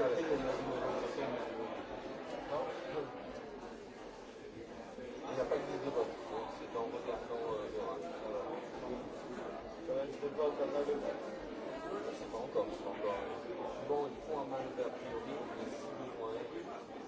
Il n'y a pas de liste de vote, donc c'est en regardant euh, le reste. Quand même, je vote à main levée. Je ne sais pas encore, je sais pas encore. Souvent, ils font à main levée a priori, mais si besoin est,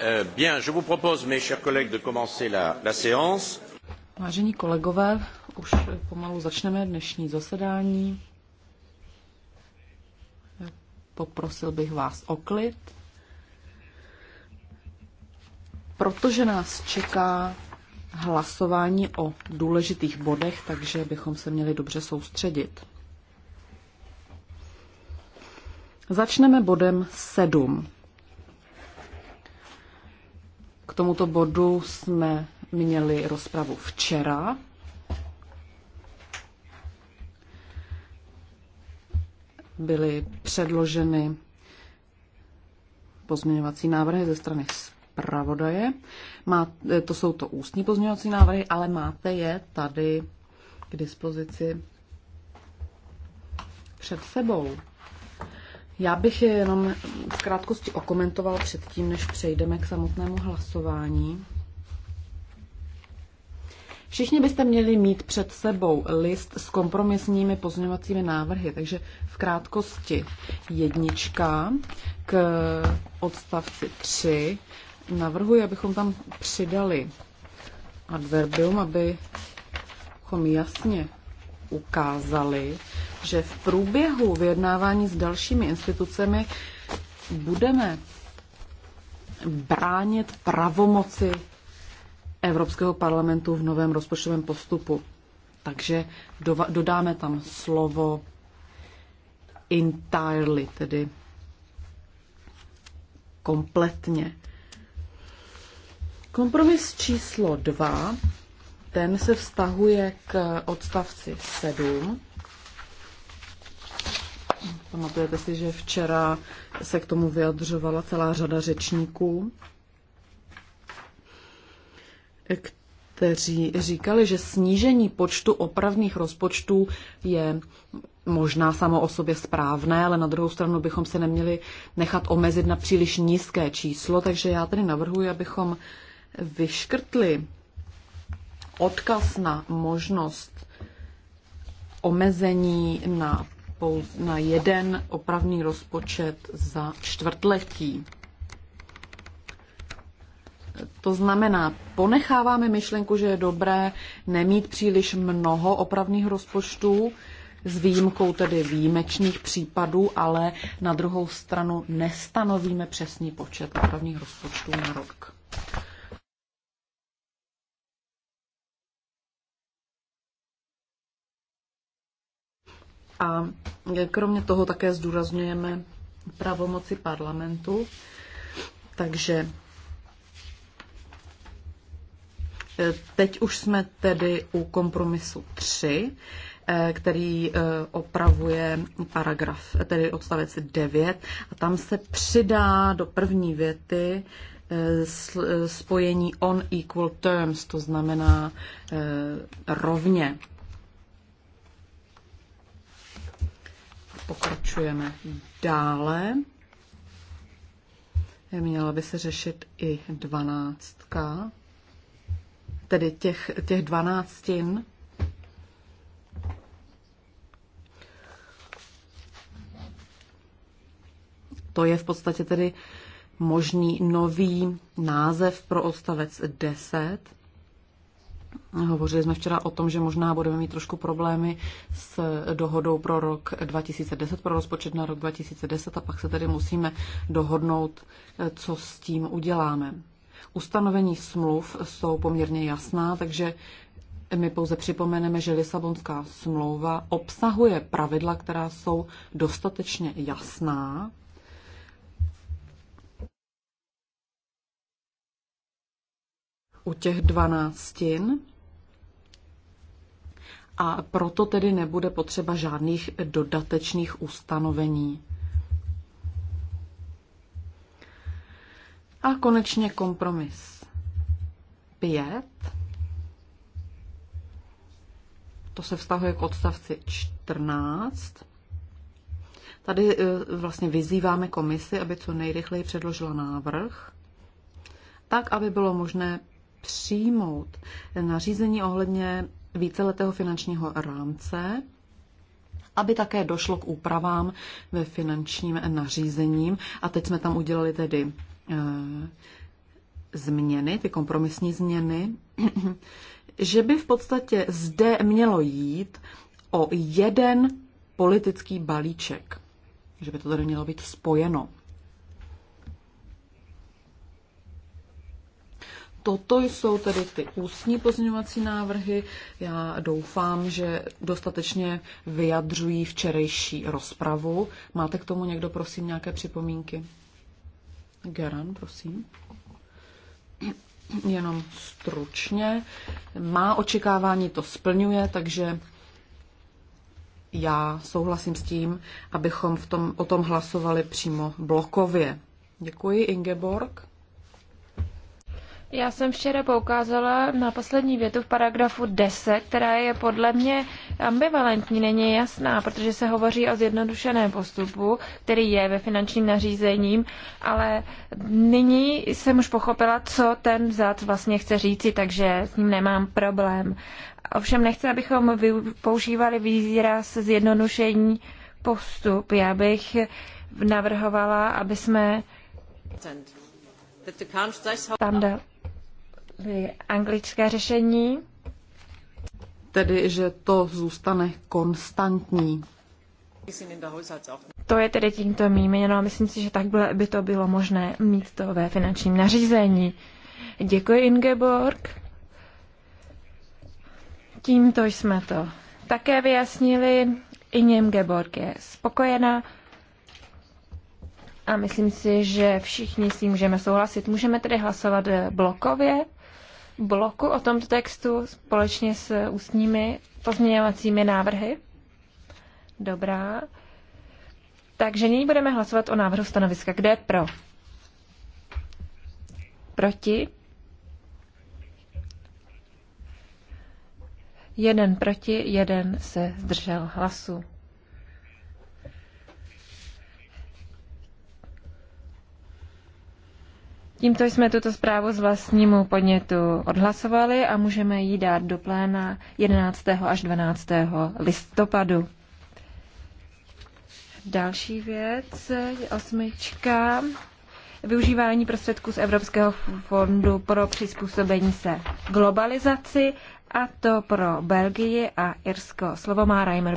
Eh, bien, je vous propose, mes chers collègues, de commencer la, la séance. Vážení kolegové, už pomalu začneme dnešní zasedání. Poprosil bych vás o klid, protože nás čeká hlasování o důležitých bodech, takže bychom se měli dobře soustředit. Začneme bodem 7 tomuto bodu jsme měli rozpravu včera. Byly předloženy pozměňovací návrhy ze strany zpravodaje. to jsou to ústní pozměňovací návrhy, ale máte je tady k dispozici před sebou. Já bych je jenom v krátkosti okomentoval předtím, než přejdeme k samotnému hlasování. Všichni byste měli mít před sebou list s kompromisními pozměňovacími návrhy, takže v krátkosti jednička k odstavci 3. Navrhuji, abychom tam přidali adverbium, abychom jasně ukázaly, že v průběhu vyjednávání s dalšími institucemi budeme bránit pravomoci Evropského parlamentu v novém rozpočtovém postupu. Takže dodáme tam slovo entirely, tedy kompletně. Kompromis číslo dva ten se vztahuje k odstavci 7. Pamatujete si, že včera se k tomu vyjadřovala celá řada řečníků, kteří říkali, že snížení počtu opravných rozpočtů je možná samo o sobě správné, ale na druhou stranu bychom se neměli nechat omezit na příliš nízké číslo, takže já tedy navrhuji, abychom vyškrtli odkaz na možnost omezení na, na jeden opravný rozpočet za čtvrtletí. To znamená, ponecháváme myšlenku, že je dobré nemít příliš mnoho opravných rozpočtů, s výjimkou tedy výjimečných případů, ale na druhou stranu nestanovíme přesný počet opravných rozpočtů na rok. A kromě toho také zdůrazňujeme pravomoci parlamentu, takže e, teď už jsme tedy u kompromisu 3, e, který e, opravuje paragraf, tedy odstavec 9, a tam se přidá do první věty spojení on equal terms, to znamená rovně. Pokračujeme dále. Měla by se řešit i dvanáctka, tedy těch, těch dvanáctin. To je v podstatě tedy možný nový název pro odstavec 10. Hovořili jsme včera o tom, že možná budeme mít trošku problémy s dohodou pro rok 2010, pro rozpočet na rok 2010 a pak se tedy musíme dohodnout, co s tím uděláme. Ustanovení smluv jsou poměrně jasná, takže my pouze připomeneme, že Lisabonská smlouva obsahuje pravidla, která jsou dostatečně jasná u těch dvanáctin a proto tedy nebude potřeba žádných dodatečných ustanovení. A konečně kompromis. Pět. To se vztahuje k odstavci 14. Tady e, vlastně vyzýváme komisi, aby co nejrychleji předložila návrh, tak, aby bylo možné přijmout nařízení ohledně víceletého finančního rámce, aby také došlo k úpravám ve finančním nařízením. A teď jsme tam udělali tedy e, změny, ty kompromisní změny, že by v podstatě zde mělo jít o jeden politický balíček. Že by to tady mělo být spojeno. toto jsou tedy ty ústní pozměňovací návrhy. Já doufám, že dostatečně vyjadřují včerejší rozpravu. Máte k tomu někdo, prosím, nějaké připomínky? Geran, prosím. Jenom stručně. Má očekávání to splňuje, takže já souhlasím s tím, abychom v tom, o tom hlasovali přímo blokově. Děkuji, Ingeborg. Já jsem včera poukázala na poslední větu v paragrafu 10, která je podle mě ambivalentní, není jasná, protože se hovoří o zjednodušeném postupu, který je ve finančním nařízením, ale nyní jsem už pochopila, co ten vzad vlastně chce říci, takže s ním nemám problém. Ovšem nechci, abychom používali výraz zjednodušení postup. Já bych navrhovala, aby jsme tam dal anglické řešení. Tedy, že to zůstane konstantní. To je tedy tímto mým. a myslím si, že tak by to bylo možné mít to ve finančním nařízení. Děkuji Ingeborg. Tímto jsme to také vyjasnili. I Ingeborg je spokojená a myslím si, že všichni s tím můžeme souhlasit. Můžeme tedy hlasovat blokově bloku o tomto textu společně s ústními pozměňovacími návrhy? Dobrá. Takže nyní budeme hlasovat o návrhu stanoviska. Kde je pro? Proti? Jeden proti, jeden se zdržel hlasu. Tímto jsme tuto zprávu z vlastnímu podnětu odhlasovali a můžeme ji dát do pléna 11. až 12. listopadu. Další věc je osmička. Využívání prostředků z Evropského fondu pro přizpůsobení se globalizaci a to pro Belgii a Irsko. Slovo má Reimer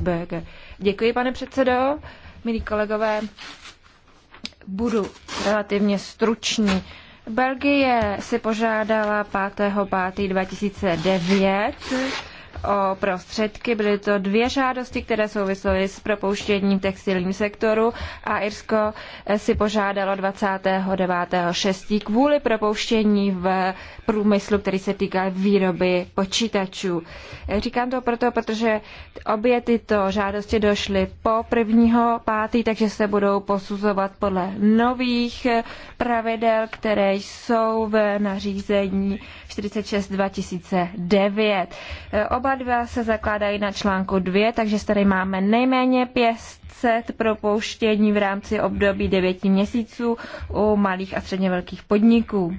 Děkuji, pane předsedo. Milí kolegové, budu relativně stručný. Belgie si požádala 5. 5. 2009 o prostředky. Byly to dvě žádosti, které souvisely s propouštěním textilním sektoru a Irsko si požádalo 29.6. kvůli propouštění v průmyslu, který se týká výroby počítačů. Říkám to proto, protože obě tyto žádosti došly po prvního pátý, takže se budou posuzovat podle nových pravidel, které jsou v nařízení 46 2009. Oba Oba dva se zakládají na článku 2, takže tady máme nejméně 500 propouštění v rámci období 9 měsíců u malých a středně velkých podniků.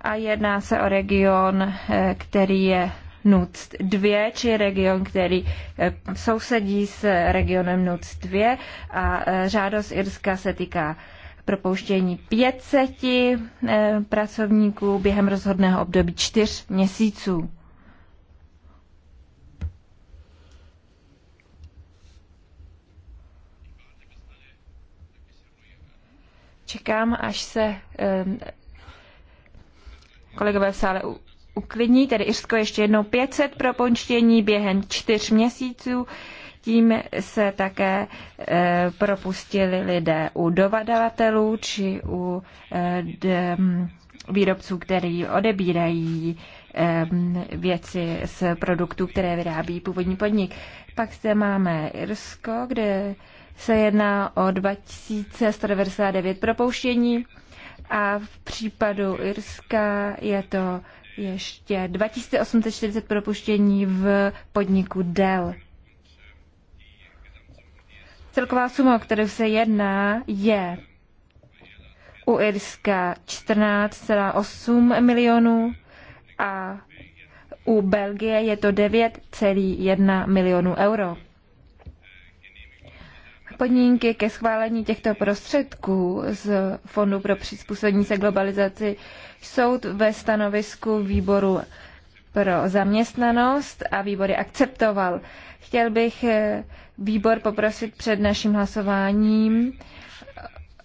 A jedná se o region, eh, který je NUC 2, či region, který eh, sousedí s regionem NUC 2 a eh, žádost Irska se týká propouštění 500 pracovníků během rozhodného období 4 měsíců. Čekám, až se um, kolegové v sále uklidní, tedy Irsko ještě jednou 500 pro během čtyř měsíců. Tím se také e, propustili lidé u dovadavatelů či u e, d, mm, výrobců, který odebírají e, věci z produktů, které vyrábí původní podnik. Pak zde máme Irsko, kde se jedná o 2199 propouštění a v případu Irska je to ještě 2840 propuštění v podniku Dell. Celková suma, o kterou se jedná, je u Irska 14,8 milionů a u Belgie je to 9,1 milionů euro podmínky ke schválení těchto prostředků z Fondu pro přizpůsobení se globalizaci jsou ve stanovisku výboru pro zaměstnanost a výbor je akceptoval. Chtěl bych eh, výbor poprosit před naším hlasováním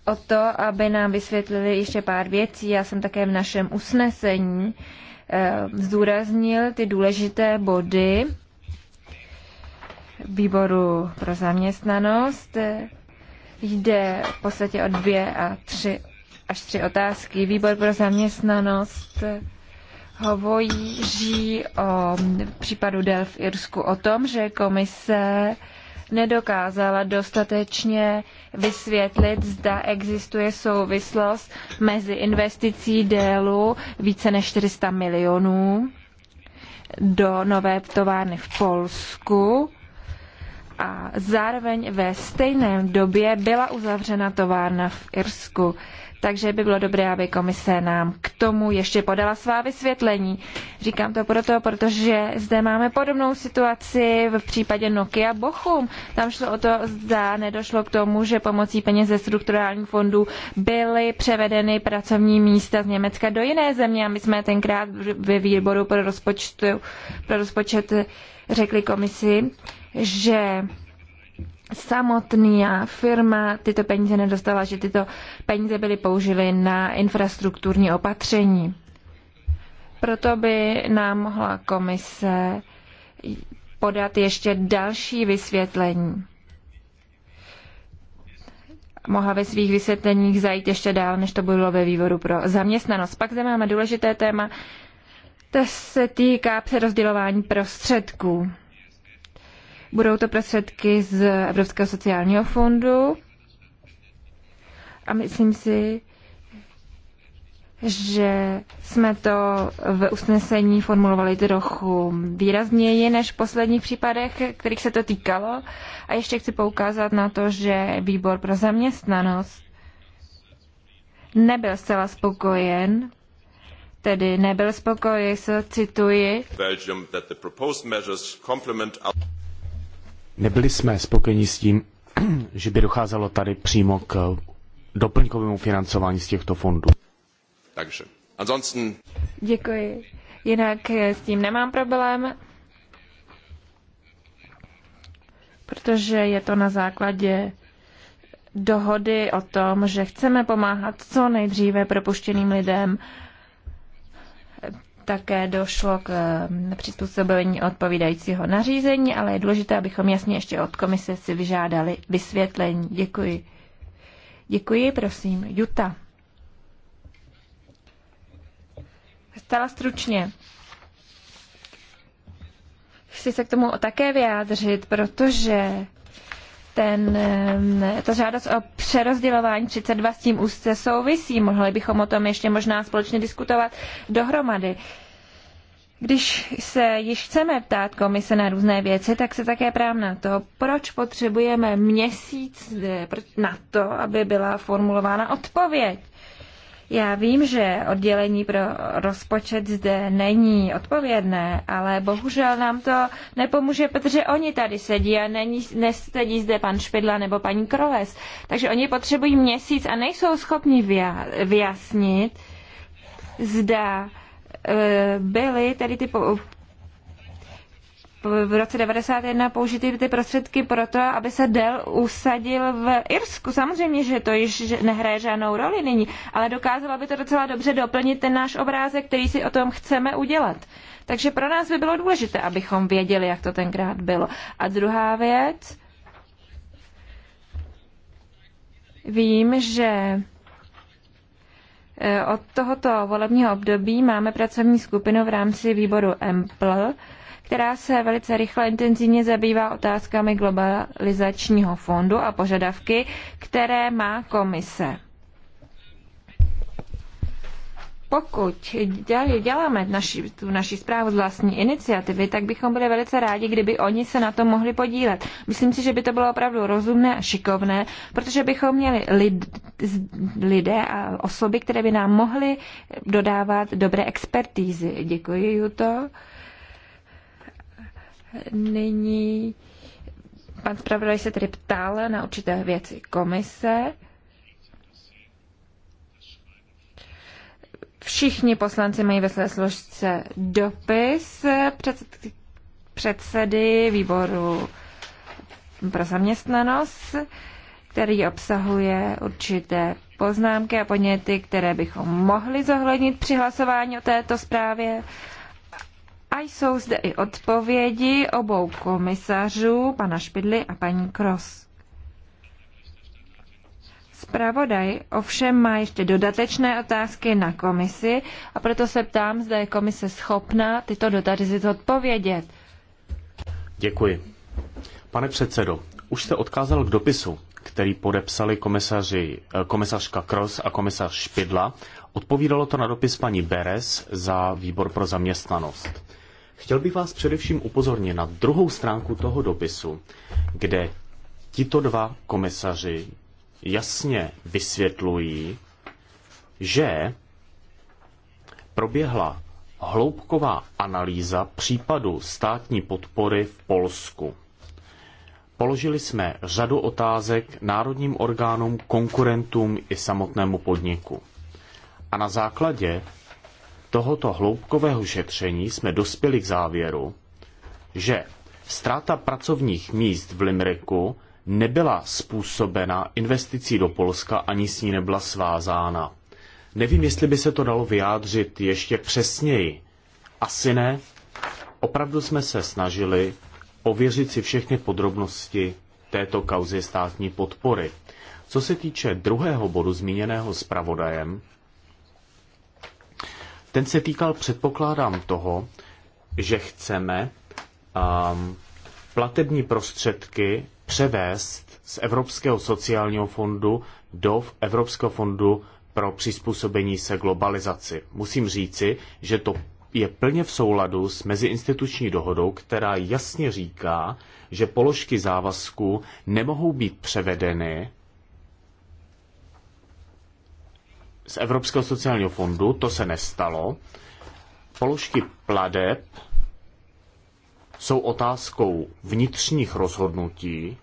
o to, aby nám vysvětlili ještě pár věcí. Já jsem také v našem usnesení eh, zdůraznil ty důležité body, výboru pro zaměstnanost. Jde v podstatě o dvě a tři, až tři otázky. Výbor pro zaměstnanost hovoří o případu Del v Irsku o tom, že komise nedokázala dostatečně vysvětlit, zda existuje souvislost mezi investicí délu více než 400 milionů do nové továrny v Polsku a zároveň ve stejném době byla uzavřena továrna v Irsku. Takže by bylo dobré, aby komise nám k tomu ještě podala svá vysvětlení. Říkám to proto, protože zde máme podobnou situaci v případě Nokia Bochum. Tam šlo o to, zda nedošlo k tomu, že pomocí peněz ze strukturálních fondů byly převedeny pracovní místa z Německa do jiné země a my jsme tenkrát ve výboru pro, rozpočtu, pro rozpočet řekli komisi, že samotná firma tyto peníze nedostala, že tyto peníze byly použily na infrastrukturní opatření. Proto by nám mohla komise podat ještě další vysvětlení. Mohla ve svých vysvětleních zajít ještě dál, než to bylo ve výboru pro zaměstnanost. Pak zde máme důležité téma, to se týká přerozdělování prostředků. Budou to prostředky z Evropského sociálního fondu a myslím si, že jsme to v usnesení formulovali trochu výrazněji než v posledních případech, kterých se to týkalo. A ještě chci poukázat na to, že výbor pro zaměstnanost nebyl zcela spokojen, tedy nebyl spokojen, se cituji, Nebyli jsme spokojeni s tím, že by docházelo tady přímo k doplňkovému financování z těchto fondů. Takže. Ansonsten... Děkuji. Jinak s tím nemám problém, protože je to na základě dohody o tom, že chceme pomáhat co nejdříve propuštěným lidem také došlo k mm, přizpůsobení odpovídajícího nařízení, ale je důležité, abychom jasně ještě od komise si vyžádali vysvětlení. Děkuji. Děkuji, prosím. Juta. Stala stručně. Chci se k tomu také vyjádřit, protože ten, eh, ta žádost o přerozdělování 32 s tím úzce souvisí. Mohli bychom o tom ještě možná společně diskutovat dohromady. Když se již chceme ptát komise na různé věci, tak se také právě na to, proč potřebujeme měsíc eh, na to, aby byla formulována odpověď. Já vím, že oddělení pro rozpočet zde není odpovědné, ale bohužel nám to nepomůže, protože oni tady sedí a není, nesedí zde pan Špidla nebo paní Kroles. Takže oni potřebují měsíc a nejsou schopni vyjasnit, zda eh, byly tedy ty v roce 1991 použity ty prostředky pro to, aby se Dell usadil v Irsku. Samozřejmě, že to již nehraje žádnou roli nyní, ale dokázalo by to docela dobře doplnit ten náš obrázek, který si o tom chceme udělat. Takže pro nás by bylo důležité, abychom věděli, jak to tenkrát bylo. A druhá věc, vím, že e, od tohoto volebního období máme pracovní skupinu v rámci výboru EMPL, která se velice rychle intenzivně zabývá otázkami globalizačního fondu a požadavky, které má komise. Pokud děláme naši, tu naši zprávu z vlastní iniciativy, tak bychom byli velice rádi, kdyby oni se na to mohli podílet. Myslím si, že by to bylo opravdu rozumné a šikovné, protože bychom měli lid, lidé a osoby, které by nám mohly dodávat dobré expertízy. Děkuji, Juto nyní pan zpravodaj se tedy ptal na určité věci komise. Všichni poslanci mají ve své složce dopis předsedy výboru pro zaměstnanost, který obsahuje určité poznámky a podněty, které bychom mohli zohlednit při hlasování o této zprávě. A jsou zde i odpovědi obou komisařů, pana Špidly a paní Kros. Spravodaj ovšem má ještě dodatečné otázky na komisi a proto se ptám, zda je komise schopna tyto dotazy odpovědět. Děkuji. Pane předsedo, už jste odkázal k dopisu, který podepsali komisaři, eh, komisařka Kros a komisař Špidla. Odpovídalo to na dopis paní Beres za výbor pro zaměstnanost. Chtěl bych vás především upozornit na druhou stránku toho dopisu, kde tito dva komisaři jasně vysvětlují, že proběhla hloubková analýza případu státní podpory v Polsku. Položili jsme řadu otázek národním orgánům, konkurentům i samotnému podniku. A na základě tohoto hloubkového šetření jsme dospěli k závěru, že ztráta pracovních míst v Limriku nebyla způsobena investicí do Polska, ani s ní nebyla svázána. Nevím, jestli by se to dalo vyjádřit ještě přesněji. Asi ne. Opravdu jsme se snažili ověřit si všechny podrobnosti této kauzy státní podpory. Co se týče druhého bodu zmíněného zpravodajem, ten se týkal, předpokládám, toho, že chceme um, platební prostředky převést z Evropského sociálního fondu do Evropského fondu pro přizpůsobení se globalizaci. Musím říci, že to je plně v souladu s meziinstituční dohodou, která jasně říká, že položky závazku nemohou být převedeny z Evropského sociálního fondu, to se nestalo. Položky pladeb jsou otázkou vnitřních rozhodnutí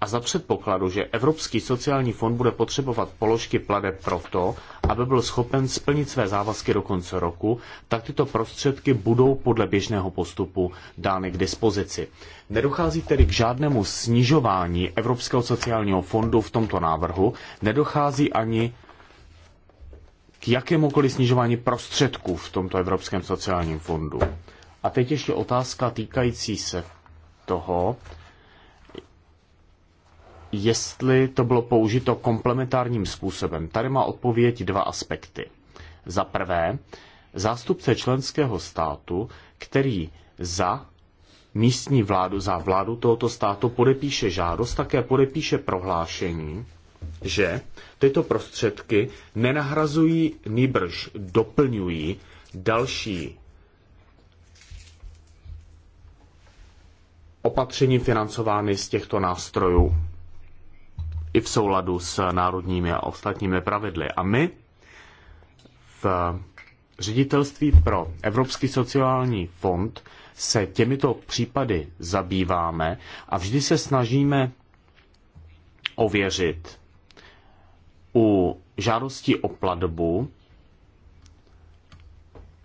a za předpokladu, že Evropský sociální fond bude potřebovat položky pladeb proto, aby byl schopen splnit své závazky do konce roku, tak tyto prostředky budou podle běžného postupu dány k dispozici. Nedochází tedy k žádnému snižování Evropského sociálního fondu v tomto návrhu, nedochází ani k jakémukoliv snižování prostředků v tomto Evropském sociálním fondu. A teď ještě otázka týkající se toho, jestli to bylo použito komplementárním způsobem. Tady má odpověď dva aspekty. Za prvé, zástupce členského státu, který za místní vládu, za vládu tohoto státu podepíše žádost, také podepíše prohlášení, že tyto prostředky nenahrazují, nýbrž doplňují další opatření financovány z těchto nástrojů i v souladu s národními a ostatními pravidly. A my v ředitelství pro Evropský sociální fond se těmito případy zabýváme a vždy se snažíme ověřit u žádostí o platbu,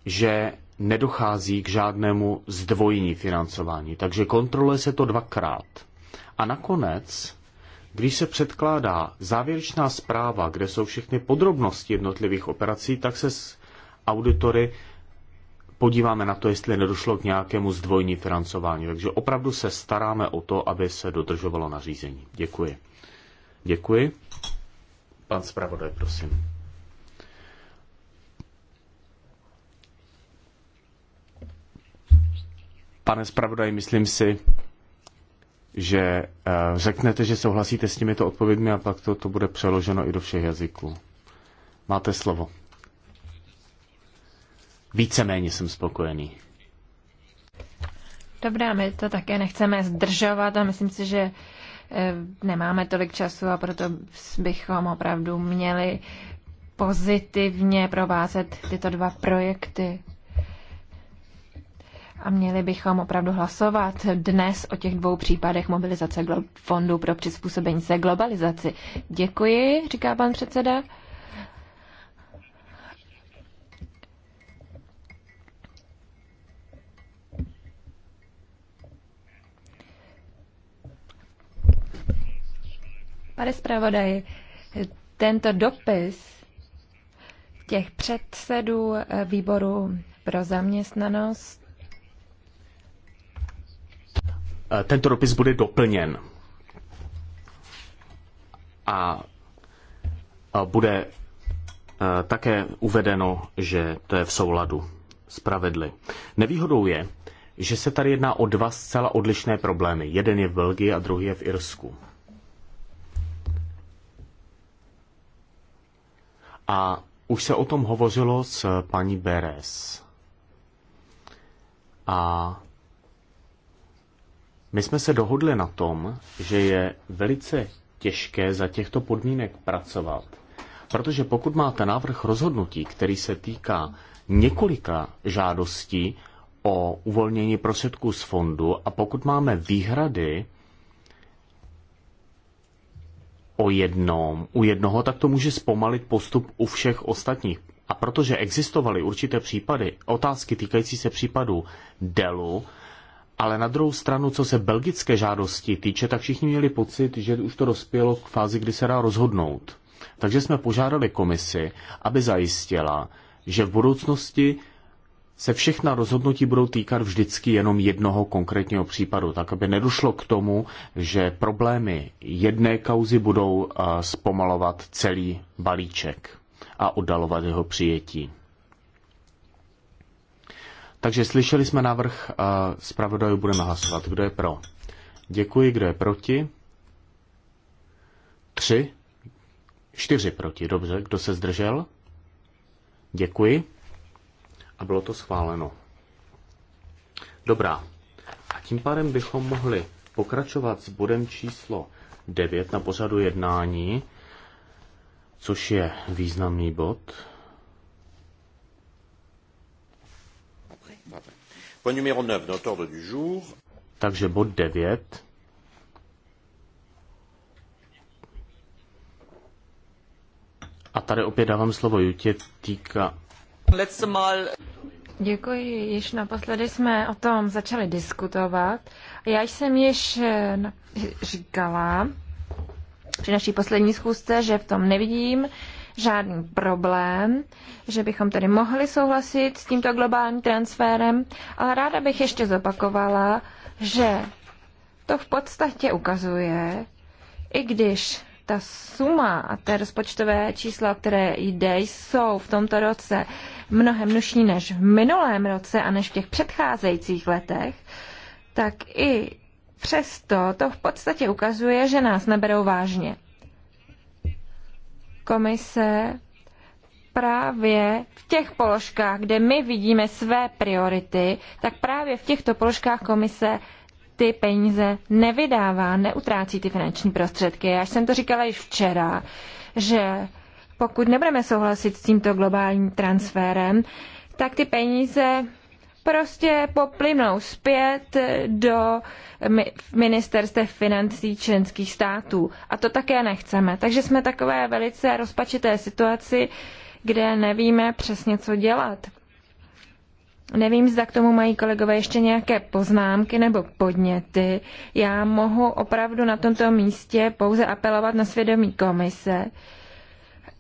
že nedochází k žádnému zdvojení financování. Takže kontroluje se to dvakrát. A nakonec když se předkládá závěrečná zpráva, kde jsou všechny podrobnosti jednotlivých operací, tak se s auditory podíváme na to, jestli nedošlo k nějakému zdvojní financování. Takže opravdu se staráme o to, aby se dodržovalo nařízení. Děkuji. Děkuji. Pan zpravodaj, prosím. Pane zpravodaj, myslím si, že eh, řeknete, že souhlasíte s těmito odpovědmi a pak to, to bude přeloženo i do všech jazyků. Máte slovo. Víceméně jsem spokojený. Dobrá, my to také nechceme zdržovat a myslím si, že eh, nemáme tolik času a proto bychom opravdu měli pozitivně provázet tyto dva projekty a měli bychom opravdu hlasovat dnes o těch dvou případech mobilizace fondu pro přizpůsobení se globalizaci. Děkuji, říká pan předseda. Pane zpravodaj, tento dopis těch předsedů výboru pro zaměstnanost Eh, tento dopis bude doplněn. A eh, bude eh, také uvedeno, že to je v souladu s pravidly. Nevýhodou je, že se tady jedná o dva zcela odlišné problémy. Jeden je v Belgii a druhý je v Irsku. A už se o tom hovořilo s paní Beres. A my jsme se dohodli na tom, že je velice těžké za těchto podmínek pracovat, protože pokud máte návrh rozhodnutí, který se týká několika žádostí o uvolnění prostředků z fondu a pokud máme výhrady o jednom, u jednoho, tak to může zpomalit postup u všech ostatních. A protože existovaly určité případy, otázky týkající se případu DELu, ale na druhou stranu, co se belgické žádosti týče, tak všichni měli pocit, že už to dospělo k fázi, kdy se dá rozhodnout. Takže jsme požádali komisi, aby zajistila, že v budoucnosti se všechna rozhodnutí budou týkat vždycky jenom jednoho konkrétního případu, tak aby nedošlo k tomu, že problémy jedné kauzy budou eh, zpomalovat celý balíček a oddalovat jeho přijetí. Takže slyšeli jsme návrh a zpravodajů budeme hlasovat. Kdo je pro? Děkuji. Kdo je proti? Tři. Čtyři proti. Dobře. Kdo se zdržel? Děkuji. A bylo to schváleno. Dobrá. A tím pádem bychom mohli pokračovat s bodem číslo 9 na pořadu jednání, což je významný bod. Point numéro 9 notre ordre du jour. Takže bod 9. A tady opět dávám slovo Jutě týka. Děkuji, již naposledy jsme o tom začali diskutovat. Já jsem již eh, říkala při naší poslední schůzce, že v tom nevidím žádný problém, že bychom tedy mohli souhlasit s tímto globálním transferem, ale ráda bych ještě zopakovala, že to v podstatě ukazuje, i když ta suma a ty rozpočtové čísla, které jde, jsou v tomto roce mnohem nužší než v minulém roce a než v těch předcházejících letech, tak i přesto to v podstatě ukazuje, že nás neberou vážně komise právě v těch položkách, kde my vidíme své priority, tak právě v těchto položkách komise ty peníze nevydává, neutrácí ty finanční prostředky. Já jsem to říkala již včera, že pokud nebudeme souhlasit s tímto globálním transferem, tak ty peníze prostě poplynou zpět do ministerstev financí členských států. A to také nechceme. Takže jsme takové velice rozpačité situaci, kde nevíme přesně, co dělat. Nevím, zda k tomu mají kolegové ještě nějaké poznámky nebo podněty. Já mohu opravdu na tomto místě pouze apelovat na svědomí komise,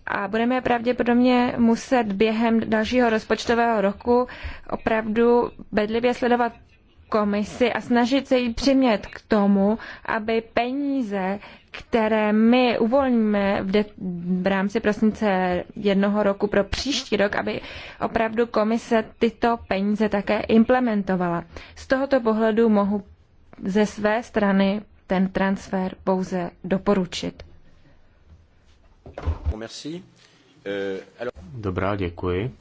a budeme pravděpodobně muset během dalšího rozpočtového roku opravdu bedlivě sledovat komisi a snažit se ji přimět k tomu, aby peníze, které my uvolníme v, de- v rámci prosince jednoho roku pro příští rok, aby opravdu komise tyto peníze také implementovala. Z tohoto pohledu mohu ze své strany ten transfer pouze doporučit. Euh, Dobrá, děkuji.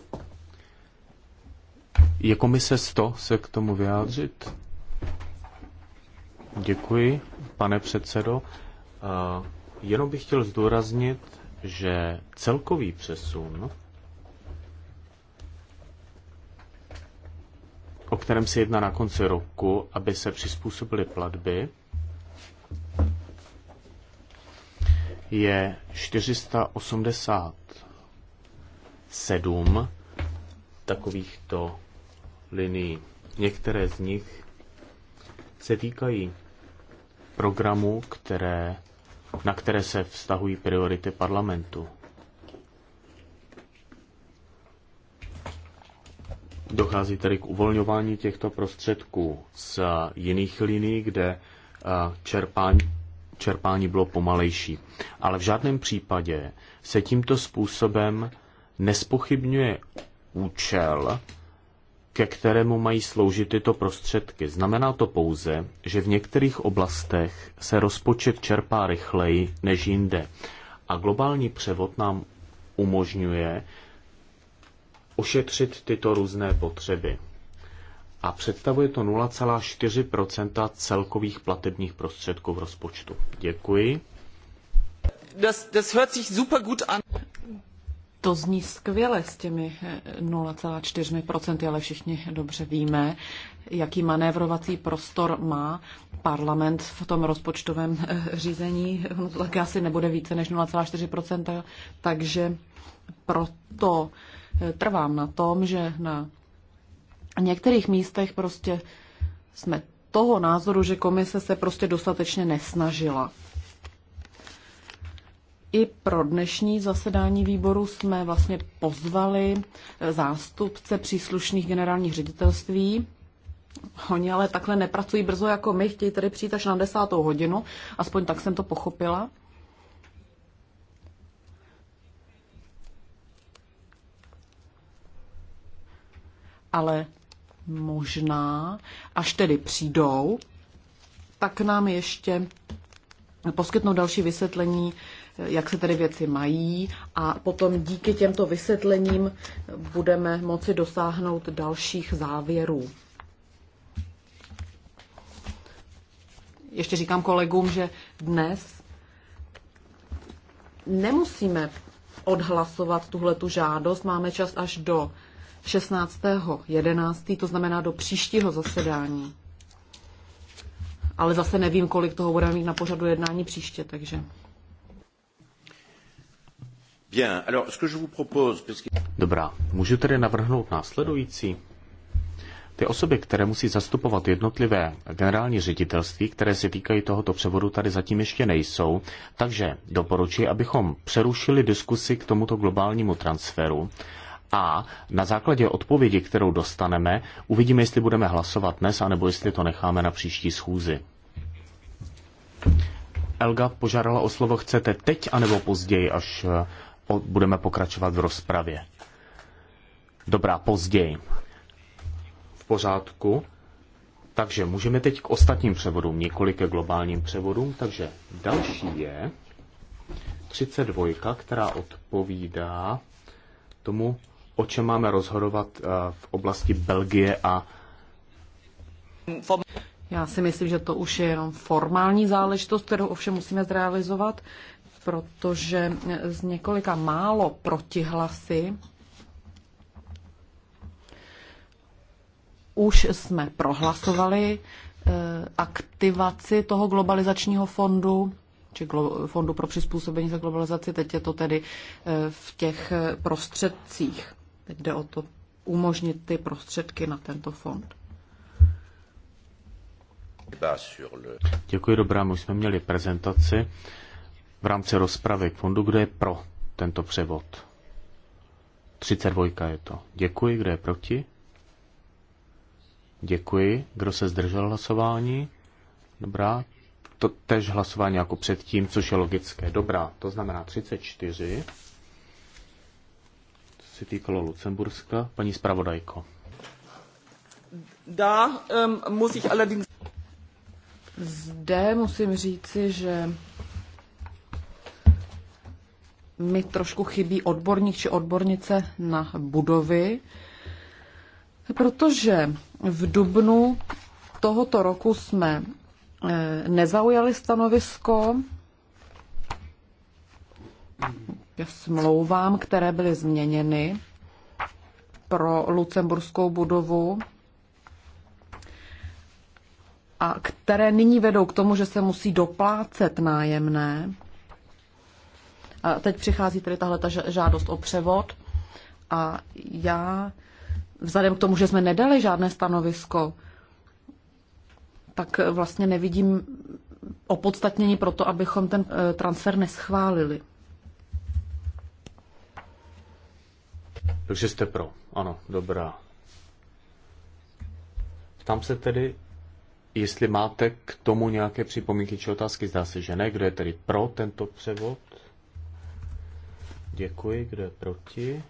Je komise 100 se k tomu vyjádřit? Děkuji, pane předsedo. Eh, jenom bych chtěl zdůraznit, že celkový přesun, o kterém se jedná na konci roku, aby se přizpůsobily platby, je 487 takovýchto linií. Některé z nich se týkají programů, které, na které se vztahují priority parlamentu. Dochází tedy k uvolňování těchto prostředků z jiných linií, kde čerpání čerpání bylo pomalejší. Ale v žádném případě se tímto způsobem nespochybňuje účel, ke kterému mají sloužit tyto prostředky. Znamená to pouze, že v některých oblastech se rozpočet čerpá rychleji než jinde. A globální převod nám umožňuje ošetřit tyto různé potřeby a představuje to 0,4 celkových platebních prostředků v rozpočtu. Děkuji. Das, das hört sich super gut an. To zní skvěle s těmi 0,4%, eh, ale všichni dobře víme, jaký manévrovací prostor má parlament v tom rozpočtovém eh, řízení. Ono to taky asi nebude více než 0,4%, takže proto eh, trvám na tom, že na v některých místech prostě jsme toho názoru, že komise se prostě dostatečně nesnažila. I pro dnešní zasedání výboru jsme vlastně pozvali eh, zástupce příslušných generálních ředitelství. Oni ale takhle nepracují brzo jako my, chtějí tady přijít až na desátou hodinu, aspoň tak jsem to pochopila. Ale možná, až tedy přijdou, tak nám ještě poskytnou další vysvětlení, jak se tedy věci mají a potom díky těmto vysvětlením budeme moci dosáhnout dalších závěrů. Ještě říkám kolegům, že dnes nemusíme odhlasovat tuhle žádost, máme čas až do 16.11., to znamená do příštího zasedání. Ale zase nevím, kolik toho budeme mít na pořadu jednání příště, takže. Dobrá, můžu tedy navrhnout následující. Ty osoby, které musí zastupovat jednotlivé generální ředitelství, které se týkají tohoto převodu, tady zatím ještě nejsou, takže doporučuji, abychom přerušili diskusi k tomuto globálnímu transferu a na základě odpovědi, kterou dostaneme, uvidíme, jestli budeme hlasovat dnes, anebo jestli to necháme na příští schůzi. Elga požádala o slovo chcete teď, anebo později, až eh, budeme pokračovat v rozpravě. Dobrá, později. V pořádku. Takže můžeme teď k ostatním převodům, několik ke globálním převodům. Takže další je 32, která odpovídá tomu o čem máme rozhodovat eh, v oblasti Belgie a. Já si myslím, že to už je jenom formální záležitost, kterou ovšem musíme zrealizovat, protože z několika málo protihlasy už jsme prohlasovali eh, aktivaci toho globalizačního fondu, či fondu pro přizpůsobení za globalizaci, teď je to tedy eh, v těch prostředcích. Teď jde o to umožnit ty prostředky na tento fond. Děkuji, dobrá. My jsme měli prezentaci v rámci rozpravy k fondu, kde je pro tento převod. 32 je to. Děkuji, kdo je proti? Děkuji. Kdo se zdržel hlasování? Dobrá. To tež hlasování jako předtím, což je logické. Dobrá, to znamená 34 se týkalo Lucemburska. Paní zpravodajko. Da, um, muss ich allerdings... Zde musím říci, že mi trošku chybí odborník či odbornice na budovy, protože v dubnu tohoto roku jsme eh, nezaujali stanovisko smlouvám, které byly změněny pro lucemburskou budovu a které nyní vedou k tomu, že se musí doplácet nájemné. A teď přichází tady tahle ta žádost o převod a já vzhledem k tomu, že jsme nedali žádné stanovisko, tak vlastně nevidím opodstatnění pro to, abychom ten eh, transfer neschválili. Takže jste pro. Ano, dobrá. Ptám se tedy, jestli máte k tomu nějaké připomínky či otázky. Zdá se, že ne. Kdo je tedy pro tento převod? Děkuji. Kdo je proti?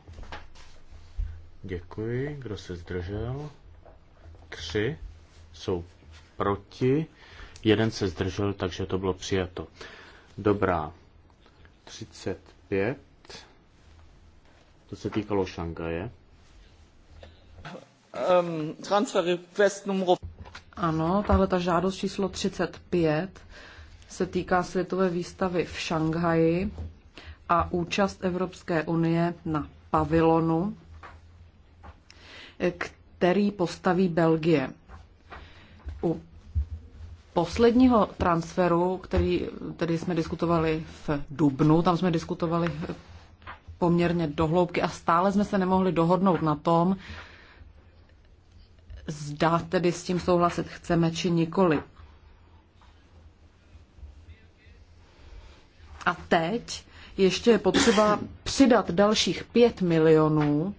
Děkuji. Kdo se zdržel? Tři jsou proti. Jeden se zdržel, takže to bylo přijato. Dobrá. 35. To se týkalo Šangaje. Um, transfer request numero... Ano, tahle ta žádost číslo 35 se týká světové výstavy v Šanghaji a účast Evropské unie na pavilonu, který postaví Belgie. U posledního transferu, který tedy jsme diskutovali v Dubnu, tam jsme diskutovali poměrně dohloubky a stále jsme se nemohli dohodnout na tom, zda tedy s tím souhlasit chceme či nikoli. A teď ještě je potřeba přidat dalších 5 milionů.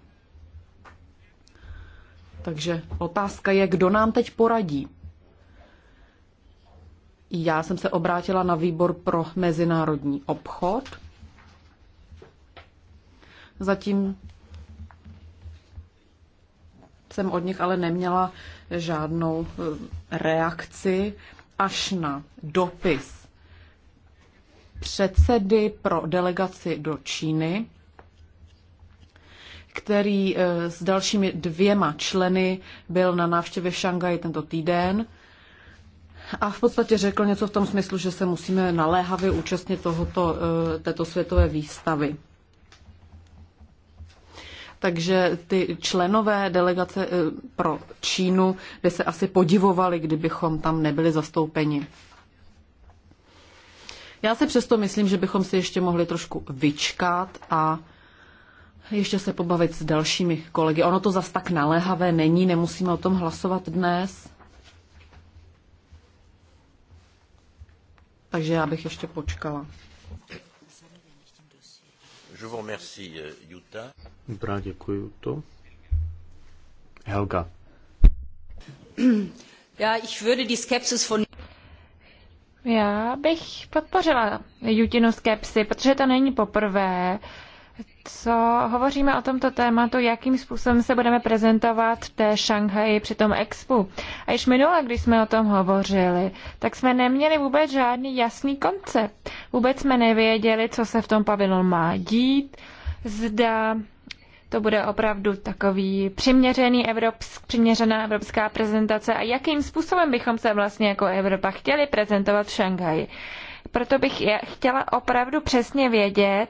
Takže otázka je, kdo nám teď poradí. Já jsem se obrátila na výbor pro mezinárodní obchod Zatím jsem od nich ale neměla žádnou eh, reakci až na dopis předsedy pro delegaci do Číny, který eh, s dalšími dvěma členy byl na návštěvě v Šangaji tento týden a v podstatě řekl něco v tom smyslu, že se musíme naléhavě účastnit tohoto, eh, této světové výstavy takže ty členové delegace eh, pro Čínu by se asi podivovali, kdybychom tam nebyli zastoupeni. Já se přesto myslím, že bychom si ještě mohli trošku vyčkat a ještě se pobavit s dalšími kolegy. Ono to zas tak naléhavé není, nemusíme o tom hlasovat dnes. Takže já bych ještě počkala. Je vous remercie, euh, Jutta. Dobrá, děkuji, Juto. Helga. Já, ich würde die Skepsis von... Já bych podpořila Jutinu skepsi, protože to není poprvé, co hovoříme o tomto tématu, jakým způsobem se budeme prezentovat v té Šanghaji při tom expu. A již minule, když jsme o tom hovořili, tak jsme neměli vůbec žádný jasný koncept. Vůbec jsme nevěděli, co se v tom pavilonu má dít, zda to bude opravdu takový přiměřený evropsk, přiměřená evropská prezentace a jakým způsobem bychom se vlastně jako Evropa chtěli prezentovat v Šanghaji. Proto bych chtěla opravdu přesně vědět,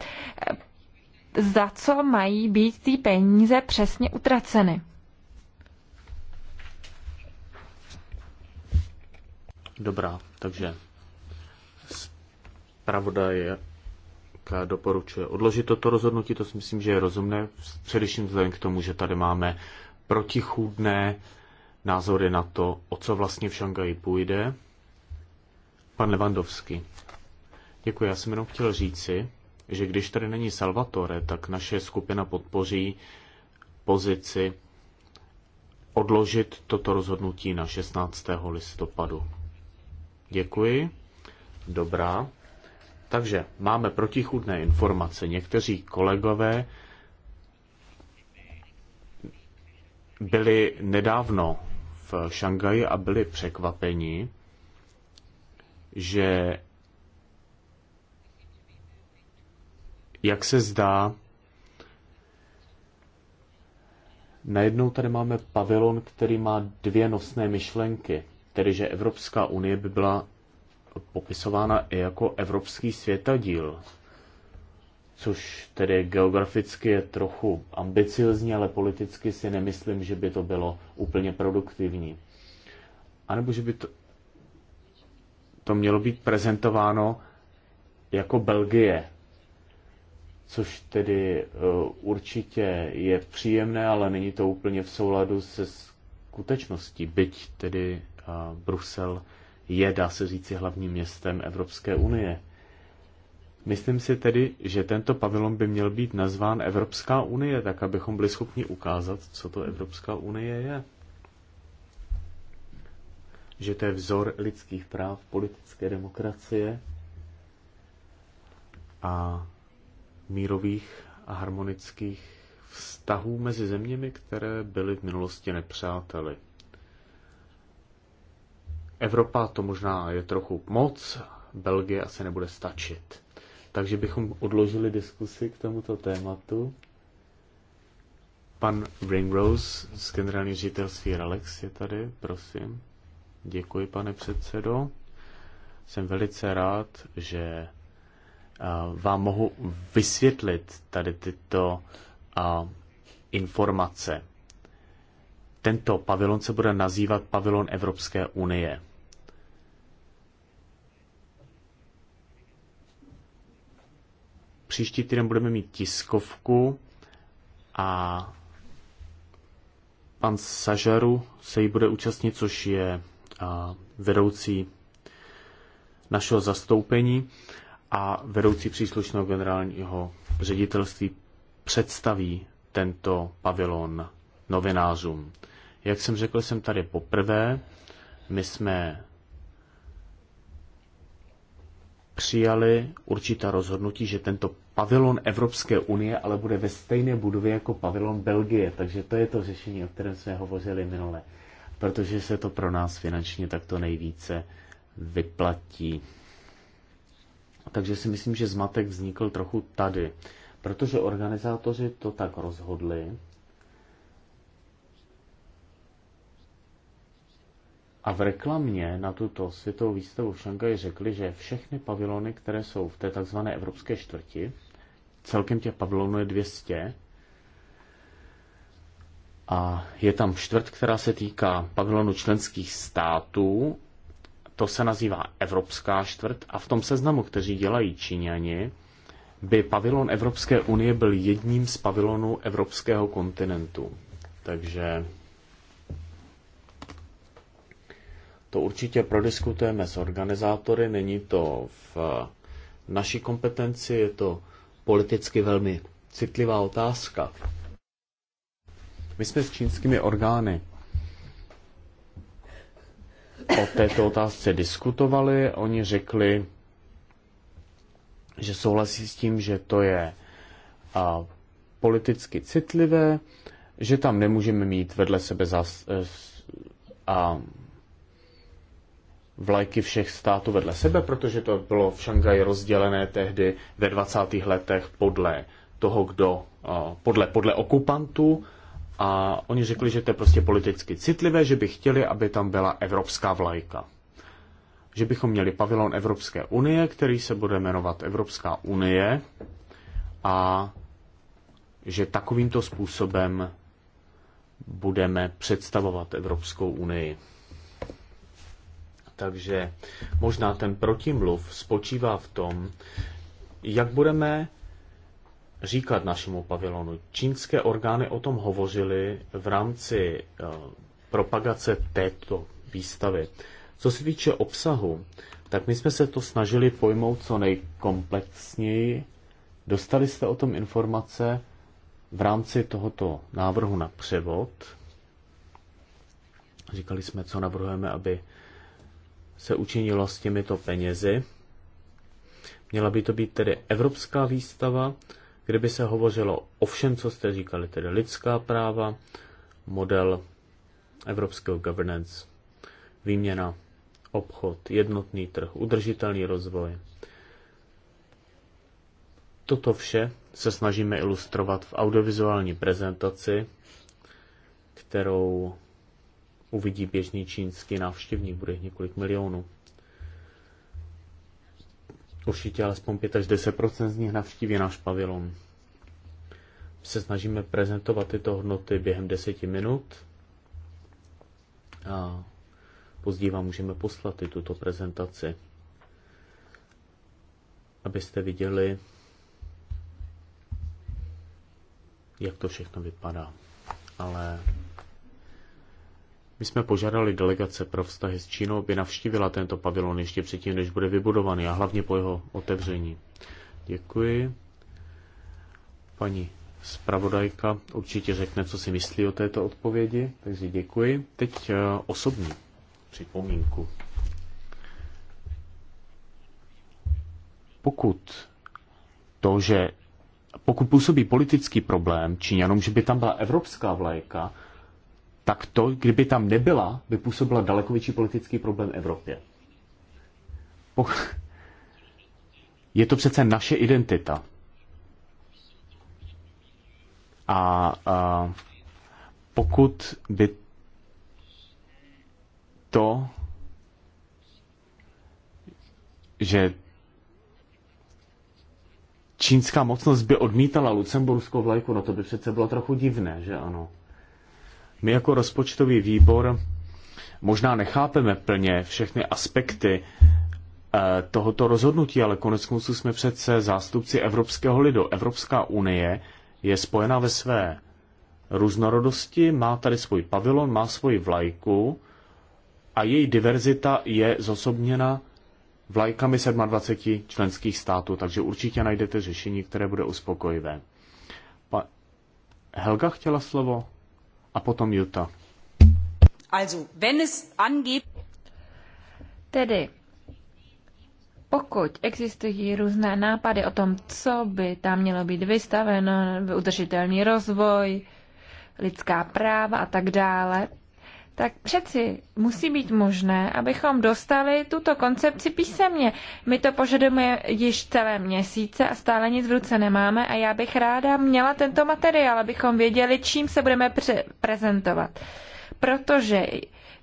za co mají být ty peníze přesně utraceny. Dobrá, takže je, doporučuje odložit toto rozhodnutí, to si myslím, že je rozumné, především vzhledem k tomu, že tady máme protichůdné názory na to, o co vlastně v Šangaji půjde. Pan Levandovský. Děkuji, já jsem jenom chtěl říci, že když tady není Salvatore, tak naše skupina podpoří pozici odložit toto rozhodnutí na 16. listopadu. Děkuji. Dobrá. Takže máme protichudné informace. Někteří kolegové byli nedávno v Šangaji a byli překvapeni, že Jak se zdá, najednou tady máme pavilon, který má dvě nosné myšlenky, tedy že Evropská unie by byla popisována i jako evropský světadíl, což tedy geograficky je trochu ambiciozní, ale politicky si nemyslím, že by to bylo úplně produktivní. A nebo že by to, to mělo být prezentováno jako Belgie, což tedy eh, určitě je příjemné, ale není to úplně v souladu se skutečností, byť tedy eh, Brusel je, dá se říci, hlavním městem Evropské unie. Myslím si tedy, že tento pavilon by měl být nazván Evropská unie, tak abychom byli schopni ukázat, co to Evropská unie je. Že to je vzor lidských práv, politické demokracie a mírových a harmonických vztahů mezi zeměmi, které byly v minulosti nepřáteli. Evropa to možná je trochu moc, Belgie asi nebude stačit. Takže bychom odložili diskusi k tomuto tématu. Pan Ringrose z generální ředitelství Relex je tady, prosím. Děkuji, pane předsedo. Jsem velice rád, že vám mohu vysvětlit tady tyto informace. Tento pavilon se bude nazývat pavilon Evropské unie. Příští týden budeme mít tiskovku a pan Sažaru se jí bude účastnit, což je vedoucí našeho zastoupení a vedoucí příslušného generálního ředitelství představí tento pavilon novinářům. Jak jsem řekl, jsem tady poprvé. My jsme přijali určitá rozhodnutí, že tento pavilon Evropské unie ale bude ve stejné budově jako pavilon Belgie. Takže to je to řešení, o kterém jsme hovořili minule. Protože se to pro nás finančně takto nejvíce vyplatí. Takže si myslím, že zmatek vznikl trochu tady, protože organizátoři to tak rozhodli. A v reklamě na tuto světovou výstavu v Šangaji řekli, že všechny pavilony, které jsou v té takzvané evropské čtvrti, celkem těch pavilonů je 200, a je tam čtvrt, která se týká pavilonu členských států to se nazývá Evropská čtvrt a v tom seznamu, kteří dělají Číňani, by pavilon Evropské unie byl jedním z pavilonů evropského kontinentu. Takže to určitě prodiskutujeme s organizátory, není to v eh, naší kompetenci, je to politicky velmi citlivá otázka. My jsme s čínskými orgány o této otázce diskutovali. Oni řekli, že souhlasí s tím, že to je a, politicky citlivé, že tam nemůžeme mít vedle sebe zas, e, a, vlajky všech států vedle sebe, protože to bylo v Šangaji rozdělené tehdy ve 20. letech podle toho, kdo, podle, podle okupantů a oni řekli, že to je prostě politicky citlivé, že by chtěli, aby tam byla evropská vlajka. Že bychom měli pavilon Evropské unie, který se bude jmenovat Evropská unie a že takovýmto způsobem budeme představovat Evropskou unii. Takže možná ten protimluv spočívá v tom, jak budeme říkat našemu pavilonu. Čínské orgány o tom hovořily v rámci eh, propagace této výstavy. Co se týče obsahu, tak my jsme se to snažili pojmout co nejkomplexněji. Dostali jste o tom informace v rámci tohoto návrhu na převod. Říkali jsme, co navrhujeme, aby se učinilo s těmito penězi. Měla by to být tedy evropská výstava, kdyby se hovořilo o všem, co jste říkali, tedy lidská práva, model evropského governance, výměna, obchod, jednotný trh, udržitelný rozvoj. Toto vše se snažíme ilustrovat v audiovizuální prezentaci, kterou uvidí běžný čínský návštěvník, bude jich několik milionů. Určitě alespoň 5 až 10 z nich navštíví náš pavilon. Se snažíme prezentovat tyto hodnoty během 10 minut a později vám můžeme poslat i tuto prezentaci, abyste viděli, jak to všechno vypadá. Ale my jsme požádali delegace pro vztahy s Čínou, aby navštívila tento pavilon ještě předtím, než bude vybudovaný a hlavně po jeho otevření. Děkuji. Paní zpravodajka určitě řekne, co si myslí o této odpovědi, takže děkuji. Teď eh, osobní připomínku. Pokud to, že pokud působí politický problém Číňanům, že by tam byla evropská vlajka, tak to, kdyby tam nebyla, by působila daleko větší politický problém Evropě. Je to přece naše identita. A, a pokud by to, že čínská mocnost by odmítala lucemburskou vlajku, no to by přece bylo trochu divné, že ano? My jako rozpočtový výbor možná nechápeme plně všechny aspekty eh, tohoto rozhodnutí, ale konec konců jsme přece zástupci evropského lidu. Evropská unie je spojena ve své různorodosti, má tady svůj pavilon, má svoji vlajku a její diverzita je zosobněna vlajkami 27 členských států, takže určitě najdete řešení, které bude uspokojivé. Pa... Helga chtěla slovo? a potom Juta. Also, wenn es angeb... Tedy, pokud existují různé nápady o tom, co by tam mělo být vystaveno, udržitelný rozvoj, lidská práva a tak dále, tak přeci musí být možné, abychom dostali tuto koncepci písemně. My to požadujeme již celé měsíce a stále nic v ruce nemáme a já bych ráda měla tento materiál, abychom věděli, čím se budeme pře- prezentovat. Protože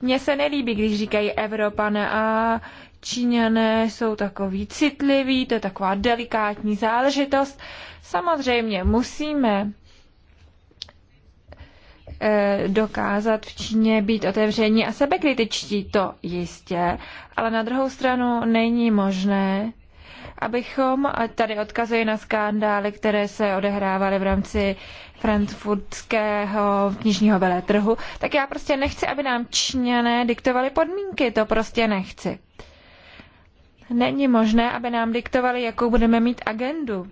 mně se nelíbí, když říkají Evropané a Číňané jsou takový citliví, to je taková delikátní záležitost. Samozřejmě musíme Eh, dokázat v Číně být otevření a sebekritičtí, to jistě, ale na druhou stranu není možné, abychom, a tady odkazuji na skandály, které se odehrávaly v rámci frankfurtského knižního veletrhu, tak já prostě nechci, aby nám Číňané diktovali podmínky, to prostě nechci. Není možné, aby nám diktovali, jakou budeme mít agendu.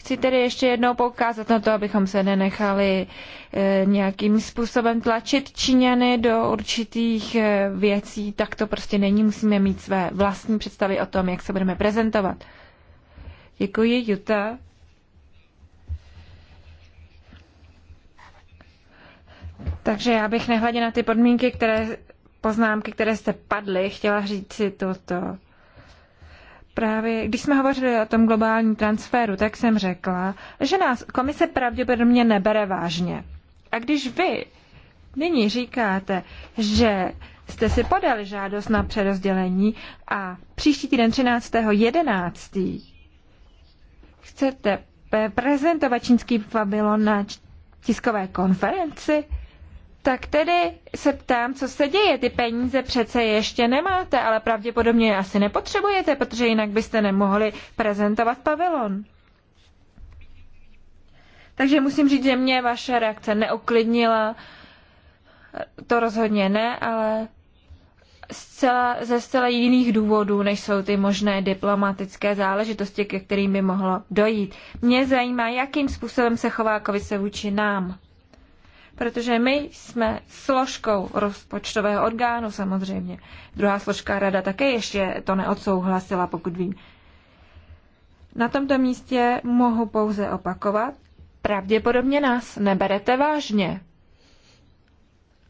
Chci tedy ještě jednou poukázat na to, abychom se nenechali eh, nějakým způsobem tlačit Číňany do určitých eh, věcí. Tak to prostě není. Musíme mít své vlastní představy o tom, jak se budeme prezentovat. Děkuji, Juta. Takže já bych nehledě na ty podmínky, které, poznámky, které jste padly, chtěla říct si toto právě, když jsme hovořili o tom globálním transferu, tak jsem řekla, že nás komise pravděpodobně nebere vážně. A když vy nyní říkáte, že jste si podali žádost na přerozdělení a příští týden 13.11. chcete prezentovat čínský pavilon na tiskové konferenci, tak tedy se ptám, co se děje. Ty peníze přece ještě nemáte, ale pravděpodobně je asi nepotřebujete, protože jinak byste nemohli prezentovat pavilon. Takže musím říct, že mě vaše reakce neuklidnila. To rozhodně ne, ale zcela, ze zcela jiných důvodů, než jsou ty možné diplomatické záležitosti, ke kterým by mohlo dojít. Mě zajímá, jakým způsobem se chová kovice vůči nám protože my jsme složkou rozpočtového orgánu samozřejmě. Druhá složka rada také ještě to neodsouhlasila, pokud vím. Na tomto místě mohu pouze opakovat, pravděpodobně nás neberete vážně.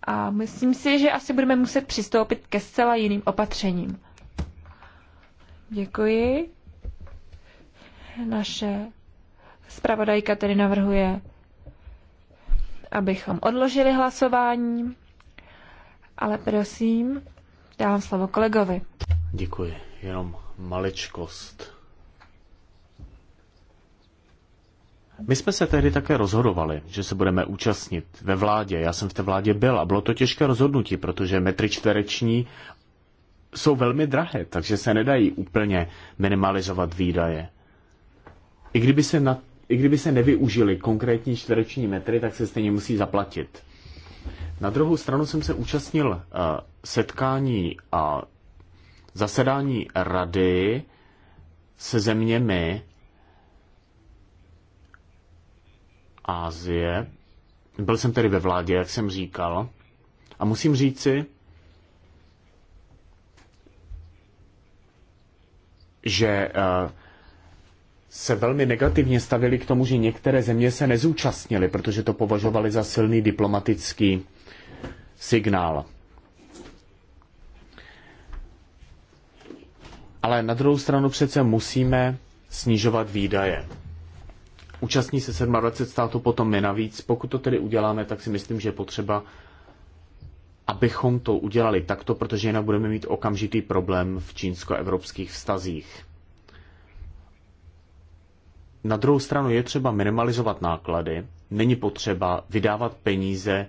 A myslím si, že asi budeme muset přistoupit ke zcela jiným opatřením. Děkuji. Naše zpravodajka tedy navrhuje abychom odložili hlasování, ale prosím, dávám slovo kolegovi. Děkuji, jenom maličkost. My jsme se tehdy také rozhodovali, že se budeme účastnit ve vládě. Já jsem v té vládě byl a bylo to těžké rozhodnutí, protože metry čtvereční jsou velmi drahé, takže se nedají úplně minimalizovat výdaje. I kdyby se na i kdyby se nevyužili konkrétní čtvereční metry, tak se stejně musí zaplatit. Na druhou stranu jsem se účastnil eh, setkání a zasedání rady se zeměmi Ázie. Byl jsem tedy ve vládě, jak jsem říkal. A musím říci, že uh, se velmi negativně stavili k tomu, že některé země se nezúčastnily, protože to považovali za silný diplomatický signál. Ale na druhou stranu přece musíme snižovat výdaje. Účastní se 27 států potom my navíc. Pokud to tedy uděláme, tak si myslím, že je potřeba, abychom to udělali takto, protože jinak budeme mít okamžitý problém v čínsko-evropských vztazích. Na druhou stranu je třeba minimalizovat náklady, není potřeba vydávat peníze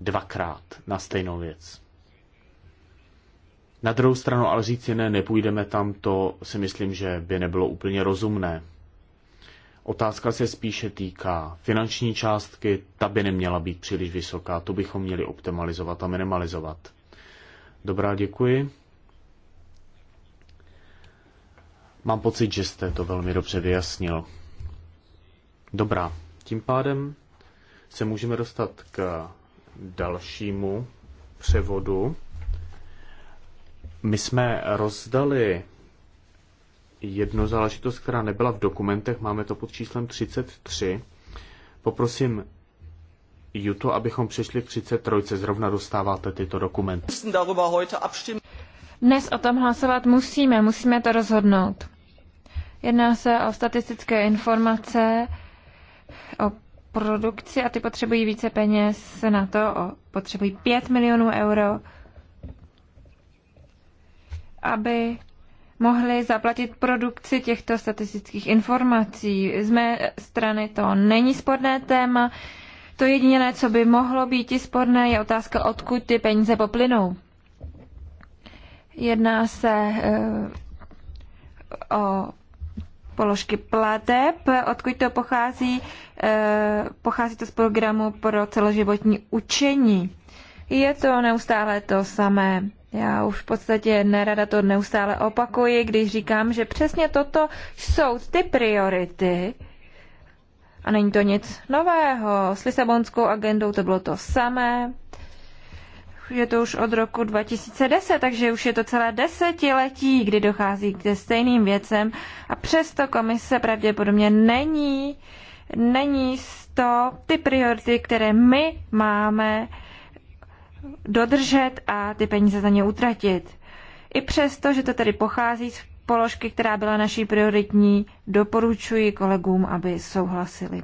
dvakrát na stejnou věc. Na druhou stranu ale říci ne, nepůjdeme tam, to si myslím, že by nebylo úplně rozumné. Otázka se spíše týká finanční částky, ta by neměla být příliš vysoká, To bychom měli optimalizovat a minimalizovat. Dobrá, děkuji. Mám pocit, že jste to velmi dobře vyjasnil. Dobrá, tím pádem se můžeme dostat k dalšímu převodu. My jsme rozdali jednu záležitost, která nebyla v dokumentech, máme to pod číslem 33. Poprosím Juto, abychom přešli k 33. Zrovna dostáváte tyto dokumenty. Dnes o tom hlasovat musíme, musíme to rozhodnout. Jedná se o statistické informace, o produkci a ty potřebují více peněz na to, o, potřebují 5 milionů euro, aby mohli zaplatit produkci těchto statistických informací. Z mé strany to není sporné téma. To jediné, co by mohlo být i sporné, je otázka, odkud ty peníze poplynou. Jedná se uh, o položky plateb, odkud to pochází, eh, pochází to z programu pro celoživotní učení. Je to neustále to samé. Já už v podstatě nerada to neustále opakuji, když říkám, že přesně toto jsou ty priority. A není to nic nového. S Lisabonskou agendou to bylo to samé je to už od roku 2010, takže už je to celé desetiletí, kdy dochází k stejným věcem a přesto komise pravděpodobně není, není to ty priority, které my máme dodržet a ty peníze za ně utratit. I přesto, že to tedy pochází z položky, která byla naší prioritní, doporučuji kolegům, aby souhlasili.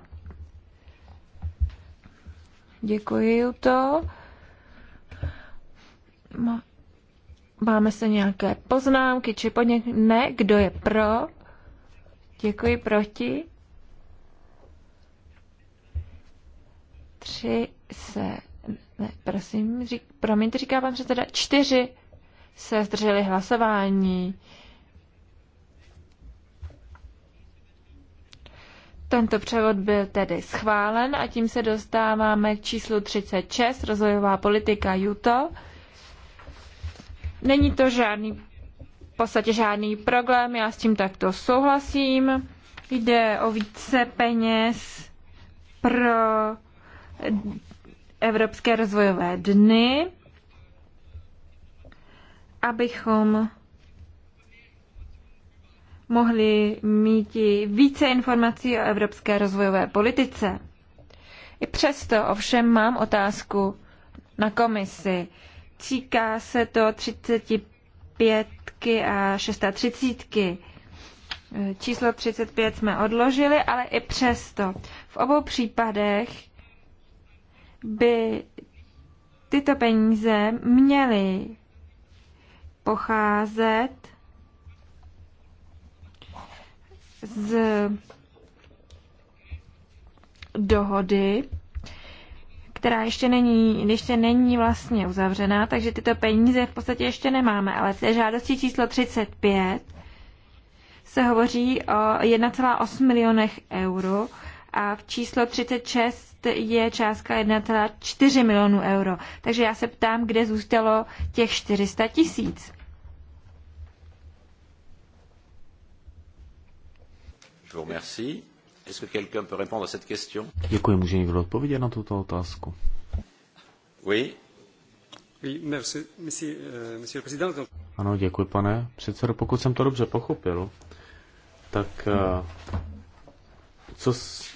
Děkuji to. Máme se nějaké poznámky či něk- Ne, kdo je pro? Děkuji, proti? Tři se... Ne, prosím, řík, promiňte, říká pan předseda. Čtyři se zdrželi hlasování. Tento převod byl tedy schválen a tím se dostáváme k číslu 36, rozvojová politika JUTO. Není to žádný, v podstatě žádný problém, já s tím takto souhlasím. Jde o více peněz pro Evropské rozvojové dny, abychom mohli mít více informací o evropské rozvojové politice. I přesto ovšem mám otázku na komisi. Týká se to 35 a 630. Číslo 35 jsme odložili, ale i přesto. V obou případech by tyto peníze měly pocházet z dohody která ještě není, ještě není vlastně uzavřená, takže tyto peníze v podstatě ještě nemáme, ale v té žádosti číslo 35 se hovoří o 1,8 milionech euro a v číslo 36 je částka 1,4 milionů euro. Takže já se ptám, kde zůstalo těch 400 tisíc. Je vous remercie. Est-ce que quelqu'un peut répondre à cette question? Děkuji, může někdo odpovědět na tuto otázku? Oui. Oui, merci, merci euh, monsieur le président. Ano, děkuji, pane předsedo. Pokud jsem to dobře pochopil, tak eh, co s,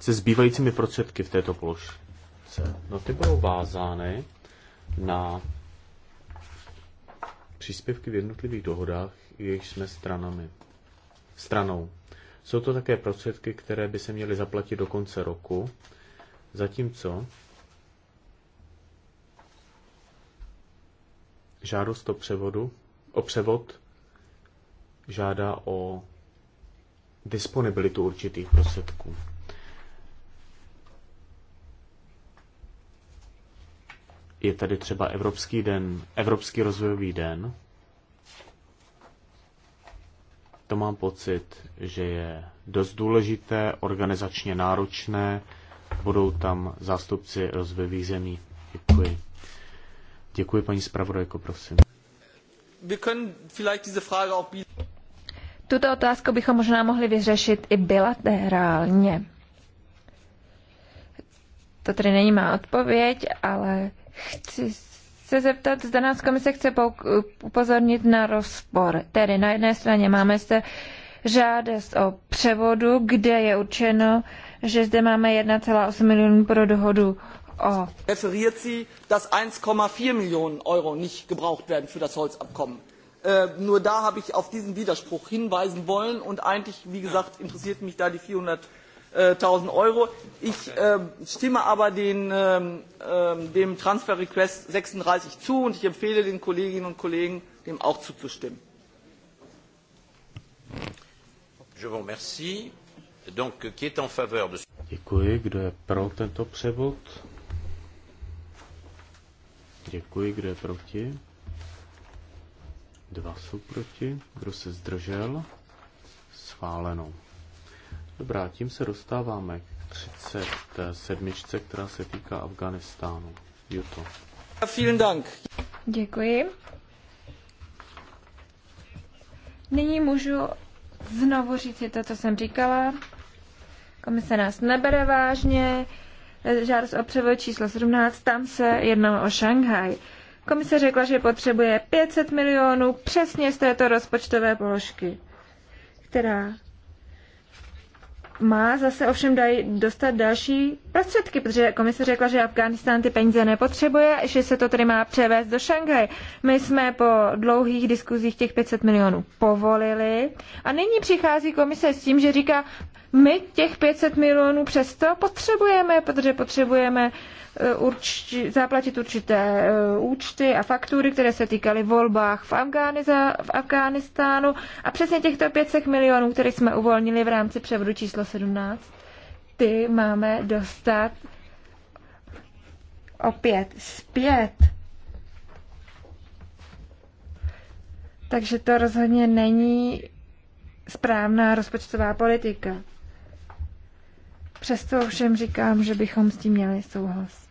se zbývajícími prostředky v této položce? No ty budou vázány na příspěvky v jednotlivých dohodách, jejichž jsme stranami. Stranou. Jsou to také prostředky, které by se měly zaplatit do konce roku, zatímco žádost o, převodu, o převod žádá o disponibilitu určitých prostředků. Je tady třeba Evropský den, Evropský rozvojový den, to mám pocit, že je dost důležité, organizačně náročné. Budou tam zástupci rozvojových zemí. Děkuji. Děkuji, paní zpravodajko, prosím. Tuto otázku bychom možná mohli vyřešit i bilaterálně. To tedy není má odpověď, ale chci chci zeptat, zda nás komise chce upozornit na rozpor. Tedy na jedné straně máme se žádost o převodu, kde je určeno, že zde máme 1,8 milionů pro dohodu o... Referiert sie, dass 1,4 Millionen Euro nicht gebraucht werden für das Holzabkommen. Uh, nur da habe ich auf diesen Widerspruch hinweisen wollen und eigentlich, wie gesagt, interessiert mich da die 400 tausend euro. ich ähm, stimme aber den, ähm, ähm, dem transfer request sechsunddreißig zu und ich empfehle den kolleginnen und kollegen dem auch zuzustimmen. Děkuji. Kdo je pro tento převod? Děkuji. Kdo je proti? Dva jsou proti. Kdo se zdržel? Schváleno. Dobrá, tím se dostáváme k 37, která se týká Afganistánu. Juto. Vielen Dank. Děkuji. Nyní můžu znovu říct to, co jsem říkala. Komise nás nebere vážně. Žádost o převod číslo 17, tam se jednalo o Šanghaj. Komise řekla, že potřebuje 500 milionů přesně z této rozpočtové položky, která má zase ovšem dají dostat další prostředky, protože komise řekla, že Afganistán ty peníze nepotřebuje, že se to tedy má převést do Šanghaje. My jsme po dlouhých diskuzích těch 500 milionů povolili a nyní přichází komise s tím, že říká, my těch 500 milionů přesto potřebujeme, protože potřebujeme uh, E, urči, zaplatit určité e, účty a faktury, které se týkaly volbách v, Afganiza, v Afganistánu a přesně těchto 500 milionů, které jsme uvolnili v rámci převodu číslo 17, ty máme dostat opět zpět. Takže to rozhodně není správná rozpočtová politika. Přesto všem říkám, že bychom s tím měli souhlas.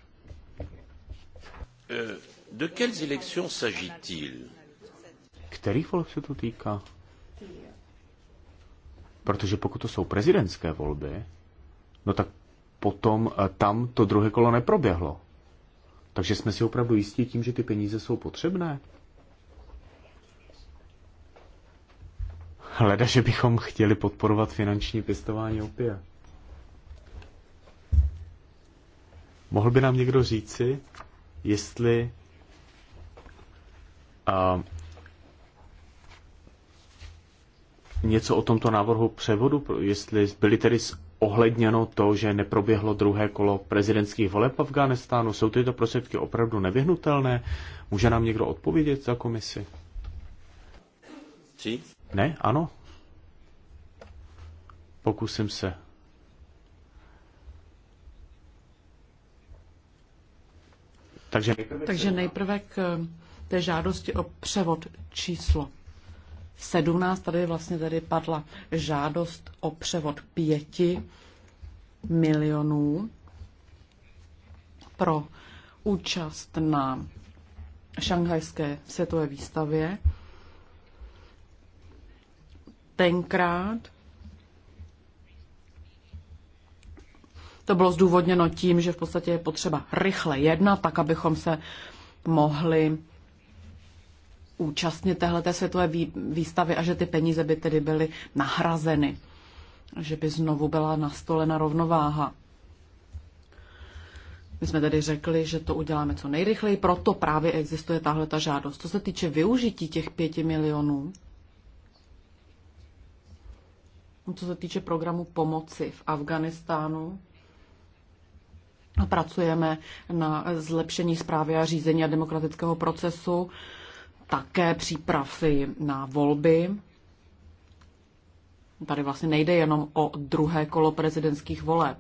Eh, de quelles élections s'agit-il? Kterých voleb se to týká? Protože pokud to jsou prezidentské volby, no tak potom eh, tam to druhé kolo neproběhlo. Takže jsme si opravdu jistí tím, že ty peníze jsou potřebné? Hleda, že bychom chtěli podporovat finanční pěstování opět? Mohl by nám někdo říci, jestli a, něco o tomto návrhu převodu, jestli byly tedy ohledněno to, že neproběhlo druhé kolo prezidentských voleb v Afghánistánu? Jsou tyto prostředky opravdu nevyhnutelné? Může nám někdo odpovědět za komisi? Ne? Ano? Pokusím se Takže nejprve, Takže nejprve k eh, té žádosti o převod číslo 17. Tady vlastně tady padla žádost o převod 5 milionů pro účast na šanghajské světové výstavě. Tenkrát To bylo zdůvodněno tím, že v podstatě je potřeba rychle jednat, tak abychom se mohli účastnit téhleté světové výstavy a že ty peníze by tedy byly nahrazeny, že by znovu byla nastolena rovnováha. My jsme tedy řekli, že to uděláme co nejrychleji, proto právě existuje tahle ta žádost. Co se týče využití těch pěti milionů, co se týče programu pomoci v Afganistánu, Pracujeme na zlepšení zprávy a řízení a demokratického procesu, také přípravy na volby. Tady vlastně nejde jenom o druhé kolo prezidentských voleb.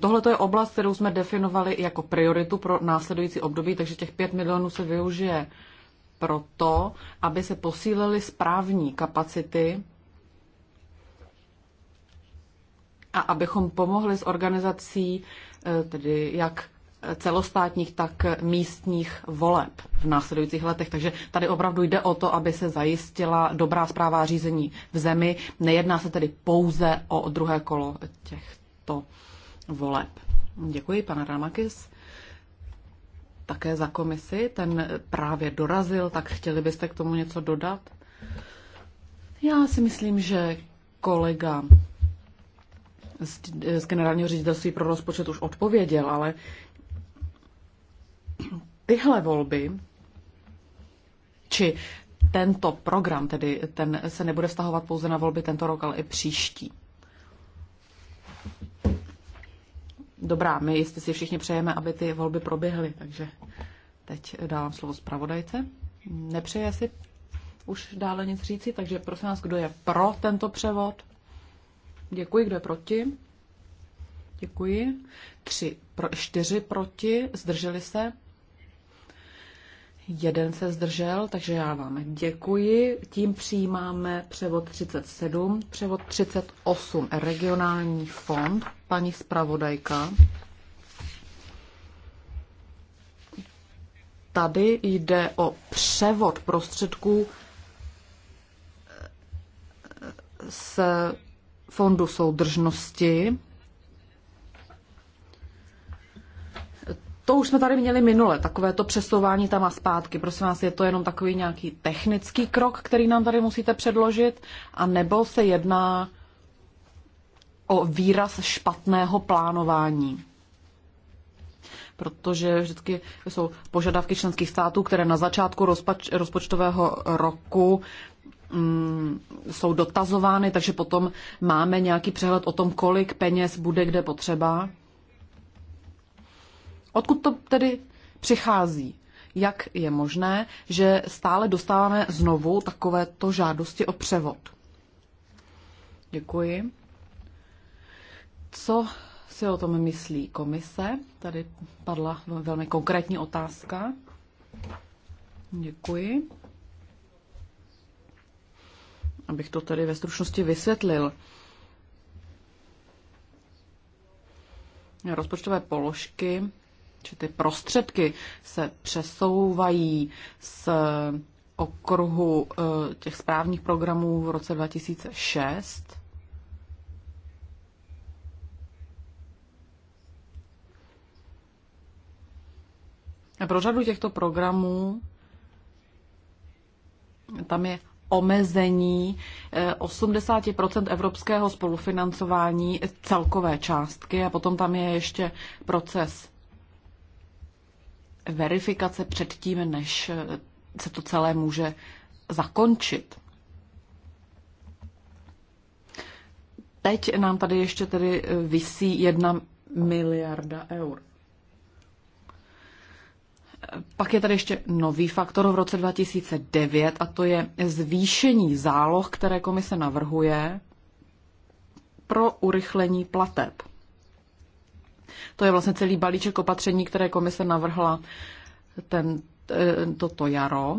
Tohle je oblast, kterou jsme definovali jako prioritu pro následující období, takže těch 5 milionů se využije proto, aby se posílily správní kapacity a abychom pomohli s organizací eh, tedy jak celostátních, tak místních voleb v následujících letech. Takže tady opravdu jde o to, aby se zajistila dobrá zpráva řízení v zemi. Nejedná se tedy pouze o druhé kolo těchto voleb. Děkuji, pana Ramakis. Také za komisi, ten právě dorazil, tak chtěli byste k tomu něco dodat? Já si myslím, že kolega z, z generálního ředitelství pro rozpočet už odpověděl, ale tyhle volby, či tento program, tedy ten se nebude vztahovat pouze na volby tento rok, ale i příští. Dobrá, my jistě si všichni přejeme, aby ty volby proběhly, takže teď dávám slovo zpravodajce. Nepřeje si už dále nic říci, takže prosím vás, kdo je pro tento převod? Děkuji, kdo je proti? Děkuji. Tři, pro, čtyři proti, zdrželi se. Jeden se zdržel, takže já vám děkuji. Tím přijímáme převod 37, převod 38, regionální fond, paní zpravodajka. Tady jde o převod prostředků se fondu soudržnosti. To už jsme tady měli minule, takové to přesouvání tam a zpátky. Prosím vás, je to jenom takový nějaký technický krok, který nám tady musíte předložit, a nebo se jedná o výraz špatného plánování. Protože vždycky jsou požadavky členských států, které na začátku rozpač, rozpočtového roku Mm, jsou dotazovány, takže potom máme nějaký přehled o tom, kolik peněz bude kde potřeba. Odkud to tedy přichází? Jak je možné, že stále dostáváme znovu takovéto žádosti o převod? Děkuji. Co si o tom myslí komise? Tady padla velmi konkrétní otázka. Děkuji abych to tady ve stručnosti vysvětlil. Rozpočtové položky, či ty prostředky, se přesouvají z okruhu eh, těch správních programů v roce 2006 Pro řadu těchto programů tam je omezení 80 eh, evropského spolufinancování celkové částky a potom tam je ještě proces verifikace předtím, než eh, se to celé může zakončit. Teď nám tady ještě tedy eh, vysí jedna miliarda eur. Pak je tady ještě nový faktor v roce 2009 a to je zvýšení záloh, které komise navrhuje pro urychlení plateb. To je vlastně celý balíček opatření, které komise navrhla ten, eh, toto jaro.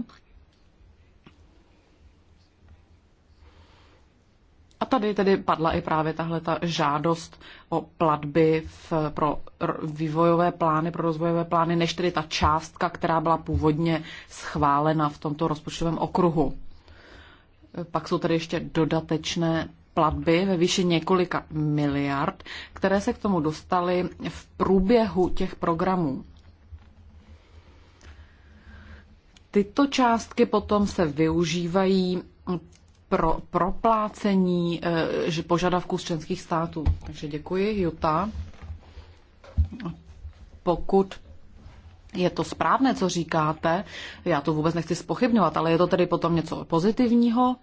A tady tedy padla i právě tahle ta žádost o platby v, pro vývojové plány, pro rozvojové plány, než tedy ta částka, která byla původně schválena v tomto rozpočtovém okruhu. Pak jsou tady ještě dodatečné platby ve výši několika miliard, které se k tomu dostaly v průběhu těch programů. Tyto částky potom se využívají pro proplácení eh, požadavků z členských států. Takže děkuji, Juta. Pokud je to správné, co říkáte, já to vůbec nechci spochybňovat, ale je to tedy potom něco pozitivního,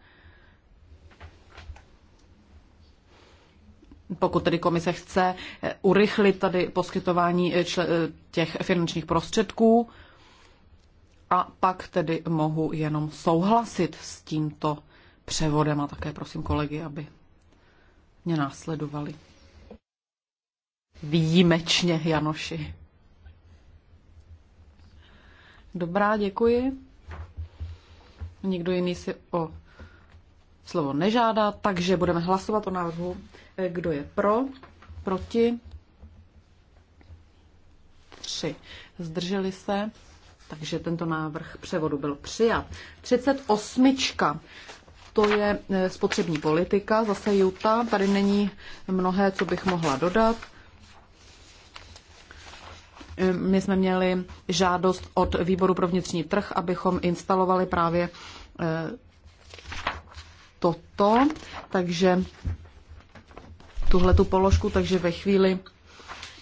pokud tedy komise chce eh, urychlit tady poskytování eh, těch finančních prostředků, a pak tedy mohu jenom souhlasit s tímto převodem a také prosím kolegy, aby mě následovali. Výjimečně, Janoši. Dobrá, děkuji. Nikdo jiný si o slovo nežádá, takže budeme hlasovat o návrhu, eh, kdo je pro, proti, tři. Zdrželi se, takže tento návrh převodu byl přijat. 38 to je e, spotřební politika, zase Juta, tady není mnohé, co bych mohla dodat. E, my jsme měli žádost od výboru pro vnitřní trh, abychom instalovali právě e, toto, takže tuhle tu položku, takže ve chvíli,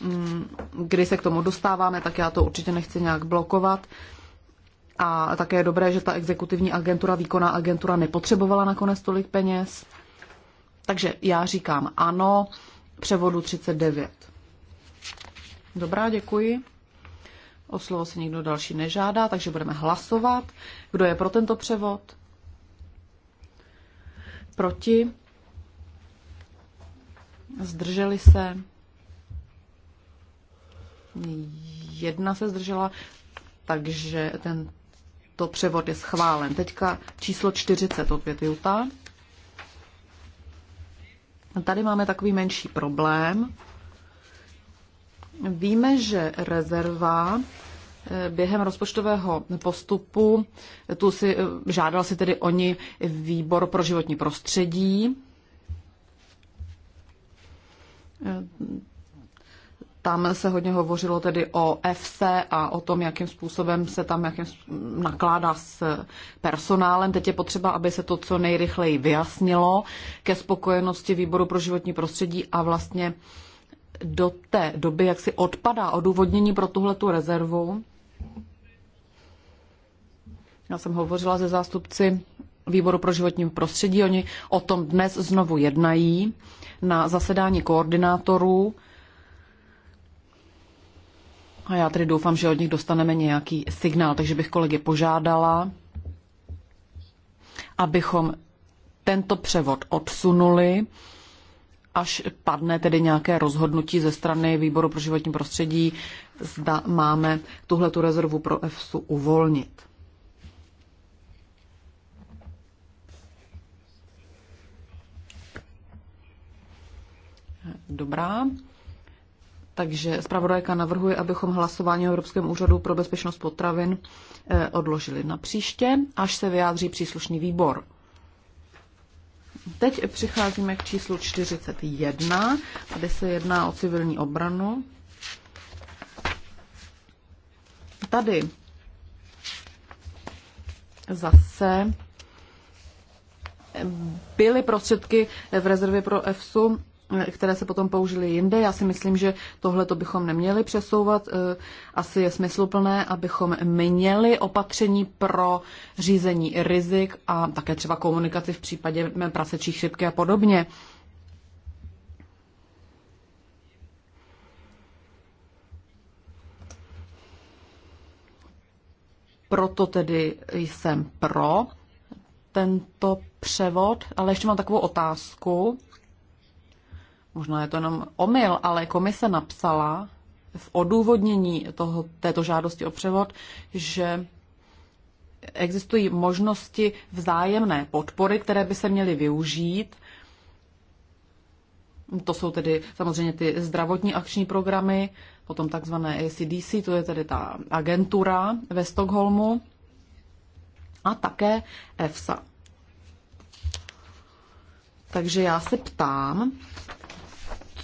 mm, kdy se k tomu dostáváme, tak já to určitě nechci nějak blokovat. A také je dobré, že ta exekutivní agentura, výkonná agentura nepotřebovala nakonec tolik peněz. Takže já říkám ano, převodu 39. Dobrá, děkuji. O slovo se nikdo další nežádá, takže budeme hlasovat. Kdo je pro tento převod? Proti? Zdrželi se? Jedna se zdržela, takže ten tento převod je schválen. Teďka číslo 40 opět Juta. Tady máme takový menší problém. Víme, že rezerva eh, během rozpočtového postupu, eh, tu si eh, žádal si tedy oni výbor pro životní prostředí. Tam se hodně hovořilo tedy o FC a o tom, jakým způsobem se tam jakým nakládá s personálem. Teď je potřeba, aby se to co nejrychleji vyjasnilo ke spokojenosti výboru pro životní prostředí a vlastně do té doby, jak si odpadá odůvodnění pro tuhletu rezervu. Já jsem hovořila se zástupci výboru pro životní prostředí. Oni o tom dnes znovu jednají na zasedání koordinátorů a já tedy doufám, že od nich dostaneme nějaký signál, takže bych kolegy požádala, abychom tento převod odsunuli, až padne tedy nějaké rozhodnutí ze strany Výboru pro životní prostředí, zda máme tuhle tu rezervu pro EFSU uvolnit. Dobrá. Takže zpravodajka navrhuje, abychom hlasování o Evropském úřadu pro bezpečnost potravin eh, odložili na příště, až se vyjádří příslušný výbor. Teď přicházíme k číslu 41. Tady se jedná o civilní obranu. Tady zase byly prostředky v rezervě pro EFSU Eh, které se potom použily jinde. Já si myslím, že tohle to bychom neměli přesouvat. Eh, asi je smysluplné, abychom měli opatření pro řízení rizik a také třeba komunikaci v případě prasečí chřipky a podobně. Proto tedy jsem pro tento převod, ale ještě mám takovou otázku možná je to jenom omyl, ale komise napsala v odůvodnění toho, této žádosti o převod, že existují možnosti vzájemné podpory, které by se měly využít. To jsou tedy samozřejmě ty zdravotní akční programy, potom takzvané ACDC, to je tedy ta agentura ve Stockholmu a také EFSA. Takže já se ptám,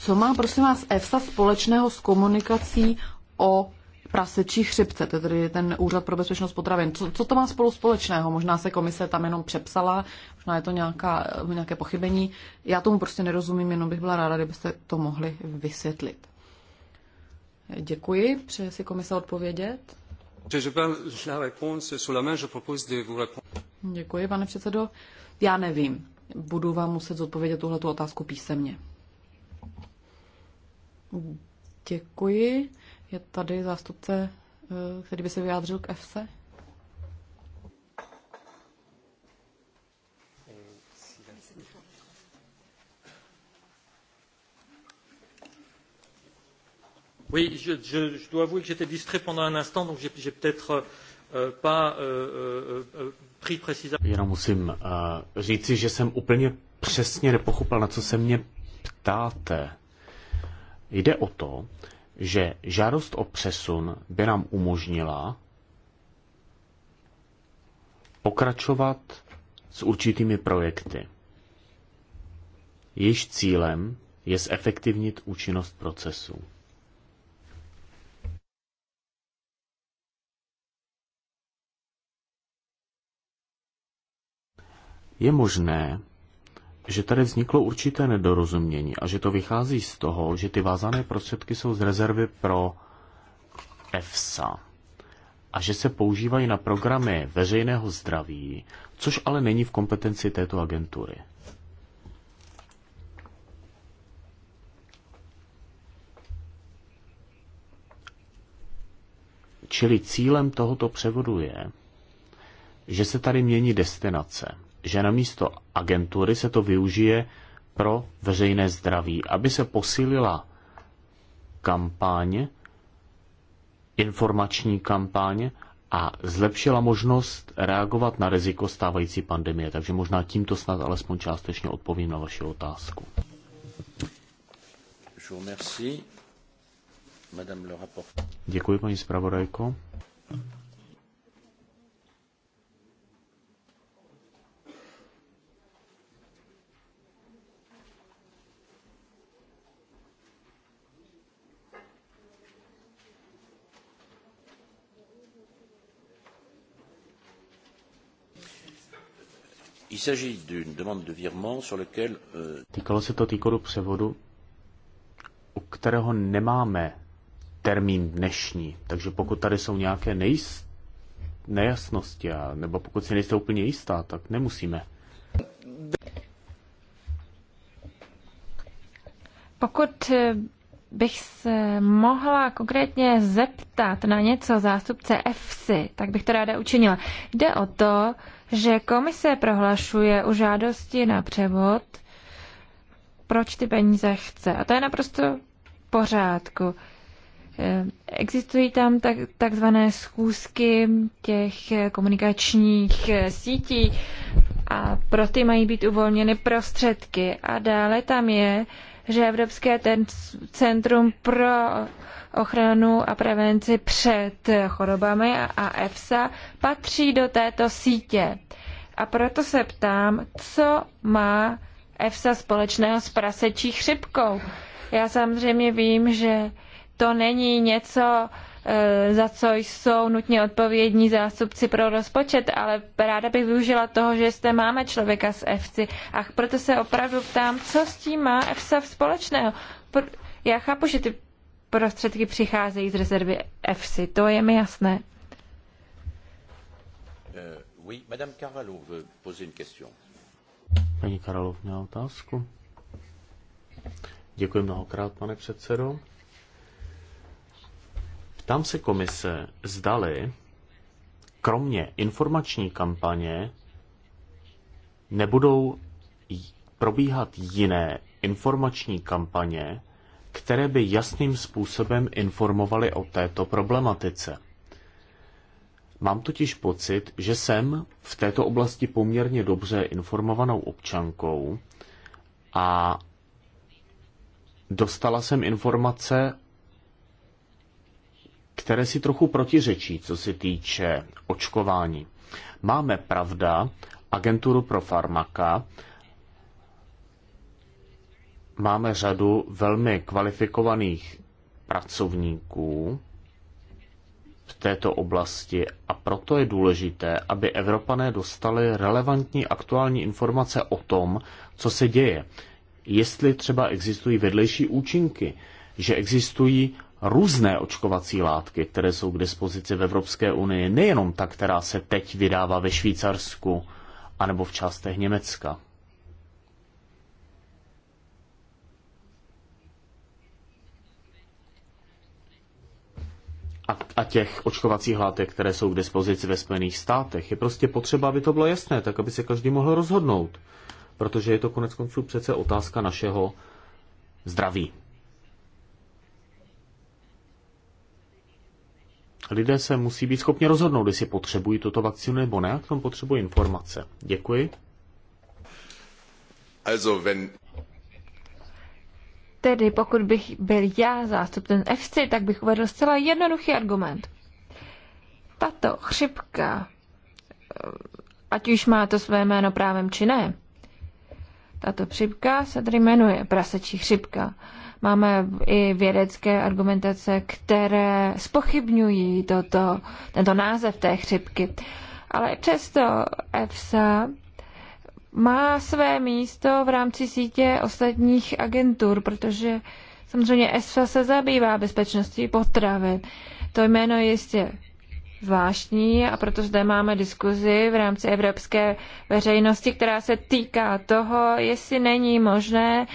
co má, prosím vás, EFSA společného s komunikací o prasečí chřipce, to je tedy ten Úřad pro bezpečnost potravin. Co, co to má spolu společného? Možná se komise tam jenom přepsala, možná je to nějaká, nějaké pochybení. Já tomu prostě nerozumím, jenom bych byla ráda, kdybyste to mohli vysvětlit. Děkuji. Přeje si komise odpovědět? Děkuji, pane předsedo. Já nevím. Budu vám muset zodpovědět tuhle otázku písemně. Děkuji. Je tady zástupce, eh, který by se vyjádřil k FC. Oui, je, je, je dois avouer que j'étais distrait pendant un instant, donc j'ai peut-être euh, euh pas euh, euh, euh, pris précisément. Jenom musím uh, říci, že jsem úplně přesně nepochopil, na co se mě ptáte. Jde o to, že žádost o přesun by nám umožnila pokračovat s určitými projekty. Jejich cílem je zefektivnit účinnost procesu. Je možné, že tady vzniklo určité nedorozumění a že to vychází z toho, že ty vázané prostředky jsou z rezervy pro EFSA a že se používají na programy veřejného zdraví, což ale není v kompetenci této agentury. Čili cílem tohoto převodu je, že se tady mění destinace že na místo agentury se to využije pro veřejné zdraví, aby se posílila kampaň, informační kampaň a zlepšila možnost reagovat na riziko stávající pandemie. Takže možná tímto snad alespoň částečně odpovím na vaši otázku. Děkuji, paní zpravodajko. s'agit d'une demande de virement sur lequel... Euh, Týkalo se to týkodu převodu, u kterého nemáme termín dnešní. Takže pokud tady jsou nějaké nejist, nejasnosti, a, nebo pokud si nejste úplně jistá, tak nemusíme. Pokud eh, bych se mohla konkrétně zeptat na něco zástupce EFSI, tak bych to ráda učinila. Jde o to, že komise prohlašuje u žádosti na převod, proč ty peníze chce. A to je naprosto v pořádku. Eh, existují tam tak, takzvané schůzky těch komunikačních eh, sítí a pro ty mají být uvolněny prostředky. A dále tam je, že Evropské centrum pro ochranu a prevenci před chorobami a EFSA patří do této sítě. A proto se ptám, co má EFSA společného s prasečí chřipkou. Já samozřejmě vím, že to není něco, Eh, za co jsou nutně odpovědní zástupci pro rozpočet, ale ráda bych využila toho, že zde máme člověka z EFSI a proto se opravdu ptám, co s tím má EFSA společného. Já chápu, že ty prostředky přicházejí z rezervy EFSI, to je mi jasné. Eh, Paní Karalov měla otázku. Děkuji mnohokrát, pane předsedo. Tam se komise zdali, kromě informační kampaně, nebudou probíhat jiné informační kampaně, které by jasným způsobem informovaly o této problematice. Mám totiž pocit, že jsem v této oblasti poměrně dobře informovanou občankou a dostala jsem informace které si trochu protiřečí, co se týče očkování. Máme pravda, agenturu pro farmaka, máme řadu velmi kvalifikovaných pracovníků v této oblasti a proto je důležité, aby Evropané dostali relevantní aktuální informace o tom, co se děje. Jestli třeba existují vedlejší účinky, že existují různé očkovací látky, které jsou k dispozici v Evropské unii, nejenom ta, která se teď vydává ve Švýcarsku anebo v částech Německa. a, těch očkovacích látek, které jsou k dispozici ve Spojených státech. Je prostě potřeba, aby to bylo jasné, tak aby se každý mohl rozhodnout. Protože je to konec konců přece otázka našeho zdraví. lidé se musí být schopni rozhodnout, jestli potřebují tuto vakcínu nebo ne, a k tomu potřebují informace. Děkuji. Also, wenn... Tedy pokud bych byl já zástupcem FC, tak bych uvedl zcela jednoduchý argument. Tato chřipka, eh, ať už má to své jméno právem či ne, tato chřipka se tedy jmenuje prasečí chřipka. Máme i vědecké argumentace, které spochybňují toto, tento název té chřipky. Ale přesto EFSA má své místo v rámci sítě ostatních agentur, protože samozřejmě EFSA se zabývá bezpečností potravin. To jméno je jistě zvláštní a proto zde máme diskuzi v rámci evropské veřejnosti, která se týká toho, jestli není možné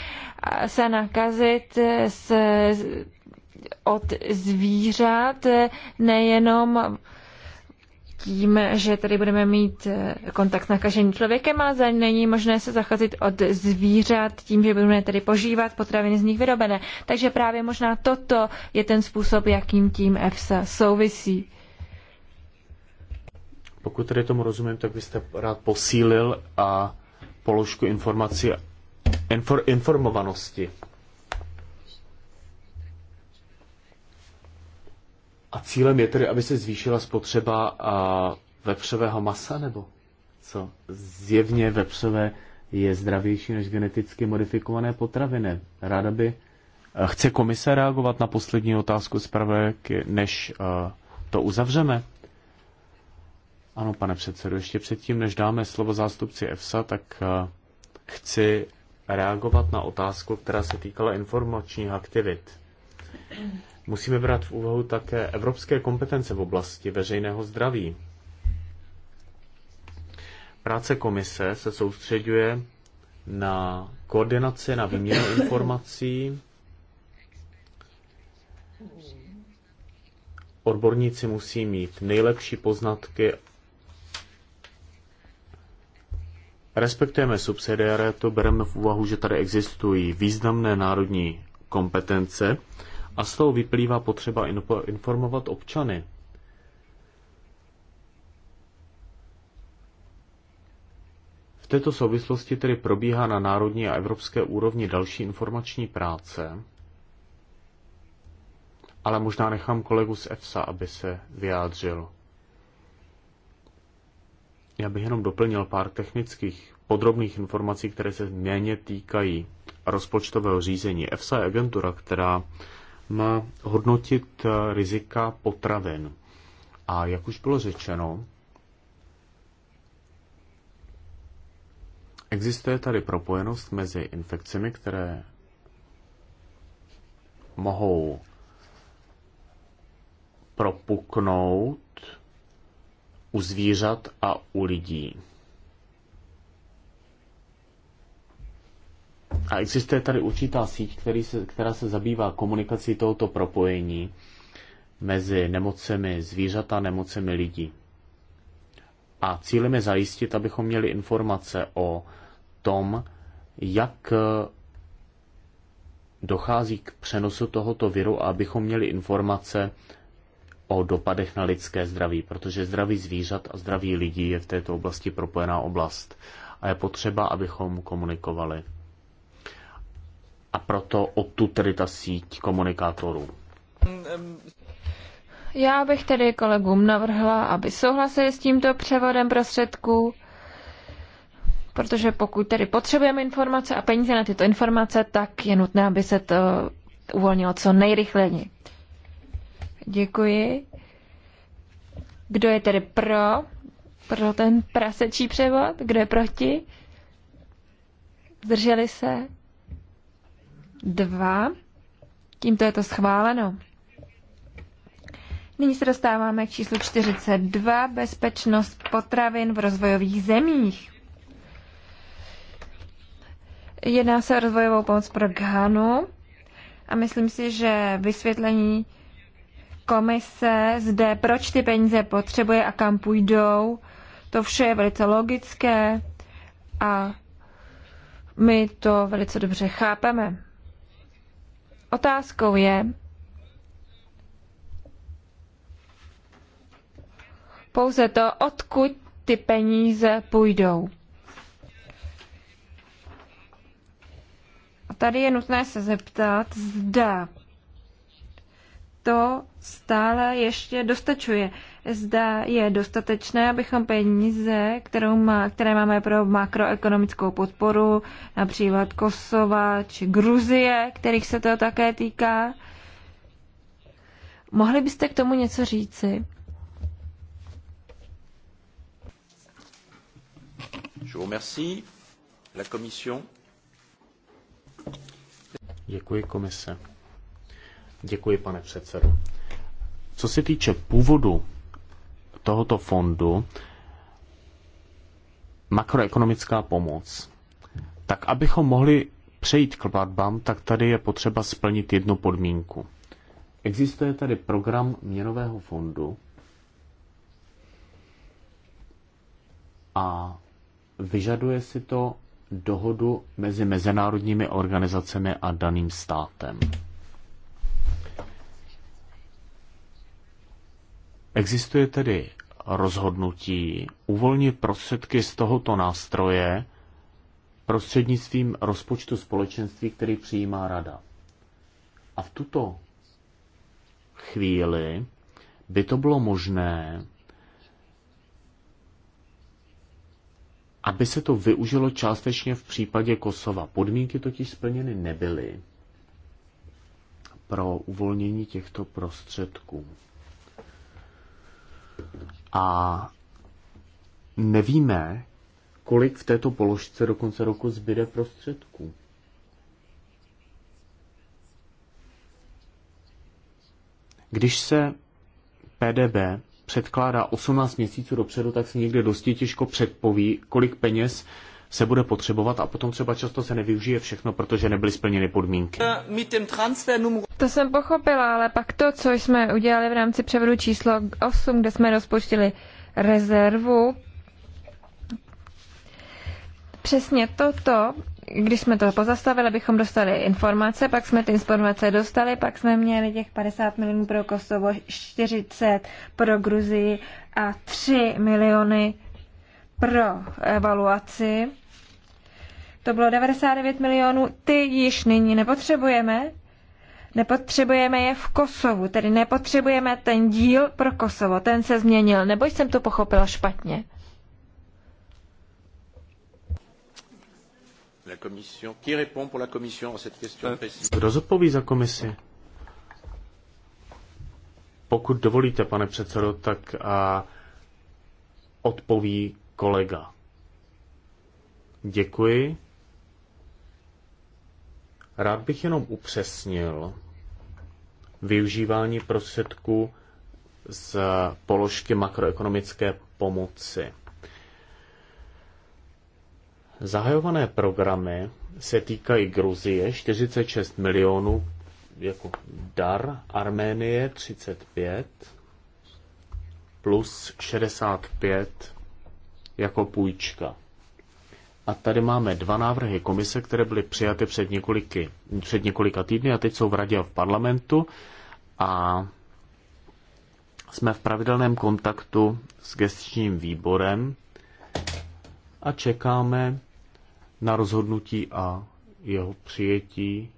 se nakazit s, od zvířat nejenom tím, že tady budeme mít kontakt s nakaženým člověkem, ale zároveň není možné se zacházet od zvířat tím, že budeme tady požívat potraviny z nich vyrobené. Takže právě možná toto je ten způsob, jakým tím EFSA souvisí. Pokud tedy tomu rozumím, tak byste rád posílil a položku informací, infor, informovanosti. A cílem je tedy, aby se zvýšila spotřeba a vepřového masa, nebo co? Zjevně vepřové je zdravější než geneticky modifikované potraviny. Ráda by... Chce komise reagovat na poslední otázku zpravodajky, než to uzavřeme? Ano, pane předsedo, ještě předtím, než dáme slovo zástupci EFSA, tak eh, chci reagovat na otázku, která se týkala informačních aktivit. Musíme brát v úvahu také evropské kompetence v oblasti veřejného zdraví. Práce komise se soustředuje na koordinaci, na výměnu informací. Odborníci musí mít nejlepší poznatky Respektujeme subsidiaritu, bereme v úvahu, že tady existují významné národní kompetence a z toho vyplývá potřeba informovat občany. V této souvislosti tedy probíhá na národní a evropské úrovni další informační práce, ale možná nechám kolegu z EFSA, aby se vyjádřil. Já bych jenom doplnil pár technických podrobných informací, které se méně týkají rozpočtového řízení. EFSA je agentura, která má hodnotit eh, rizika potravin. A jak už bylo řečeno, existuje tady propojenost mezi infekcemi, které mohou propuknout u zvířat a u lidí. A existuje tady určitá síť, který se, která se zabývá komunikací tohoto propojení mezi nemocemi zvířata a nemocemi lidí. A cílem je zajistit, abychom měli informace o tom, jak dochází k přenosu tohoto viru a abychom měli informace o dopadech na lidské zdraví, protože zdraví zvířat a zdraví lidí je v této oblasti propojená oblast a je potřeba, abychom komunikovali. A proto odtud tedy ta síť komunikátorů. Já bych tedy kolegům navrhla, aby souhlasili s tímto převodem prostředků, protože pokud tedy potřebujeme informace a peníze na tyto informace, tak je nutné, aby se to uvolnilo co nejrychleji. Děkuji. Kdo je tedy pro? Pro ten prasečí převod? Kdo je proti? Zdrželi se? Dva. Tímto je to schváleno. Nyní se dostáváme k číslu 42. Bezpečnost potravin v rozvojových zemích. Jedná se o rozvojovou pomoc pro Ghanu a myslím si, že vysvětlení komise zde, proč ty peníze potřebuje a kam půjdou. To vše je velice logické a my to velice dobře chápeme. Otázkou je, pouze to, odkud ty peníze půjdou. A tady je nutné se zeptat, zda to stále ještě dostačuje. Zda je dostatečné, abychom peníze, kterou má, které máme pro makroekonomickou podporu, například Kosova či Gruzie, kterých se to také týká, mohli byste k tomu něco říci? Je vous remercie. La commission. Děkuji komise. Děkuji, pane předsedo. Co se týče původu tohoto fondu, makroekonomická pomoc, tak abychom mohli přejít k platbám, tak tady je potřeba splnit jednu podmínku. Existuje tady program měnového fondu a vyžaduje si to dohodu mezi mezinárodními organizacemi a daným státem. Existuje tedy rozhodnutí uvolnit prostředky z tohoto nástroje prostřednictvím rozpočtu společenství, který přijímá rada. A v tuto chvíli by to bylo možné, aby se to využilo částečně v případě Kosova. Podmínky totiž splněny nebyly pro uvolnění těchto prostředků. A nevíme, kolik v této položce do konce roku zbyde prostředků. Když se PDB předkládá 18 měsíců dopředu, tak se někde dosti těžko předpoví, kolik peněz se bude potřebovat a potom třeba často se nevyužije všechno, protože nebyly splněny podmínky. To jsem pochopila, ale pak to, co jsme udělali v rámci převodu číslo 8, kde jsme rozpočtili rezervu, přesně toto když jsme to pozastavili, abychom dostali informace, pak jsme ty informace dostali, pak jsme měli těch 50 milionů pro Kosovo, 40 pro Gruzii a 3 miliony pro evaluaci to bylo 99 milionů, ty již nyní nepotřebujeme. Nepotřebujeme je v Kosovu, tedy nepotřebujeme ten díl pro Kosovo, ten se změnil, nebo jsem to pochopila špatně. Kdo zodpoví za komisi? Pokud dovolíte, pane předsedo, tak a odpoví kolega. Děkuji. Rád bych jenom upřesnil využívání prostředků z položky makroekonomické pomoci. Zahajované programy se týkají Gruzie 46 milionů jako dar, Arménie 35 plus 65 jako půjčka. A tady máme dva návrhy komise, které byly přijaty před, několiky, před několika týdny a teď jsou v radě a v parlamentu. A jsme v pravidelném kontaktu s gestičním výborem a čekáme na rozhodnutí a jeho přijetí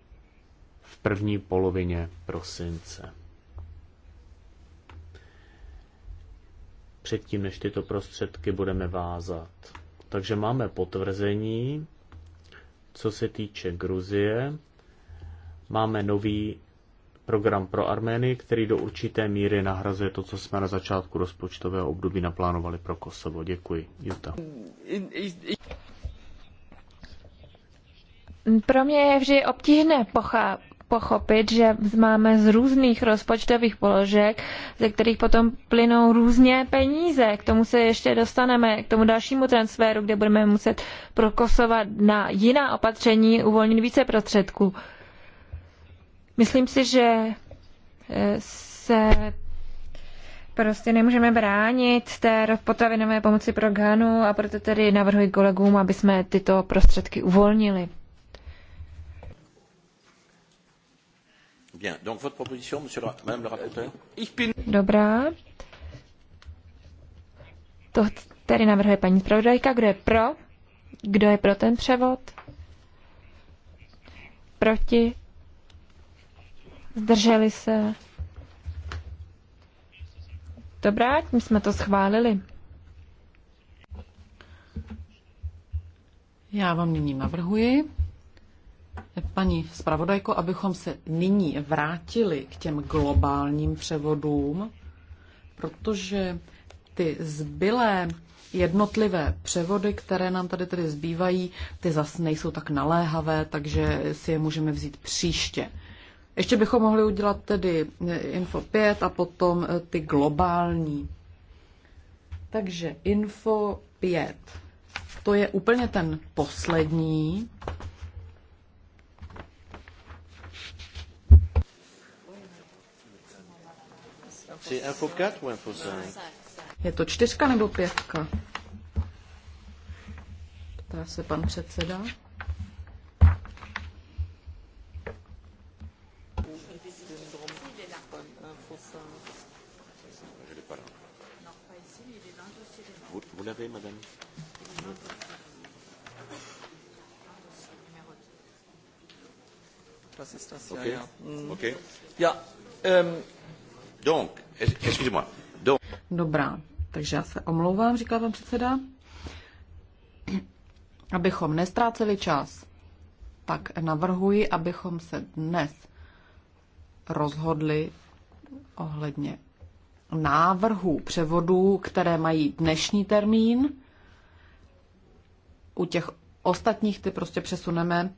v první polovině prosince. Předtím, než tyto prostředky budeme vázat. Takže máme potvrzení, co se týče Gruzie. Máme nový program pro Armény, který do určité míry nahrazuje to, co jsme na začátku rozpočtového období naplánovali pro Kosovo. Děkuji. Juta. Pro mě je vždy obtížné pochá- pochopit, že máme z různých rozpočtových položek, ze kterých potom plynou různě peníze. K tomu se ještě dostaneme, k tomu dalšímu transferu, kde budeme muset prokosovat na jiná opatření, uvolnit více prostředků. Myslím si, že eh, se prostě nemůžeme bránit té potravinové pomoci pro Ganu a proto tedy navrhuji kolegům, aby jsme tyto prostředky uvolnili. Bien, donc votre proposition, monsieur le, madame le rapporteur Dobrá. To tedy navrhuje paní zpravodajka. Kdo je pro? Kdo je pro ten převod? Proti? Zdrželi se? Dobrá, tím jsme to schválili. Já vám nyní navrhuji, paní zpravodajko, abychom se nyní vrátili k těm globálním převodům, protože ty zbylé jednotlivé převody, které nám tady tedy zbývají, ty zas nejsou tak naléhavé, takže si je můžeme vzít příště. Ještě bychom mohli udělat tedy eh, Info 5 a potom eh, ty globální. Takže Info 5. To je úplně ten poslední info 4 info 5 Je to čtyřka nebo pětka? Ptá se pan předseda. Vous, l'avez, madame Das Ok. das, mm. okay. Ähm, Donc, Dobrá, takže já se omlouvám, říká pan předseda. Abychom nestráceli čas, tak navrhuji, abychom se dnes rozhodli ohledně návrhů převodů, které mají dnešní termín. U těch ostatních ty prostě přesuneme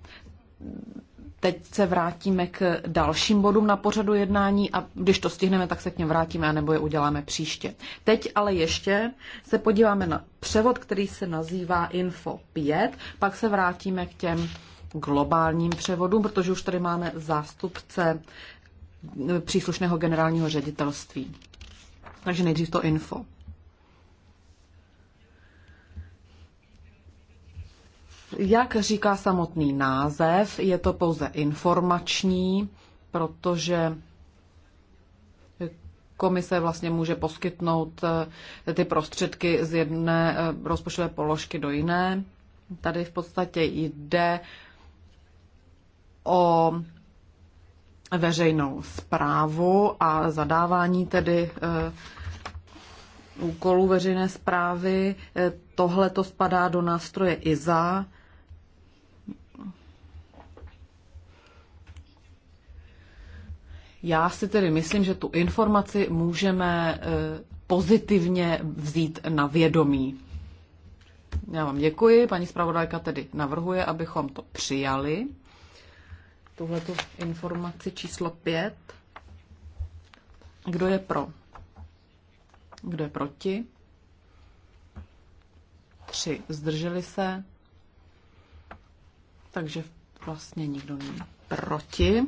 teď se vrátíme k dalším bodům na pořadu jednání a když to stihneme, tak se k něm vrátíme a nebo je uděláme příště. Teď ale ještě se podíváme na převod, který se nazývá Info 5, pak se vrátíme k těm globálním převodům, protože už tady máme zástupce e, příslušného generálního ředitelství. Takže nejdřív to info. Jak říká samotný název, je to pouze informační, protože komise vlastně může poskytnout eh, ty prostředky z jedné eh, rozpočtové položky do jiné. Tady v podstatě jde o veřejnou zprávu a zadávání tedy eh, úkolů veřejné zprávy. Tohle to spadá do nástroje IZA Já si tedy myslím, že tu informaci můžeme eh, pozitivně vzít na vědomí. Já vám děkuji. Paní zpravodajka tedy navrhuje, abychom to přijali. Tuhle tu informaci číslo 5. Kdo je pro? Kdo je proti? Tři zdrželi se. Takže vlastně nikdo není proti.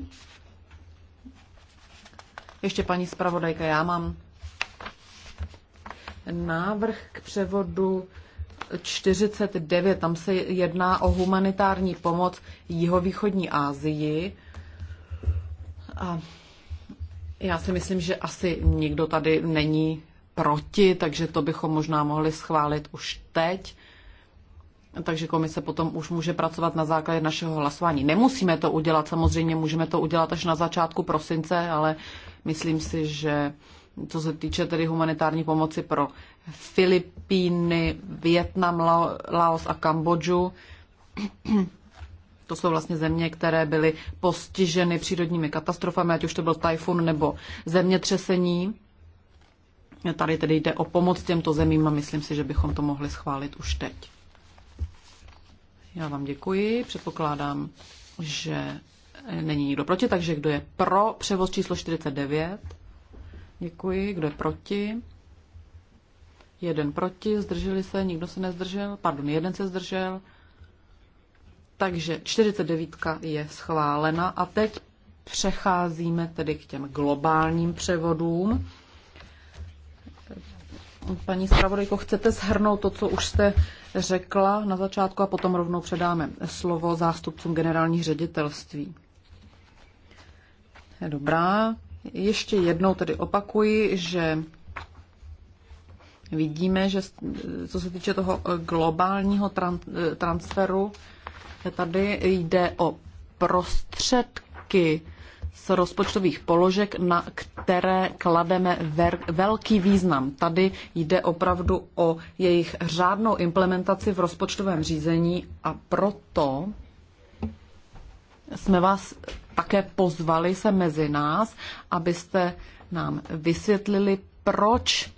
Ještě paní zpravodajka, já mám návrh k převodu 49. Tam se jedná o humanitární pomoc jihovýchodní Asii. A já si myslím, že asi nikdo tady není proti, takže to bychom možná mohli schválit už teď. Takže komise potom už může pracovat na základě našeho hlasování. Nemusíme to udělat, samozřejmě můžeme to udělat až na začátku prosince, ale Myslím si, že co se týče tedy humanitární pomoci pro Filipíny, Vietnam, Laos a Kambodžu, to jsou vlastně země, které byly postiženy přírodními katastrofami, ať už to byl tajfun nebo zemětřesení. Tady tedy jde o pomoc těmto zemím a myslím si, že bychom to mohli schválit už teď. Já vám děkuji. Předpokládám, že Není nikdo proti, takže kdo je pro převoz číslo 49? Děkuji. Kdo je proti? Jeden proti, zdrželi se, nikdo se nezdržel, pardon, jeden se zdržel. Takže 49 je schválena a teď přecházíme tedy k těm globálním převodům. Paní zpravodajko, chcete shrnout to, co už jste řekla na začátku a potom rovnou předáme slovo zástupcům generálních ředitelství. Dobrá. Ještě jednou tedy opakuji, že vidíme, že co se týče toho eh, globálního eh, transferu, tady jde o prostředky z rozpočtových položek, na které klademe ver, velký význam. Tady jde opravdu o jejich řádnou implementaci v rozpočtovém řízení a proto jsme vás také pozvali se mezi nás, abyste nám vysvětlili, proč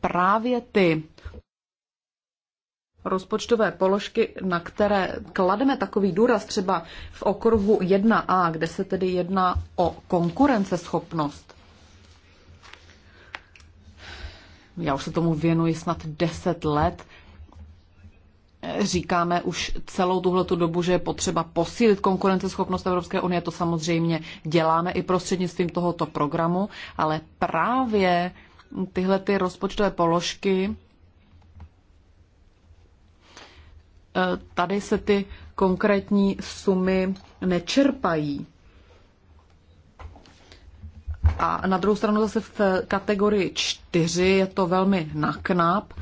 právě ty rozpočtové položky, na které klademe takový důraz třeba v okruhu 1a, kde se tedy jedná o konkurenceschopnost. Já už se tomu věnuji snad 10 let říkáme už celou tuhletu dobu, že je potřeba posílit konkurenceschopnost Evropské unie. To samozřejmě děláme i prostřednictvím tohoto programu, ale právě tyhle ty rozpočtové položky, eh, tady se ty konkrétní sumy nečerpají. A na druhou stranu zase v kategorii 4 je to velmi naknap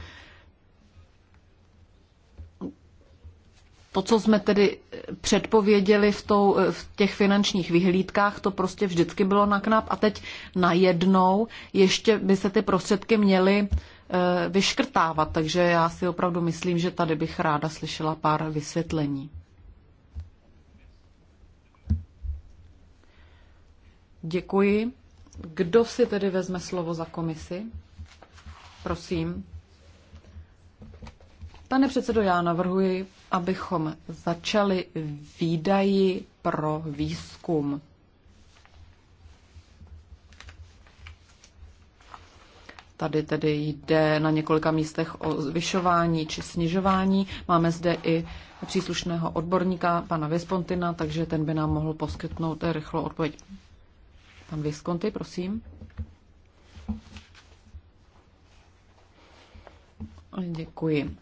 to, co jsme tedy eh, předpověděli v, tou, eh, v těch finančních vyhlídkách, to prostě vždycky bylo na knap a teď najednou ještě by se ty prostředky měly eh, vyškrtávat. Takže já si opravdu myslím, že tady bych ráda slyšela pár vysvětlení. Děkuji. Kdo si tedy vezme slovo za komisi? Prosím. Pane předsedo, já navrhuji abychom začali výdaji pro výzkum. Tady tedy jde na několika místech o zvyšování či snižování. Máme zde i příslušného odborníka, pana Vespontina, takže ten by nám mohl poskytnout rychlou odpověď. Pan Visconti, prosím. Děkuji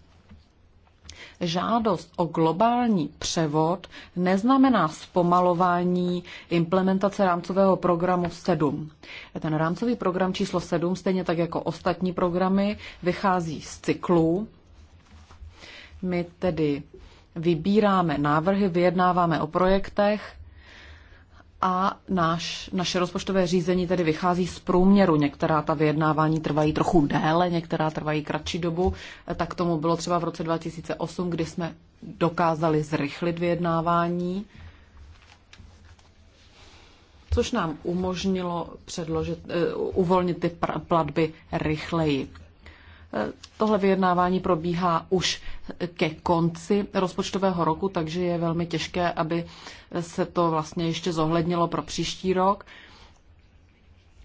žádost o globální převod neznamená zpomalování implementace rámcového programu 7. Ten rámcový program číslo 7, stejně tak jako ostatní programy, vychází z cyklu. My tedy vybíráme návrhy, vyjednáváme o projektech a náš, naše rozpočtové řízení tedy vychází z průměru. Některá ta vyjednávání trvají trochu déle, některá trvají kratší dobu. E, tak tomu bylo třeba v roce 2008, kdy jsme dokázali zrychlit vyjednávání, což nám umožnilo předložit, uh, uvolnit ty platby rychleji. Tohle vyjednávání probíhá už ke konci rozpočtového roku, takže je velmi těžké, aby se to vlastně ještě zohlednilo pro příští rok.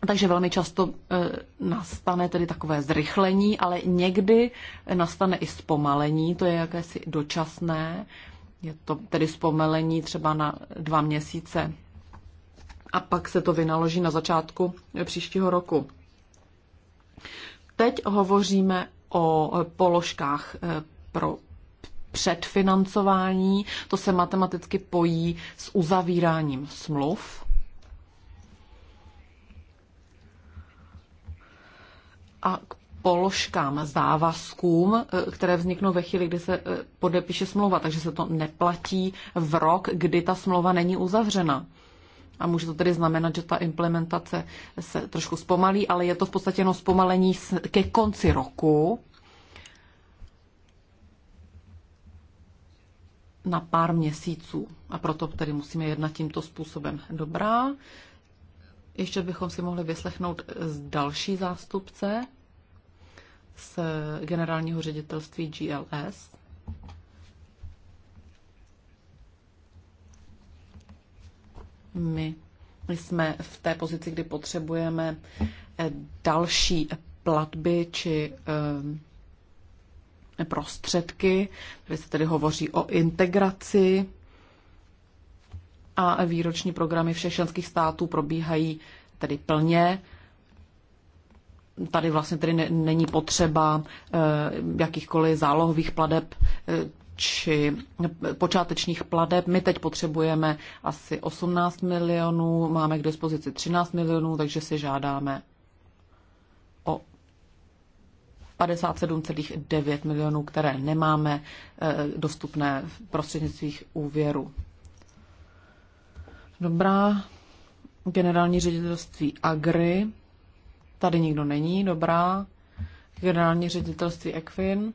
Takže velmi často e, nastane tedy takové zrychlení, ale někdy nastane i zpomalení, to je jakési dočasné, je to tedy zpomalení třeba na dva měsíce a pak se to vynaloží na začátku příštího roku. Teď hovoříme o položkách eh, pro předfinancování, to se matematicky pojí s uzavíráním smluv. A k položkám, závazkům, eh, které vzniknou ve chvíli, kdy se eh, podepíše smlouva, takže se to neplatí v rok, kdy ta smlouva není uzavřena. A může to tedy znamenat, že ta implementace se trošku zpomalí, ale je to v podstatě jenom zpomalení ke konci roku. na pár měsíců. A proto tedy musíme jednat tímto způsobem. Dobrá. Ještě bychom si mohli vyslechnout eh, další zástupce z generálního ředitelství GLS. My jsme v té pozici, kdy potřebujeme eh, další platby či eh, prostředky, kde se tedy hovoří o integraci a výroční programy všech členských států probíhají tedy plně. Tady vlastně tedy není potřeba eh, jakýchkoliv zálohových pladeb, či počátečních pladeb. My teď potřebujeme asi 18 milionů, máme k dispozici 13 milionů, takže si žádáme o 57,9 milionů, které nemáme eh, dostupné v prostřednictvích úvěru. Dobrá. Generální ředitelství Agri. Tady nikdo není. Dobrá. Generální ředitelství Equin.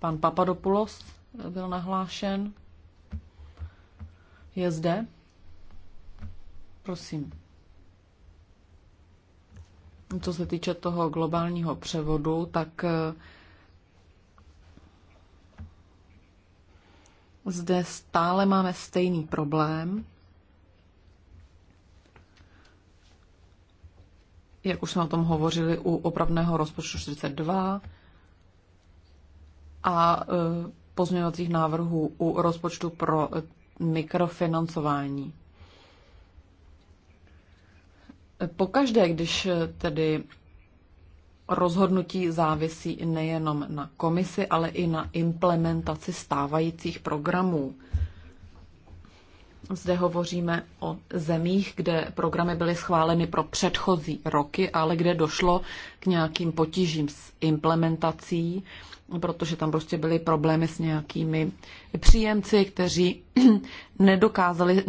Pan Papadopoulos byl nahlášen. Je zde? Prosím. Co se týče toho globálního převodu, tak eh, zde stále máme stejný problém. Jak už jsme o tom hovořili u opravného rozpočtu 42, a e, pozměňovacích návrhů u rozpočtu pro e, mikrofinancování. Pokaždé, když e, tedy rozhodnutí závisí nejenom na komisi, ale i na implementaci stávajících programů. Zde hovoříme o zemích, kde programy byly schváleny pro předchozí roky, ale kde došlo k nějakým potížím s implementací, protože tam prostě byly problémy s nějakými příjemci, kteří nedokázali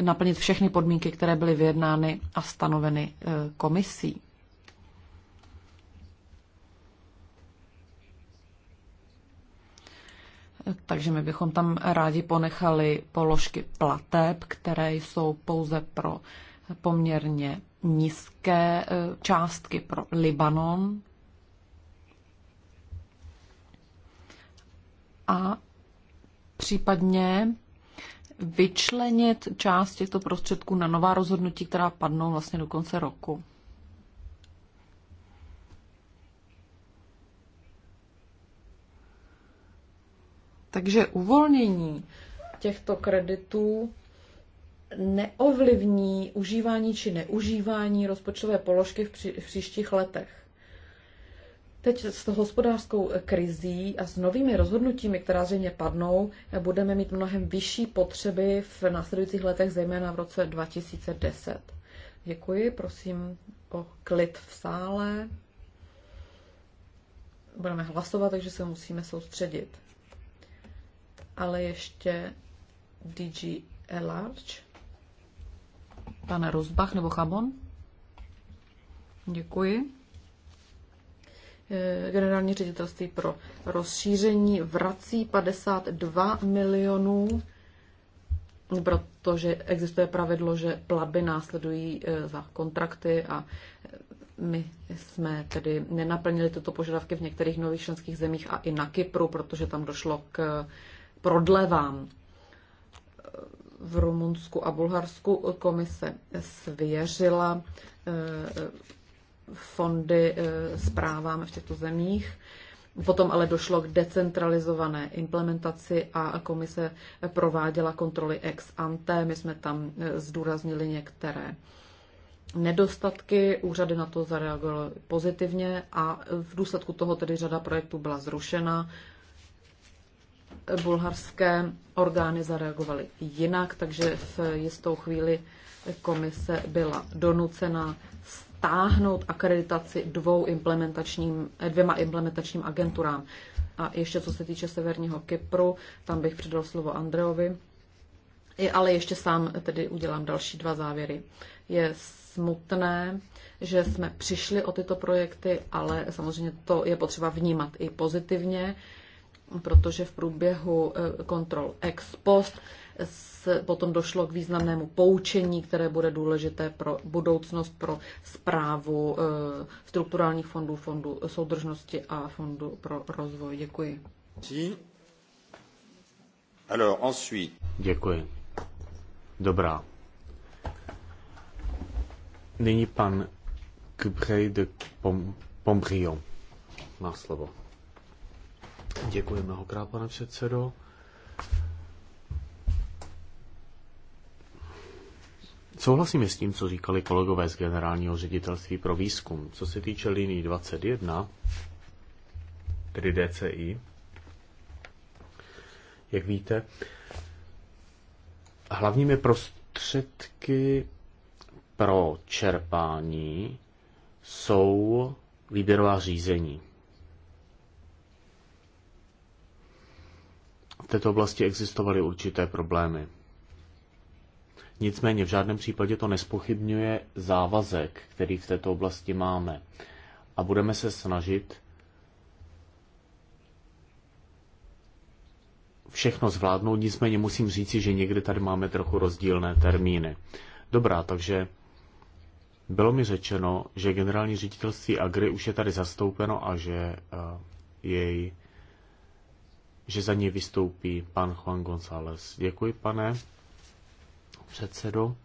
naplnit všechny podmínky, které byly vyjednány a stanoveny eh, komisí. takže my bychom tam rádi ponechali položky plateb, které jsou pouze pro poměrně nízké e, částky pro Libanon. A případně vyčlenit část těchto prostředků na nová rozhodnutí, která padnou vlastně do konce roku. Takže uvolnění těchto kreditů neovlivní užívání či neužívání rozpočtové položky v, při, v příštích letech. Teď s hospodářskou krizí a s novými rozhodnutími, která zřejmě padnou, budeme mít mnohem vyšší potřeby v následujících letech, zejména v roce 2010. Děkuji, prosím o klid v sále. Budeme hlasovat, takže se musíme soustředit ale ještě DG Large. pan Rozbach nebo Chabon. Děkuji. Eh, Generální ředitelství pro rozšíření vrací 52 milionů, protože existuje pravidlo, že platby následují eh, za kontrakty a eh, my jsme tedy nenaplnili tyto požadavky v některých nových členských zemích a i na Kypru, protože tam došlo k prodlevám. V Rumunsku a Bulharsku komise svěřila eh, fondy eh, zprávám v těchto zemích. Potom ale došlo k decentralizované implementaci a komise prováděla kontroly ex ante. My jsme tam eh, zdůraznili některé nedostatky, úřady na to zareagovaly pozitivně a v důsledku toho tedy řada projektů byla zrušena bulharské orgány zareagovaly jinak, takže v jistou chvíli komise byla donucena stáhnout akreditaci dvou implementačním, dvěma implementačním agenturám. A ještě co se týče Severního Kypru, tam bych předal slovo Andreovi, ale ještě sám tedy udělám další dva závěry. Je smutné, že jsme přišli o tyto projekty, ale samozřejmě to je potřeba vnímat i pozitivně protože v průběhu eh, kontrol ex post potom došlo k významnému poučení, které bude důležité pro budoucnost, pro zprávu eh, strukturálních fondů, fondů soudržnosti a fondu pro rozvoj. Děkuji. Alors, ensuite... Děkuji. Dobrá. Nyní pan Kubrej de Pom- Pombrion má slovo. Děkuji mnohokrát, pane předsedo. Souhlasím s tím, co říkali kolegové z Generálního ředitelství pro výzkum. Co se týče linii 21, tedy DCI, jak víte, hlavními prostředky pro čerpání jsou výběrová řízení. v této oblasti existovaly určité problémy. Nicméně v žádném případě to nespochybňuje závazek, který v této oblasti máme. A budeme se snažit všechno zvládnout, nicméně musím říci, že někdy tady máme trochu rozdílné termíny. Dobrá, takže bylo mi řečeno, že generální ředitelství Agri už je tady zastoupeno a že eh, jej že za ní vystoupí pan Juan González. Děkuji, pane předsedo.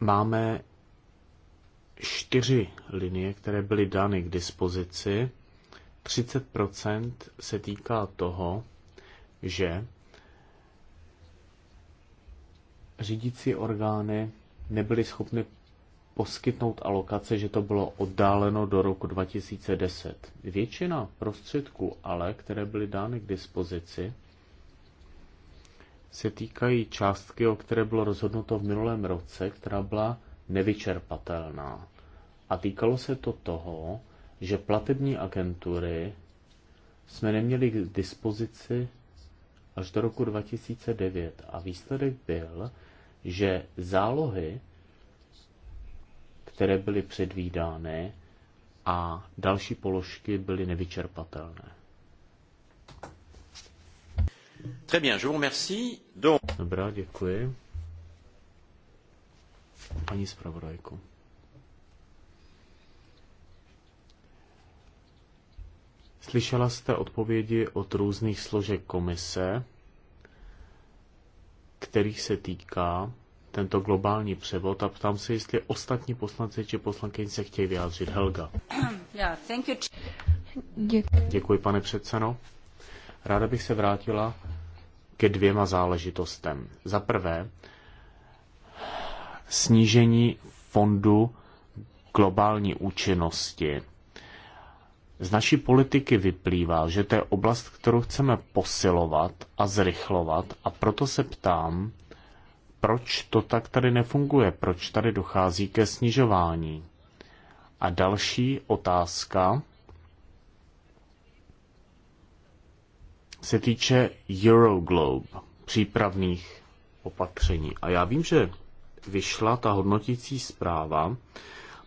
Máme čtyři linie, které byly dány k dispozici. 30% se týká toho, že řídící orgány nebyly schopny poskytnout alokace, že to bylo oddáleno do roku 2010. Většina prostředků ale, které byly dány k dispozici, se týkají částky, o které bylo rozhodnuto v minulém roce, která byla nevyčerpatelná. A týkalo se to toho, že platební agentury jsme neměli k dispozici až do roku 2009 a výsledek byl, že zálohy které byly předvídány a další položky byly nevyčerpatelné. Très bien, je vous remercie. Donc... Dobrá, děkuji. Paní zpravodajku. Slyšela jste odpovědi od různých složek komise, kterých se týká tento globální převod a ptám se, jestli ostatní poslanci či poslankyně se chtějí vyjádřit. Helga. Děkuji. Děkuji, pane předsedo. Ráda bych se vrátila ke dvěma záležitostem. Za prvé, snížení fondu globální účinnosti. Z naší politiky vyplývá, že to je oblast, kterou chceme posilovat a zrychlovat a proto se ptám, proč to tak tady nefunguje, proč tady dochází ke snižování. A další otázka se týče Euroglobe, přípravných opatření. A já vím, že vyšla ta hodnotící zpráva.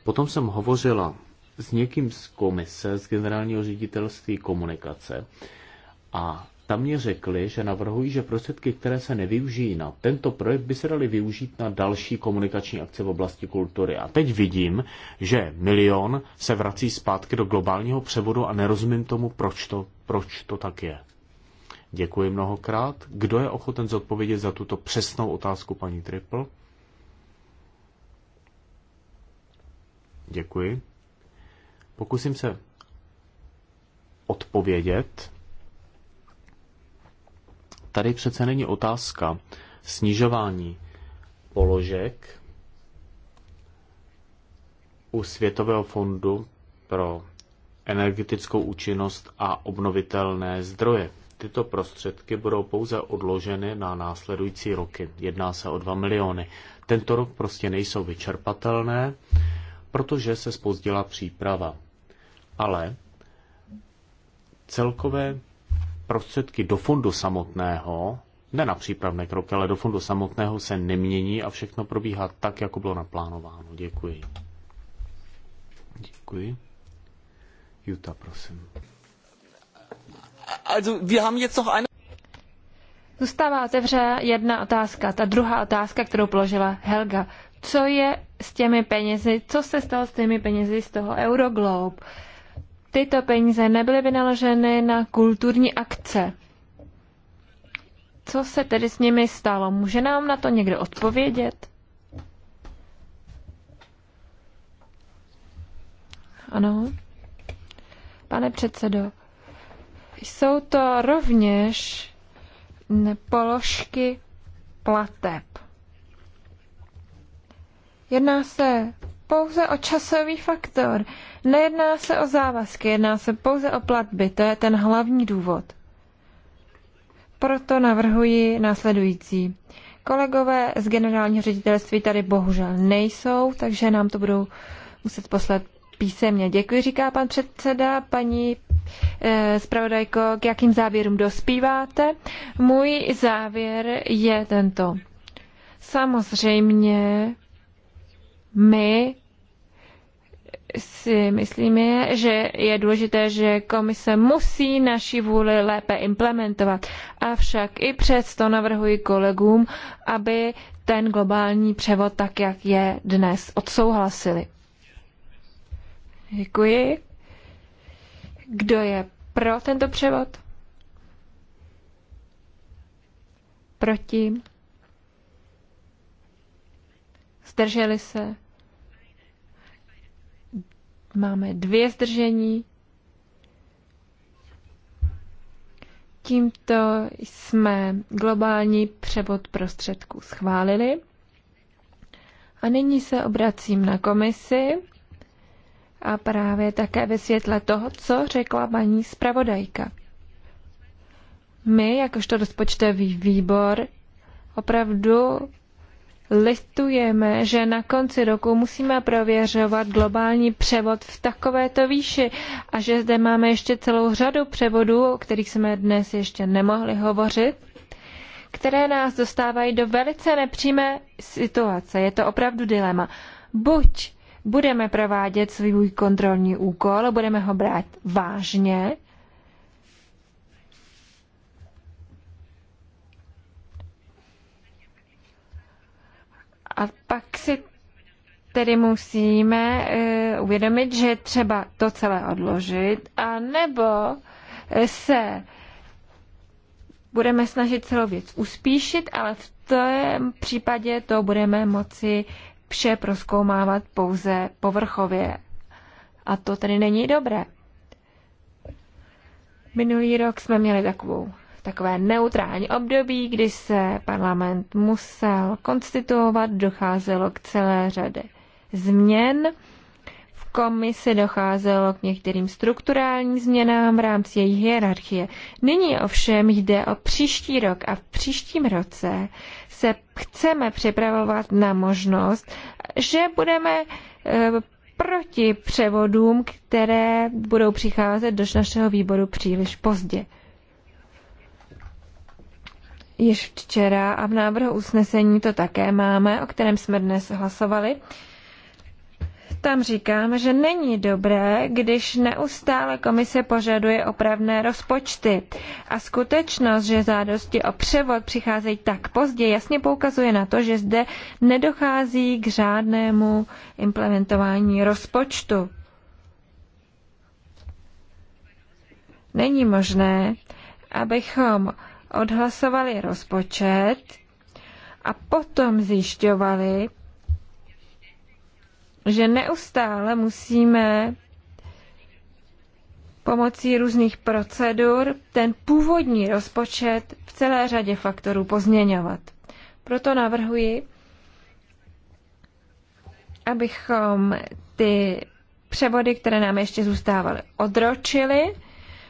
Potom jsem hovořila s někým z komise, z generálního ředitelství komunikace a tam mě řekli, že navrhují, že prostředky, které se nevyužijí na tento projekt, by se daly využít na další komunikační akce v oblasti kultury. A teď vidím, že milion se vrací zpátky do globálního převodu a nerozumím tomu, proč to, proč to tak je. Děkuji mnohokrát. Kdo je ochoten zodpovědět za tuto přesnou otázku paní Triple? Děkuji. Pokusím se odpovědět Tady přece není otázka snižování položek u Světového fondu pro energetickou účinnost a obnovitelné zdroje. Tyto prostředky budou pouze odloženy na následující roky. Jedná se o 2 miliony. Tento rok prostě nejsou vyčerpatelné, protože se spozdila příprava. Ale celkové prostředky do fondu samotného, ne na přípravné kroky, ale do fondu samotného se nemění a všechno probíhá tak, jako bylo naplánováno. Děkuji. Děkuji. Juta, prosím. Also, wir haben jetzt noch eine... Zůstává otevře jedna otázka, ta druhá otázka, kterou položila Helga. Co je s těmi penězi, co se stalo s těmi penězi z toho Euroglobe? tyto peníze nebyly vynaloženy na kulturní akce. Co se tedy s nimi stalo? Může nám na to někdo odpovědět? Ano. Pane předsedo, jsou to rovněž položky plateb. Jedná se pouze o časový faktor. Nejedná se o závazky, jedná se pouze o platby. To je ten hlavní důvod. Proto navrhuji následující. Kolegové z generálního ředitelství tady bohužel nejsou, takže nám to budou muset poslat písemně. Děkuji, říká pan předseda, paní e, zpravodajko, k jakým závěrům dospíváte. Můj závěr je tento. Samozřejmě my si myslíme, že je důležité, že komise musí naši vůli lépe implementovat. Avšak i přesto navrhuji kolegům, aby ten globální převod tak, jak je dnes, odsouhlasili. Děkuji. Kdo je pro tento převod? Proti? Zdrželi se? Máme dvě zdržení. Tímto jsme globální převod prostředků schválili. A nyní se obracím na komisi a právě také ve světle toho, co řekla paní zpravodajka. My, jakožto rozpočtový výbor, opravdu litujeme, že na konci roku musíme prověřovat globální převod v takovéto výši a že zde máme ještě celou řadu převodů, o kterých jsme dnes ještě nemohli hovořit, které nás dostávají do velice nepřímé situace. Je to opravdu dilema. Buď budeme provádět svůj kontrolní úkol, budeme ho brát vážně, A pak si tedy musíme uh, uvědomit, že třeba to celé odložit, a nebo eh, se budeme snažit celou věc uspíšit, ale v tom případě to budeme moci vše proskoumávat pouze povrchově. A to tedy není dobré. Minulý rok jsme měli takovou takové neutrální období, kdy se parlament musel konstituovat, docházelo k celé řadě změn. V komisi docházelo k některým strukturálním změnám v rámci její hierarchie. Nyní ovšem jde o příští rok a v příštím roce se chceme připravovat na možnost, že budeme e, proti převodům, které budou přicházet do našeho výboru příliš pozdě již včera a v návrhu usnesení to také máme, o kterém jsme dnes hlasovali. Tam říkám, že není dobré, když neustále komise požaduje opravné rozpočty. A skutečnost, že zádosti o převod přicházejí tak pozdě, jasně poukazuje na to, že zde nedochází k žádnému implementování rozpočtu. Není možné, abychom odhlasovali rozpočet a potom zjišťovali, že neustále musíme pomocí různých procedur ten původní rozpočet v celé řadě faktorů pozměňovat. Proto navrhuji, abychom ty převody, které nám ještě zůstávaly, odročili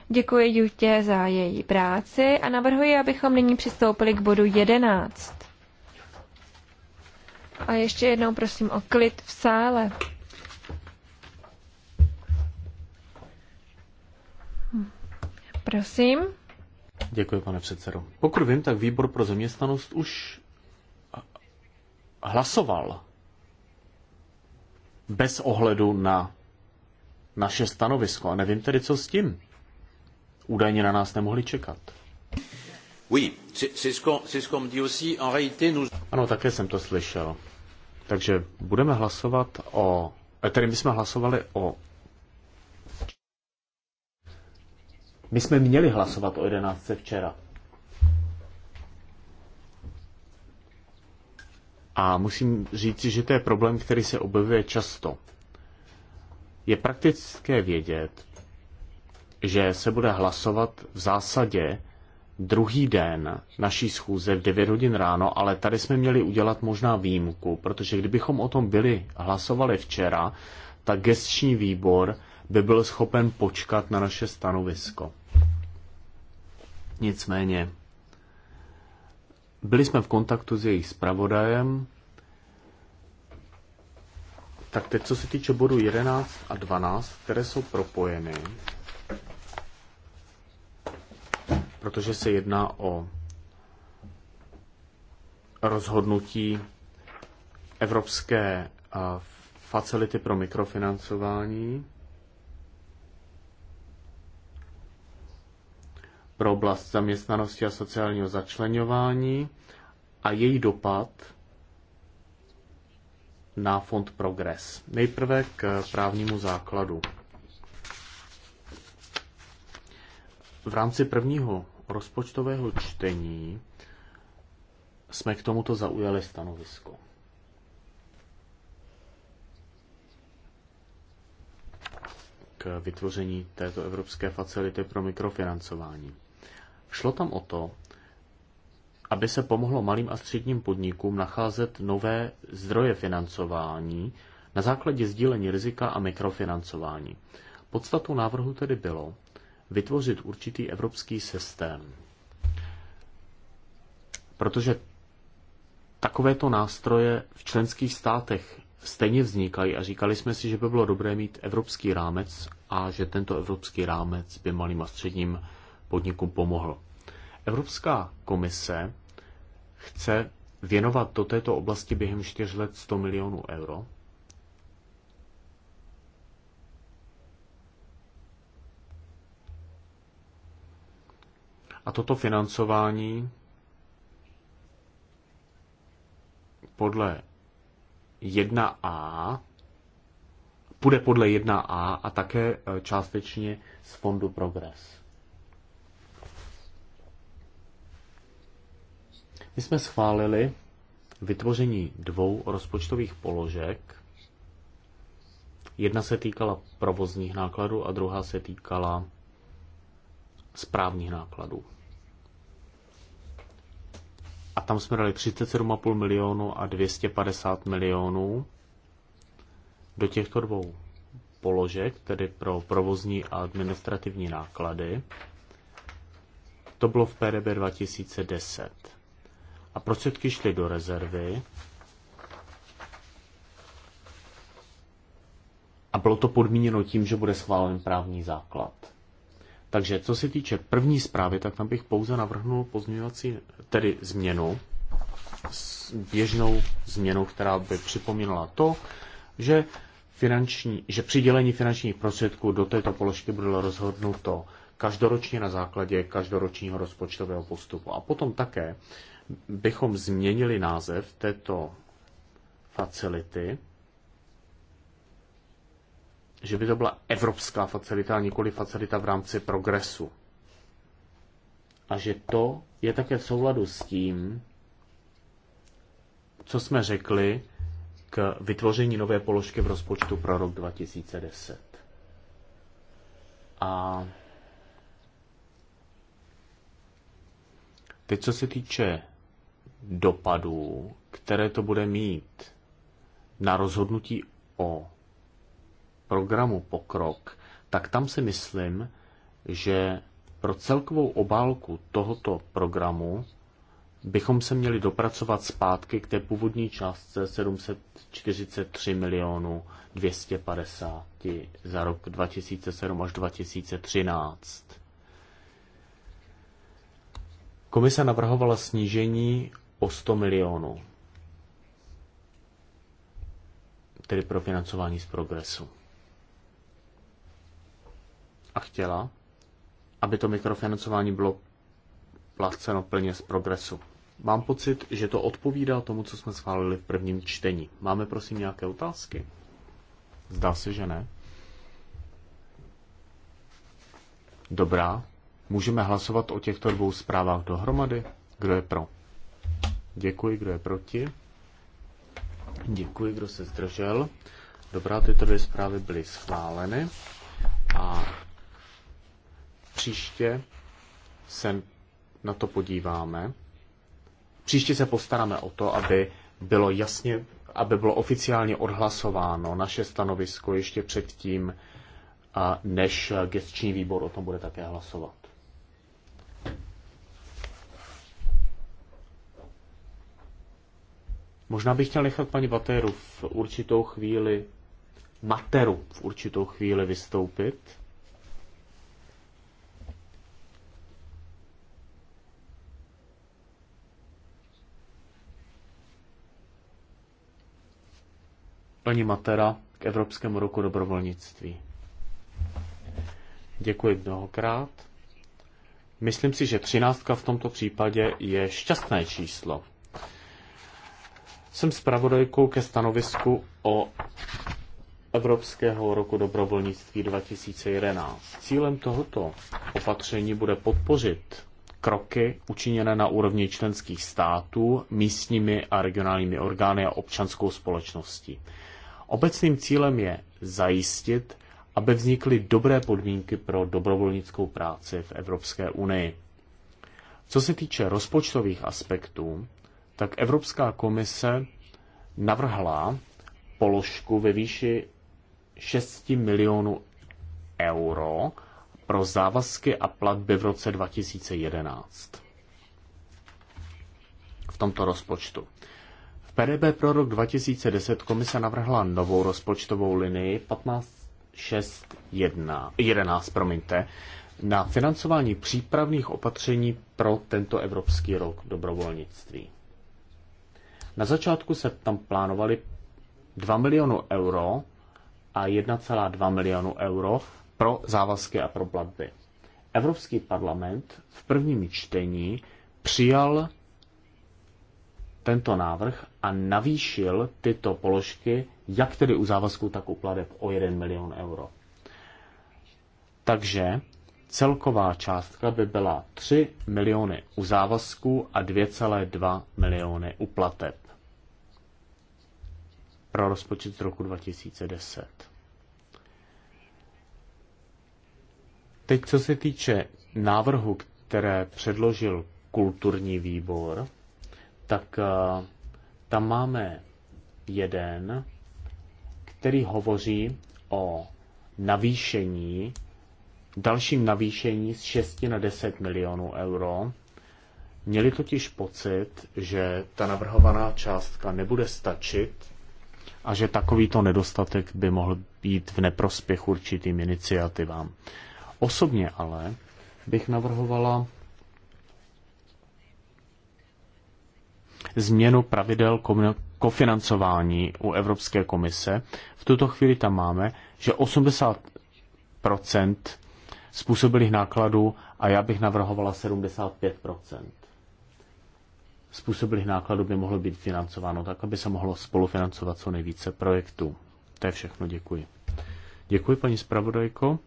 Děkuji Jutě za její práci a navrhuji, abychom nyní přistoupili k bodu 11. A ještě jednou prosím o klid v sále. Prosím. Děkuji, pane předsedo. Pokud vím, tak výbor pro zaměstnanost už hlasoval bez ohledu na naše stanovisko. A nevím tedy, co s tím údajně na nás nemohli čekat. Oui, Ano, také jsem to slyšel. Takže budeme hlasovat o... Eh, tedy my jsme hlasovali o... My jsme měli hlasovat o 11. včera. A musím říct, že to je problém, který se objevuje často. Je praktické vědět, že se bude hlasovat v zásadě druhý den naší schůze v 9 hodin ráno, ale tady jsme měli udělat možná výjimku, protože kdybychom o tom byli hlasovali včera, tak gestční výbor by byl schopen počkat na naše stanovisko. Nicméně, byli jsme v kontaktu s jejich zpravodajem, tak teď, co se týče bodu 11 a 12, které jsou propojeny, protože se jedná o rozhodnutí Evropské facility pro mikrofinancování pro oblast zaměstnanosti a sociálního začlenování a její dopad na fond Progress. Nejprve k právnímu základu. V rámci prvního rozpočtového čtení jsme k tomuto zaujali stanovisko. K vytvoření této evropské facility pro mikrofinancování. Šlo tam o to, aby se pomohlo malým a středním podnikům nacházet nové zdroje financování na základě sdílení rizika a mikrofinancování. Podstatou návrhu tedy bylo, vytvořit určitý evropský systém. Protože takovéto nástroje v členských státech stejně vznikají a říkali jsme si, že by bylo dobré mít evropský rámec a že tento evropský rámec by malým a středním podnikům pomohl. Evropská komise chce věnovat do této oblasti během 4 let 100 milionů euro A toto financování podle 1A bude podle 1A a také eh, částečně z fondu Progress. My jsme schválili vytvoření dvou rozpočtových položek. Jedna se týkala provozních nákladů a druhá se týkala správních nákladů. A tam jsme dali 37,5 milionů a 250 milionů do těchto dvou položek, tedy pro provozní a administrativní náklady. To bylo v PDB 2010. A prostředky šly do rezervy. A bylo to podmíněno tím, že bude schválen právní základ. Takže co se týče první zprávy, tak tam bych pouze navrhnul pozměňovací, tedy změnu, běžnou změnu, která by připomínala to, že, finanční, že přidělení finančních prostředků do této položky bylo rozhodnuto každoročně na základě každoročního rozpočtového postupu. A potom také bychom změnili název této facility že by to byla evropská facilita, nikoli facilita v rámci progresu. A že to je také v souladu s tím, co jsme řekli k vytvoření nové položky v rozpočtu pro rok 2010. A teď, co se týče dopadů, které to bude mít na rozhodnutí o programu Pokrok, tak tam si myslím, že pro celkovou obálku tohoto programu bychom se měli dopracovat zpátky k té původní částce 743 milionů 250 za rok 2007 až 2013. Komise navrhovala snížení o 100 milionů, tedy pro financování z progresu a chtěla, aby to mikrofinancování bylo placeno plně z progresu. Mám pocit, že to odpovídá tomu, co jsme schválili v prvním čtení. Máme prosím nějaké otázky? Zdá se, že ne. Dobrá. Můžeme hlasovat o těchto dvou zprávách dohromady? Kdo je pro? Děkuji, kdo je proti? Děkuji, kdo se zdržel. Dobrá, tyto dvě zprávy byly schváleny. A Příště se na to podíváme. Příště se postaráme o to, aby bylo jasně, aby bylo oficiálně odhlasováno naše stanovisko ještě předtím, než gestční výbor o tom bude také hlasovat. Možná bych chtěl nechat paní Batéru v určitou chvíli, Materu v určitou chvíli vystoupit. paní Matera k Evropskému roku dobrovolnictví. Děkuji mnohokrát. Myslím si, že třináctka v tomto případě je šťastné číslo. Jsem zpravodajkou ke stanovisku o Evropského roku dobrovolnictví 2011. Cílem tohoto opatření bude podpořit kroky učiněné na úrovni členských států, místními a regionálními orgány a občanskou společností. Obecným cílem je zajistit, aby vznikly dobré podmínky pro dobrovolnickou práci v Evropské unii. Co se týče rozpočtových aspektů, tak Evropská komise navrhla položku ve výši 6 milionů euro pro závazky a platby v roce 2011 v tomto rozpočtu. PDB pro rok 2010 komise navrhla novou rozpočtovou linii 15.6.11, promiňte, na financování přípravných opatření pro tento evropský rok dobrovolnictví. Na začátku se tam plánovali 2 milionu euro a 1,2 milionu euro pro závazky a pro platby. Evropský parlament v prvním čtení přijal tento návrh a navýšil tyto položky, jak tedy u závazků, tak u pladeb o 1 milion euro. Takže celková částka by byla 3 miliony u závazků a 2,2 miliony u plateb pro rozpočet z roku 2010. Teď, co se týče návrhu, které předložil kulturní výbor, tak eh, tam máme jeden, který hovoří o navýšení, dalším navýšení z 6 na 10 milionů euro. Měli totiž pocit, že ta navrhovaná částka nebude stačit a že takovýto nedostatek by mohl být v neprospěch určitým iniciativám. Osobně ale bych navrhovala změnu pravidel kofinancování u Evropské komise. V tuto chvíli tam máme, že 80 způsobilých nákladů a já bych navrhovala 75 způsobilých nákladů by mohlo být financováno tak, aby se mohlo spolufinancovat co nejvíce projektů. To je všechno, děkuji. Děkuji, paní zpravodajko.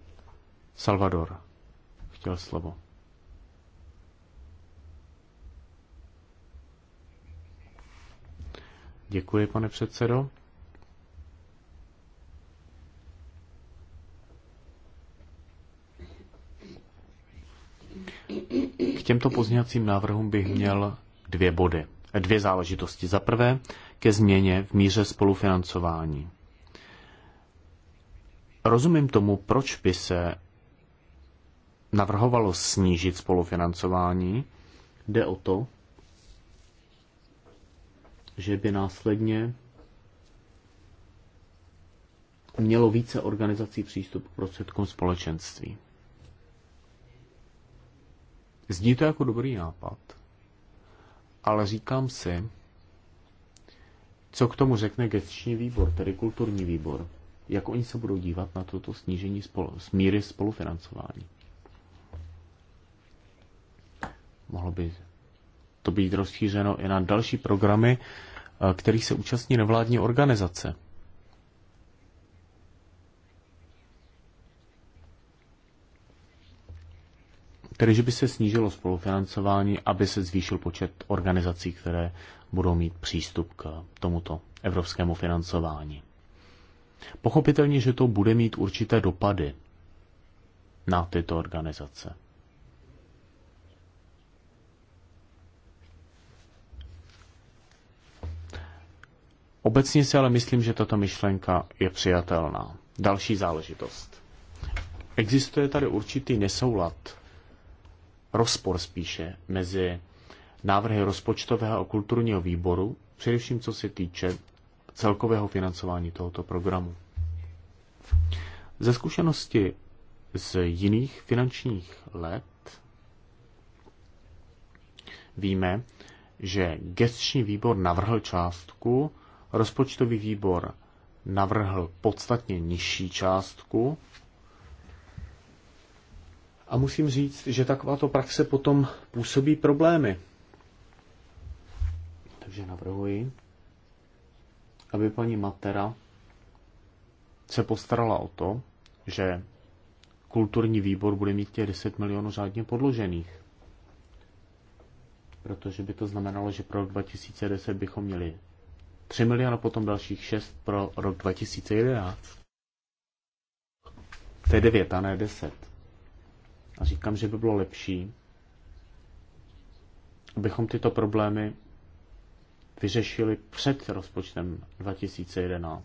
Salvador chtěl slovo. Děkuji, pane předsedo. K těmto pozněcím návrhům bych měl dvě body, dvě záležitosti. Za prvé ke změně v míře spolufinancování. Rozumím tomu, proč by se navrhovalo snížit spolufinancování. Jde o to, že by následně mělo více organizací přístup k prostředkům společenství. Zní to jako dobrý nápad, ale říkám si, co k tomu řekne gestční výbor, tedy kulturní výbor, jak oni se budou dívat na toto snížení spolu, smíry spolufinancování. Mohlo by to být rozšířeno i na další programy, eh, kterých se účastní nevládní organizace. Tedy, že by se snížilo spolufinancování, aby se zvýšil počet organizací, které budou mít přístup k tomuto evropskému financování. Pochopitelně, že to bude mít určité dopady na tyto organizace. Obecně si ale myslím, že tato myšlenka je přijatelná. Další záležitost. Existuje tady určitý nesoulad, rozpor spíše, mezi návrhy rozpočtového a kulturního výboru, především co se týče celkového financování tohoto programu. Ze zkušenosti z jiných finančních let víme, že gestční výbor navrhl částku, Rozpočtový výbor navrhl podstatně nižší částku. A musím říct, že takováto praxe potom působí problémy. Takže navrhuji, aby paní Matera se postarala o to, že kulturní výbor bude mít těch 10 milionů řádně podložených. Protože by to znamenalo, že pro 2010 bychom měli 3 miliony, a potom dalších 6 pro rok 2011. To je 9 a ne 10. A říkám, že by bylo lepší, abychom tyto problémy vyřešili před rozpočtem 2011.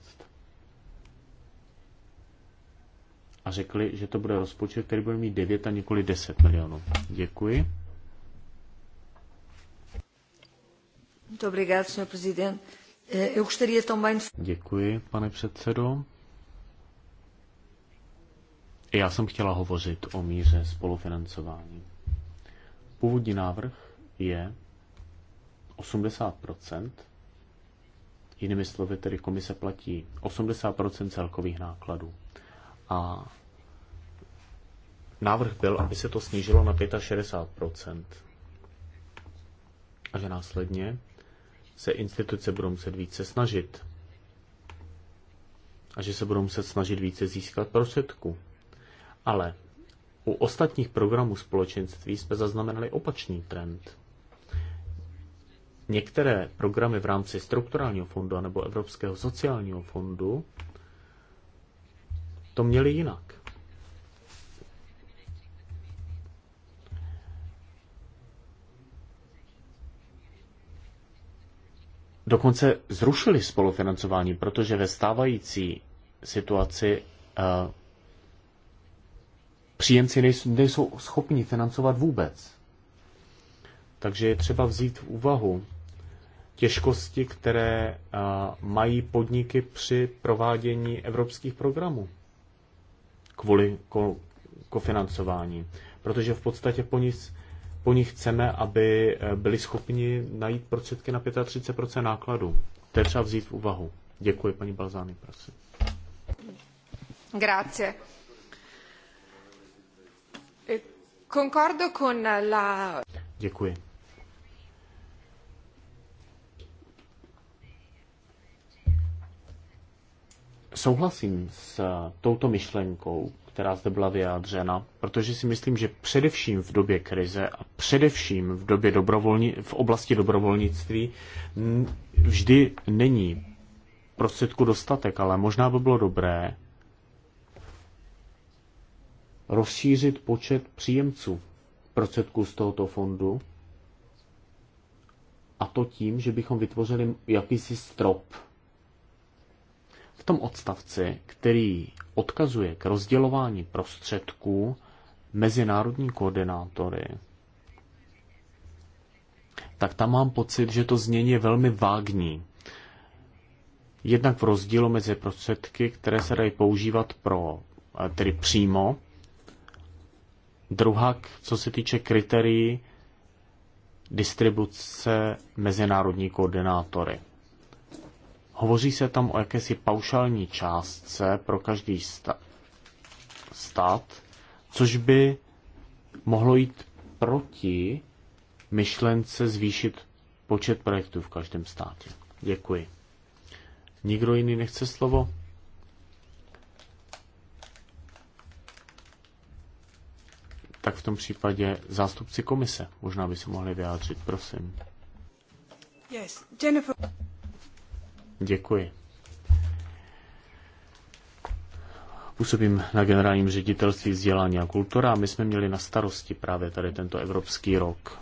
A řekli, že to bude rozpočet, který bude mít 9 a nikoli 10 milionů. Děkuji. Dobrý den, E, Děkuji, pane předsedo. Já jsem chtěla hovořit o míře spolufinancování. Původní návrh je 80 Jinými slovy, tedy komise platí 80 celkových nákladů. A návrh byl, aby se to snížilo na 65 a že následně se instituce budou muset více snažit a že se budou muset snažit více získat prostředků. Ale u ostatních programů společenství jsme zaznamenali opačný trend. Některé programy v rámci strukturálního fondu nebo Evropského sociálního fondu to měly jinak. dokonce zrušili spolufinancování, protože ve stávající situaci uh, příjemci nejsou, nejsou schopni financovat vůbec. Takže je třeba vzít v úvahu těžkosti, které uh, mají podniky při provádění evropských programů kvůli ko- protože v podstatě po nic po nich chceme, aby eh, byli schopni najít prostředky na 35 nákladů. To je třeba vzít v úvahu. Děkuji, paní Balzány, prosím. Grazie. Eh, concordo con la... Děkuji. Souhlasím s touto myšlenkou, která zde byla vyjádřena, protože si myslím, že především v době krize a především v, době dobrovolni, v oblasti dobrovolnictví vždy není prostředku dostatek, ale možná by bylo dobré rozšířit počet příjemců prostředků z tohoto fondu a to tím, že bychom vytvořili jakýsi strop v tom odstavci, který odkazuje k rozdělování prostředků mezinárodní koordinátory, tak tam mám pocit, že to znění je velmi vágní. Jednak v rozdílu mezi prostředky, které se dají používat pro, eh, tedy přímo, druhá, co se týče kritérií distribuce mezinárodní koordinátory. Hovoří se tam o jakési paušální částce pro každý sta- stát, což by mohlo jít proti myšlence zvýšit počet projektů v každém státě. Děkuji. Nikdo jiný nechce slovo? Tak v tom případě zástupci komise možná by se mohli vyjádřit, prosím. Yes, Jennifer. Děkuji. Působím na generálním ředitelství vzdělání a kultura a my jsme měli na starosti právě tady tento Evropský rok.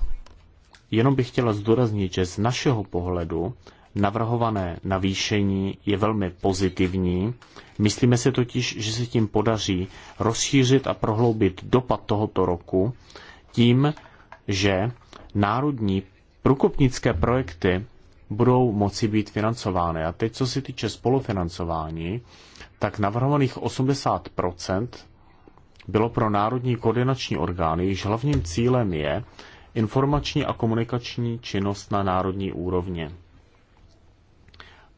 Jenom bych chtěla zdůraznit, že z našeho pohledu navrhované navýšení je velmi pozitivní. Myslíme se totiž, že se tím podaří rozšířit a prohloubit dopad tohoto roku tím, že národní průkopnické projekty budou moci být financovány. A teď, co se týče spolufinancování, tak navrhovaných 80 bylo pro národní koordinační orgány, jejichž hlavním cílem je informační a komunikační činnost na národní úrovni.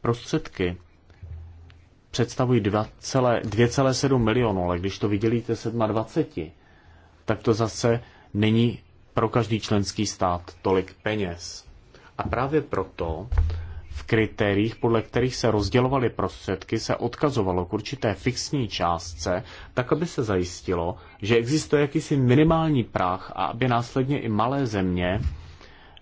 Prostředky představují 2,7 milionů, ale když to vydělíte 27, tak to zase není pro každý členský stát tolik peněz. A právě proto v kritériích, podle kterých se rozdělovaly prostředky, se odkazovalo k určité fixní částce, tak aby se zajistilo, že existuje jakýsi minimální prach a aby následně i malé země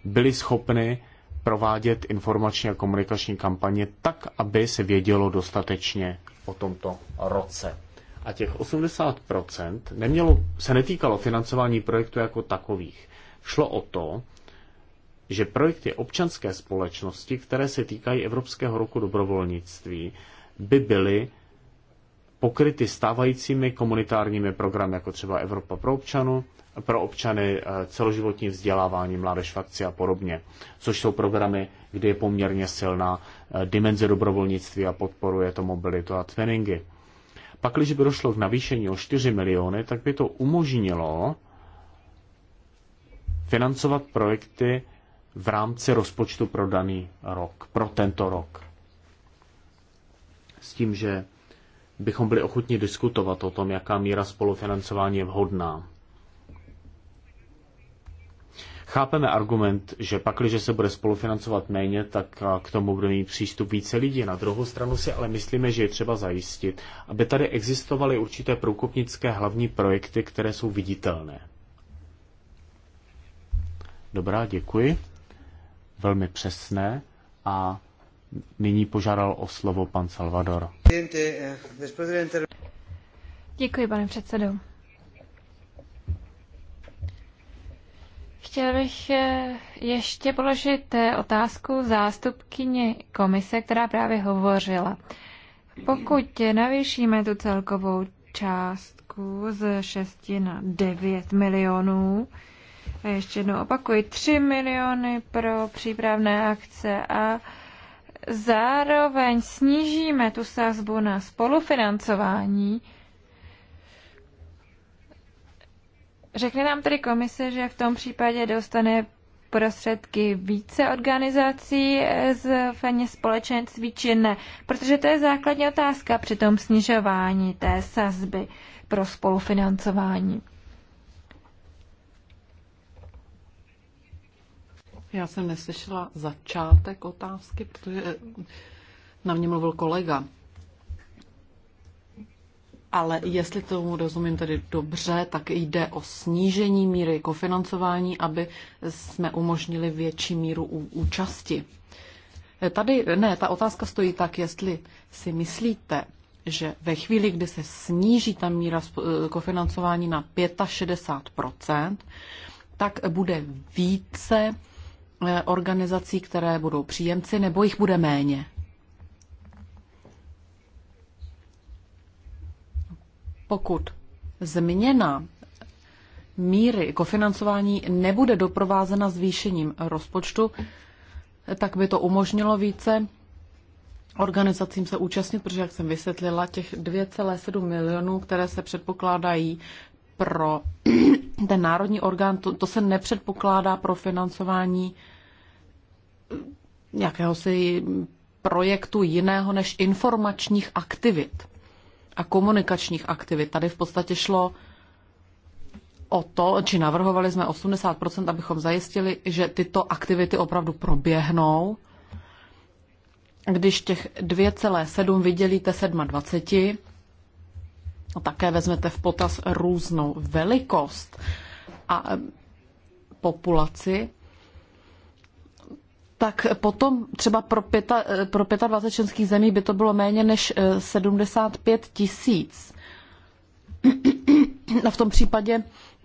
byly schopny provádět informační a komunikační kampaně tak, aby se vědělo dostatečně o tomto roce. A těch 80% nemělo, se netýkalo financování projektu jako takových. Šlo o to, že projekty občanské společnosti, které se týkají Evropského roku dobrovolnictví, by byly pokryty stávajícími komunitárními programy, jako třeba Evropa pro občanu, pro občany eh, celoživotní vzdělávání, mládež v akci a podobně, což jsou programy, kde je poměrně silná eh, dimenze dobrovolnictví a podporuje to mobilitu a tweningy. Pak, když by došlo k navýšení o 4 miliony, tak by to umožnilo financovat projekty v rámci rozpočtu pro daný rok, pro tento rok. S tím, že bychom byli ochotni diskutovat o tom, jaká míra spolufinancování je vhodná. Chápeme argument, že pakliže se bude spolufinancovat méně, tak k tomu bude mít přístup více lidí. Na druhou stranu si ale myslíme, že je třeba zajistit, aby tady existovaly určité průkopnické hlavní projekty, které jsou viditelné. Dobrá, děkuji velmi přesné a nyní požádal o slovo pan Salvador. Děkuji, pane předsedo. Chtěl bych eh, ještě položit eh, otázku zástupkyně komise, která právě hovořila. Pokud navýšíme tu celkovou částku z 6 na 9 milionů, a ještě jednou opakuji, 3 miliony pro přípravné akce a zároveň snížíme tu sazbu na spolufinancování. Řekne nám tedy komise, že v tom případě dostane prostředky více organizací z feně společenství či ne? Protože to je základní otázka při tom snižování té sazby pro spolufinancování. Já jsem neslyšela začátek otázky, protože eh, na mě mluvil kolega. Ale jestli tomu rozumím tedy dobře, tak jde o snížení míry kofinancování, aby jsme umožnili větší míru účasti. Eh, tady ne, ta otázka stojí tak, jestli si myslíte, že ve chvíli, kdy se sníží ta míra eh, kofinancování na 65%, tak bude více Eh, organizací, které budou příjemci, nebo jich bude méně? Pokud změna míry kofinancování nebude doprovázena zvýšením rozpočtu, tak by to umožnilo více organizacím se účastnit, protože, jak jsem vysvětlila, těch 2,7 milionů, které se předpokládají pro ten národní orgán, to, to se nepředpokládá pro financování nějakého si projektu jiného než informačních aktivit a komunikačních aktivit. Tady v podstatě šlo o to, či navrhovali jsme 80%, abychom zajistili, že tyto aktivity opravdu proběhnou. Když těch 2,7 vydělíte 27, a no také vezmete v potaz různou velikost a populaci, tak potom třeba pro, pěta, pro 25 členských zemí by to bylo méně než 75 eh, tisíc. A v tom případě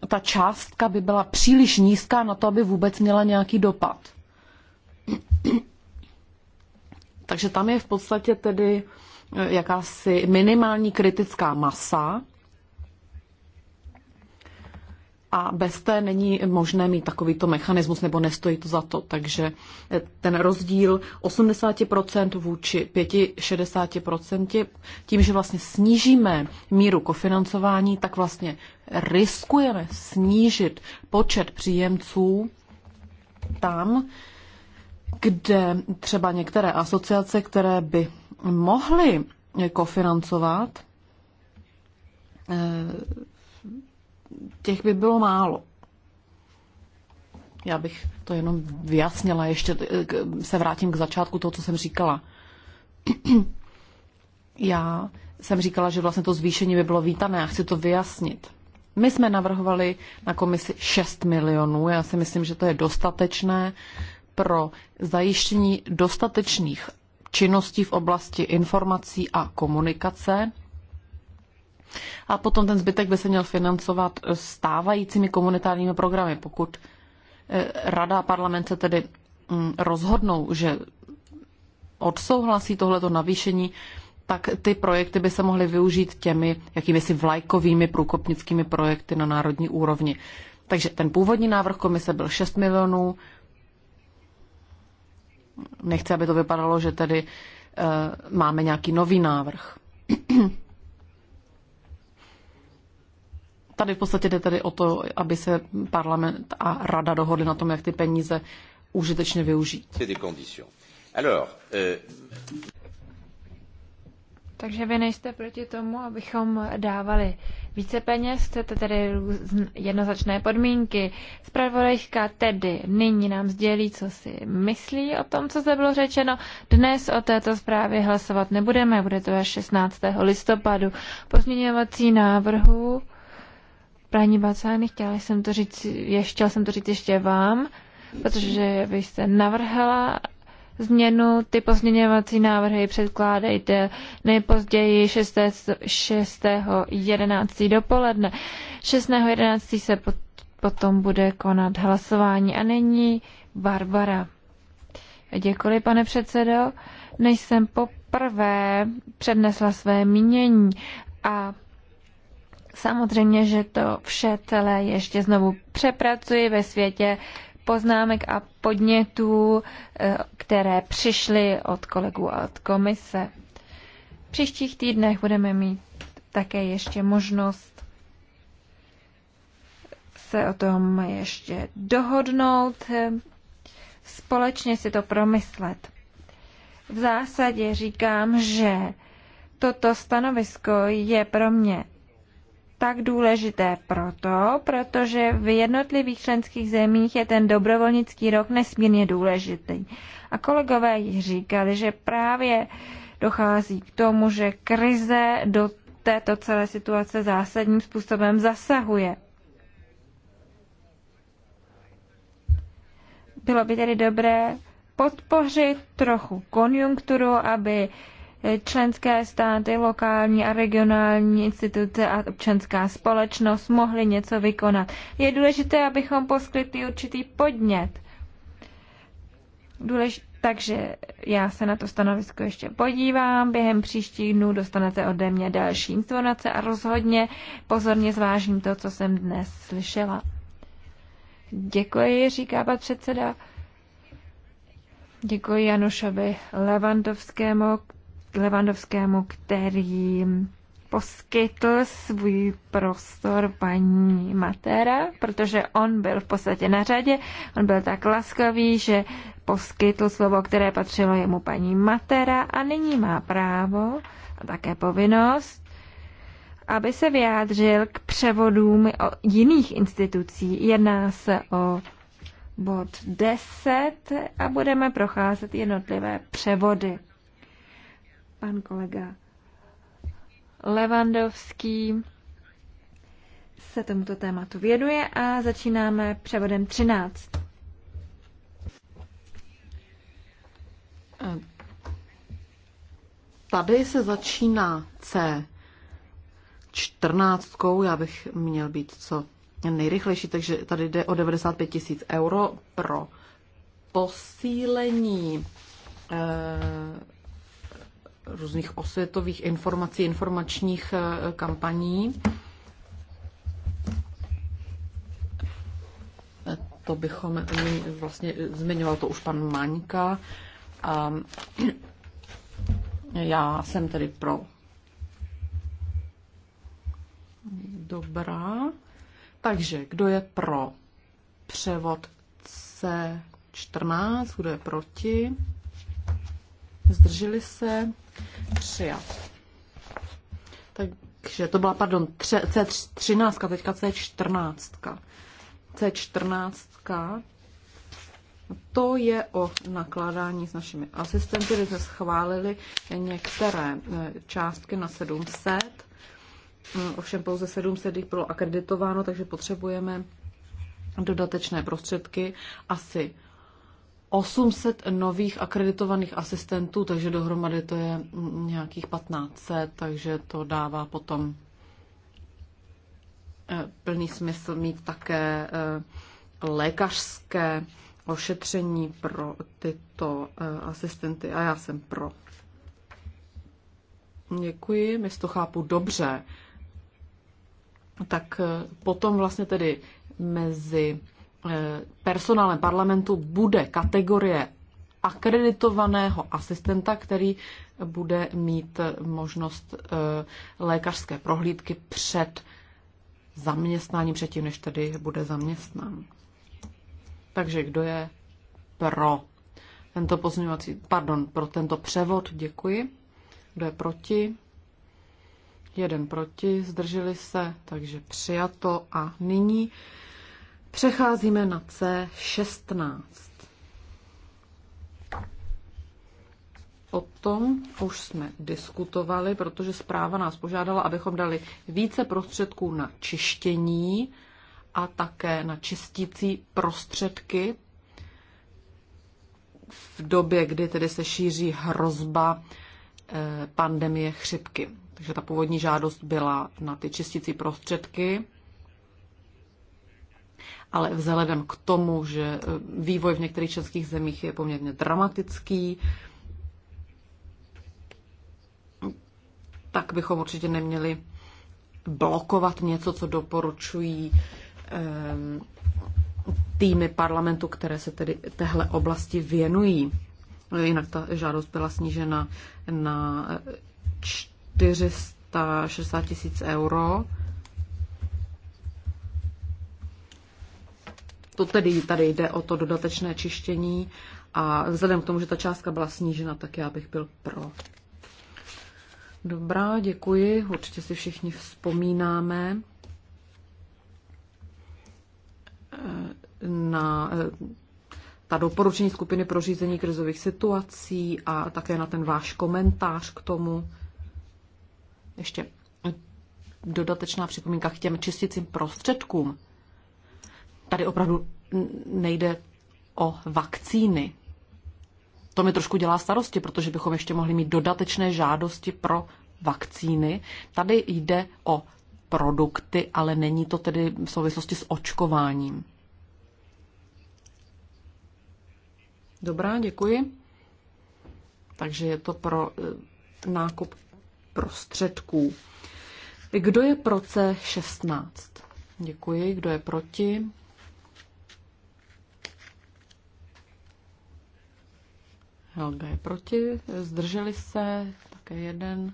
ta částka by byla příliš nízká na to, aby vůbec měla nějaký dopad. Takže tam je v podstatě tedy eh, jakási minimální kritická masa, a bez té není možné mít takovýto mechanismus, nebo nestojí to za to. Takže eh, ten rozdíl 80% vůči 5-60%, tím, že vlastně snížíme míru kofinancování, tak vlastně riskujeme snížit počet příjemců tam, kde třeba některé asociace, které by mohly kofinancovat, eh, těch by bylo málo. Já bych to jenom vyjasnila, ještě eh, se vrátím k začátku toho, co jsem říkala. Já jsem říkala, že vlastně to zvýšení by bylo vítané já chci to vyjasnit. My jsme navrhovali na komisi 6 milionů. Já si myslím, že to je dostatečné pro zajištění dostatečných činností v oblasti informací a komunikace a potom ten zbytek by se měl financovat stávajícími komunitárními programy. Pokud eh, Rada a parlament se tedy mm, rozhodnou, že odsouhlasí tohleto navýšení, tak ty projekty by se mohly využít těmi jakými si vlajkovými průkopnickými projekty na národní úrovni. Takže ten původní návrh komise byl 6 milionů. Nechci, aby to vypadalo, že tedy uh, máme nějaký nový návrh. tady v podstatě jde tedy o to, aby se parlament a rada dohodli na tom, jak ty peníze užitečně využít. Euh, Takže vy nejste proti tomu, abychom dávali více peněz, chcete tedy jednoznačné podmínky. Spravodajka tedy nyní nám sdělí, co si myslí o tom, co zde bylo řečeno. Dnes o této zprávě hlasovat nebudeme, bude to až 16. listopadu. Pozměňovací návrhu Prání Bacány, chtěla jsem to říct, ještě, chtěla jsem to říct ještě vám, protože vy jste navrhla změnu, ty pozměňovací návrhy předkládejte nejpozději 6. 6. dopoledne. 6. se pot, potom bude konat hlasování. A není Barbara. Děkuji, pane předsedo. Než jsem poprvé přednesla své mínění a Samozřejmě, že to vše celé ještě znovu přepracuji ve světě poznámek a podnětů, eh, které přišly od kolegů a od komise. V příštích týdnech budeme mít také ještě možnost se o tom ještě dohodnout, eh, společně si to promyslet. V zásadě říkám, že toto stanovisko je pro mě tak důležité proto, protože v jednotlivých členských zemích je ten dobrovolnický rok nesmírně důležitý. A kolegové již říkali, že právě dochází k tomu, že krize do této celé situace zásadním způsobem zasahuje. Bylo by tedy dobré podpořit trochu konjunkturu, aby členské státy, lokální a regionální instituce a občanská společnost mohly něco vykonat. Je důležité, abychom poskytli určitý podnět. Důlež... Takže já se na to stanovisko ještě podívám. Během příštích dnů dostanete ode mě další informace a rozhodně pozorně zvážím to, co jsem dnes slyšela. Děkuji, říká pan předseda. Děkuji Janušovi Levandovskému, Levandovskému, který poskytl svůj prostor paní Matera, protože on byl v podstatě na řadě. On byl tak laskavý, že poskytl slovo, které patřilo jemu paní Matera a nyní má právo a také povinnost, aby se vyjádřil k převodům jiných institucí. Jedná se o bod 10 a budeme procházet jednotlivé převody pan kolega Levandovský se tomuto tématu věnuje a začínáme převodem 13. Eh, tady se začíná C. čtrnáctkou, já bych měl být co nejrychlejší, takže tady jde o 95 tisíc euro pro posílení eh, různých osvětových informací, informačních eh, kampaní. To bychom vlastně eh, zmiňoval to už pan Maňka. A já jsem tedy pro. Dobrá. Takže kdo je pro převod C14, kdo je proti? Zdrželi se? Přijat. Takže to byla, pardon, C13, teďka C14. C14, to je o nakládání s našimi asistenty, kde jsme schválili některé eh, částky na 700. Mm, ovšem pouze 700 jich bylo akreditováno, takže potřebujeme dodatečné prostředky asi 800 nových akreditovaných asistentů, takže dohromady to je nějakých 1500, takže to dává potom eh, plný smysl mít také eh, lékařské ošetření pro tyto eh, asistenty a já jsem pro. Děkuji, my to chápu dobře. Tak potom vlastně tedy mezi Eh, personálem parlamentu bude kategorie akreditovaného asistenta, který bude mít možnost eh, lékařské prohlídky před zaměstnáním, předtím, než tedy bude zaměstnán. Takže kdo je pro tento pozměňovací, pardon, pro tento převod, děkuji. Kdo je proti? Jeden proti, zdrželi se, takže přijato a nyní Přecházíme na C16. O tom už jsme diskutovali, protože zpráva nás požádala, abychom dali více prostředků na čištění a také na čistící prostředky v době, kdy tedy se šíří hrozba eh, pandemie chřipky. Takže ta původní žádost byla na ty čistící prostředky ale vzhledem k tomu, že eh, vývoj v některých českých zemích je poměrně dramatický, tak bychom určitě neměli blokovat něco, co doporučují eh, týmy parlamentu, které se tedy téhle oblasti věnují. Jinak ta žádost byla snížena na 460 eh, tisíc euro. to tedy tady jde o to dodatečné čištění a vzhledem k tomu, že ta částka byla snížena, tak já bych byl pro. Dobrá, děkuji. Určitě si všichni vzpomínáme eh, na eh, ta doporučení skupiny pro řízení krizových situací a také na ten váš komentář k tomu. Ještě dodatečná připomínka k těm čistícím prostředkům tady opravdu nejde o vakcíny. To mi trošku dělá starosti, protože bychom ještě mohli mít dodatečné žádosti pro vakcíny. Tady jde o produkty, ale není to tedy v souvislosti s očkováním. Dobrá, děkuji. Takže je to pro eh, nákup prostředků. Kdo je pro C16? Děkuji. Kdo je proti? Helga je proti, zdrželi se, také jeden.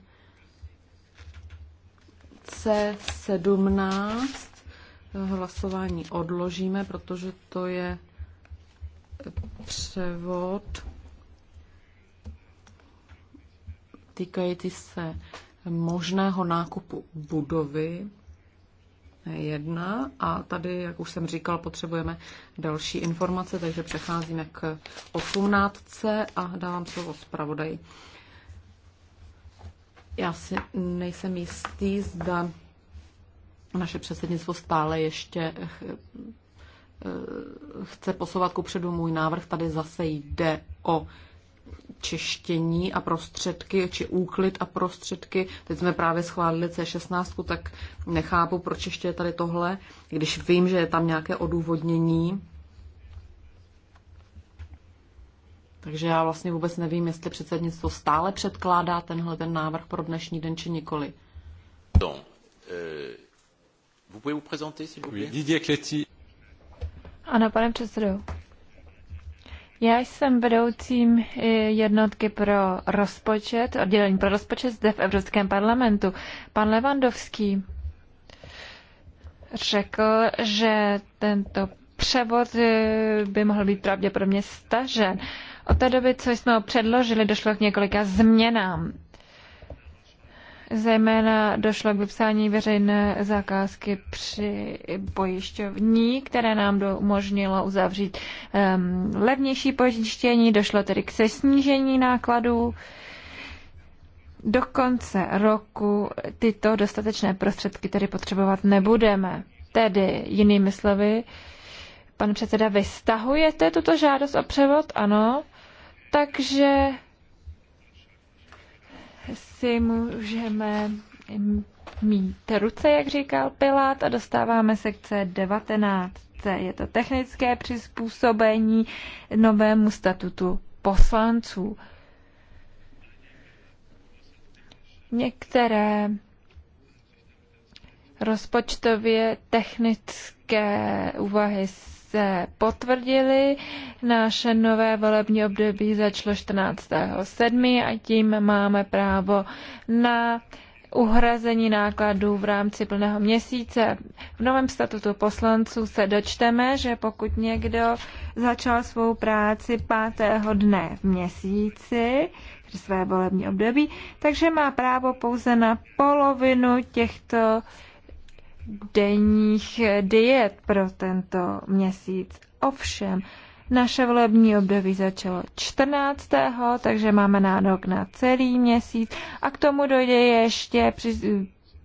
C17 hlasování odložíme, protože to je převod týkající se možného nákupu budovy Jedna a tady, jak už jsem říkal, potřebujeme další informace, takže přecházíme k osmnáctce a dávám slovo zpravodaji. Já si nejsem jistý, zda naše předsednictvo stále ještě eh, chce posouvat ku předu můj návrh. Tady zase jde o čištění a prostředky, či úklid a prostředky. Teď jsme právě schválili C16, tak nechápu, proč ještě je tady tohle, když vím, že je tam nějaké odůvodnění. Takže já vlastně vůbec nevím, jestli předsednictvo stále předkládá tenhle ten návrh pro dnešní den, či nikoli. Don, euh, Vous pouvez vous présenter, s'il vous plaît Didier Ano, pane předsedo. Já jsem vedoucím eh, jednotky pro rozpočet, oddělení pro rozpočet zde v Evropském parlamentu. Pan Levandovský řekl, že tento převod eh, by mohl být pravděpodobně stažen. Od té doby, co jsme ho předložili, došlo k několika změnám. Zejména došlo k vypsání veřejné zakázky při pojišťovní, které nám umožnilo uzavřít um, levnější pojištění, došlo tedy k sesnížení nákladů. Do konce roku tyto dostatečné prostředky tedy potřebovat nebudeme. Tedy, jinými slovy, pan předseda, vystahujete tuto žádost o převod? Ano. Takže si můžeme mít ruce, jak říkal Pilát, a dostáváme sekce 19. Je to technické přizpůsobení novému statutu poslanců. Některé rozpočtově technické úvahy se potvrdili. Naše nové volební období začalo 14.7. a tím máme právo na uhrazení nákladů v rámci plného měsíce. V novém statutu poslanců se dočteme, že pokud někdo začal svou práci 5. dne v měsíci, své volební období, takže má právo pouze na polovinu těchto denních diet pro tento měsíc. Ovšem, naše volební období začalo 14. takže máme nárok na celý měsíc a k tomu dojde ještě při,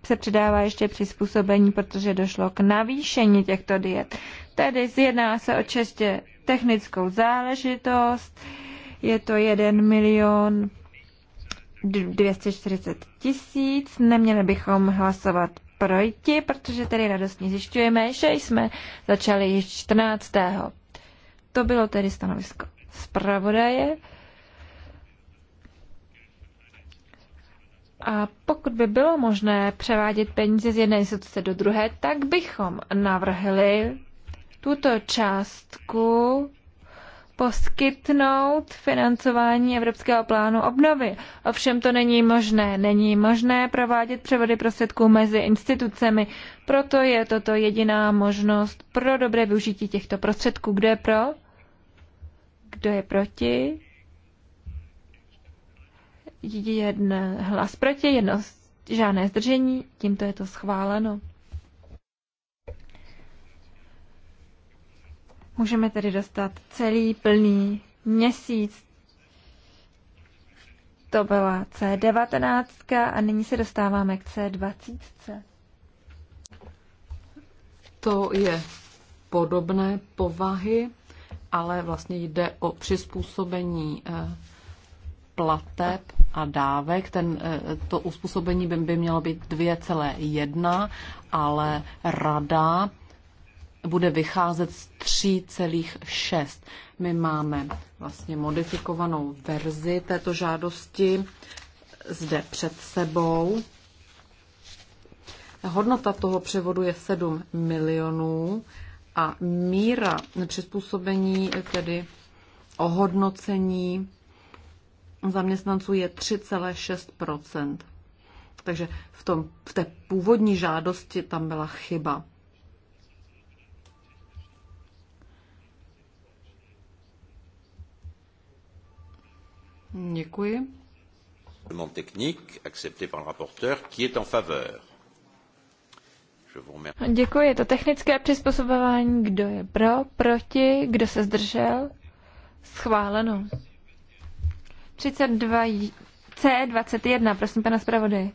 se přidává ještě přizpůsobení, protože došlo k navýšení těchto diet. Tedy zjedná se o čestě technickou záležitost, je to 1 milion 240 tisíc, neměli bychom hlasovat projti, protože tedy radostně zjišťujeme, že jsme začali již 14. To bylo tedy stanovisko zpravodaje. A pokud by bylo možné převádět peníze z jedné instituce do druhé, tak bychom navrhli tuto částku poskytnout financování Evropského plánu obnovy. Ovšem to není možné. Není možné provádět převody prostředků mezi institucemi. Proto je toto jediná možnost pro dobré využití těchto prostředků. Kdo je pro? Kdo je proti? Jeden hlas proti, jedno žádné zdržení. Tímto je to schváleno. Můžeme tedy dostat celý plný měsíc. To byla C19 a nyní se dostáváme k C20. To je podobné povahy, ale vlastně jde o přizpůsobení eh, plateb a dávek. Ten, eh, to uspůsobení by, by mělo být 2,1, ale rada bude vycházet z 3,6. My máme vlastně modifikovanou verzi této žádosti zde před sebou. Hodnota toho převodu je 7 milionů a míra přizpůsobení, tedy ohodnocení zaměstnanců je 3,6 Takže v, tom, v té původní žádosti tam byla chyba. Děkuji. Demande technique acceptée par le rapporteur qui est en faveur. Děkuji. Je to technické přizpůsobování. Kdo je pro, proti, kdo se zdržel? Schváleno. 32 C21, prosím pana zpravodaje.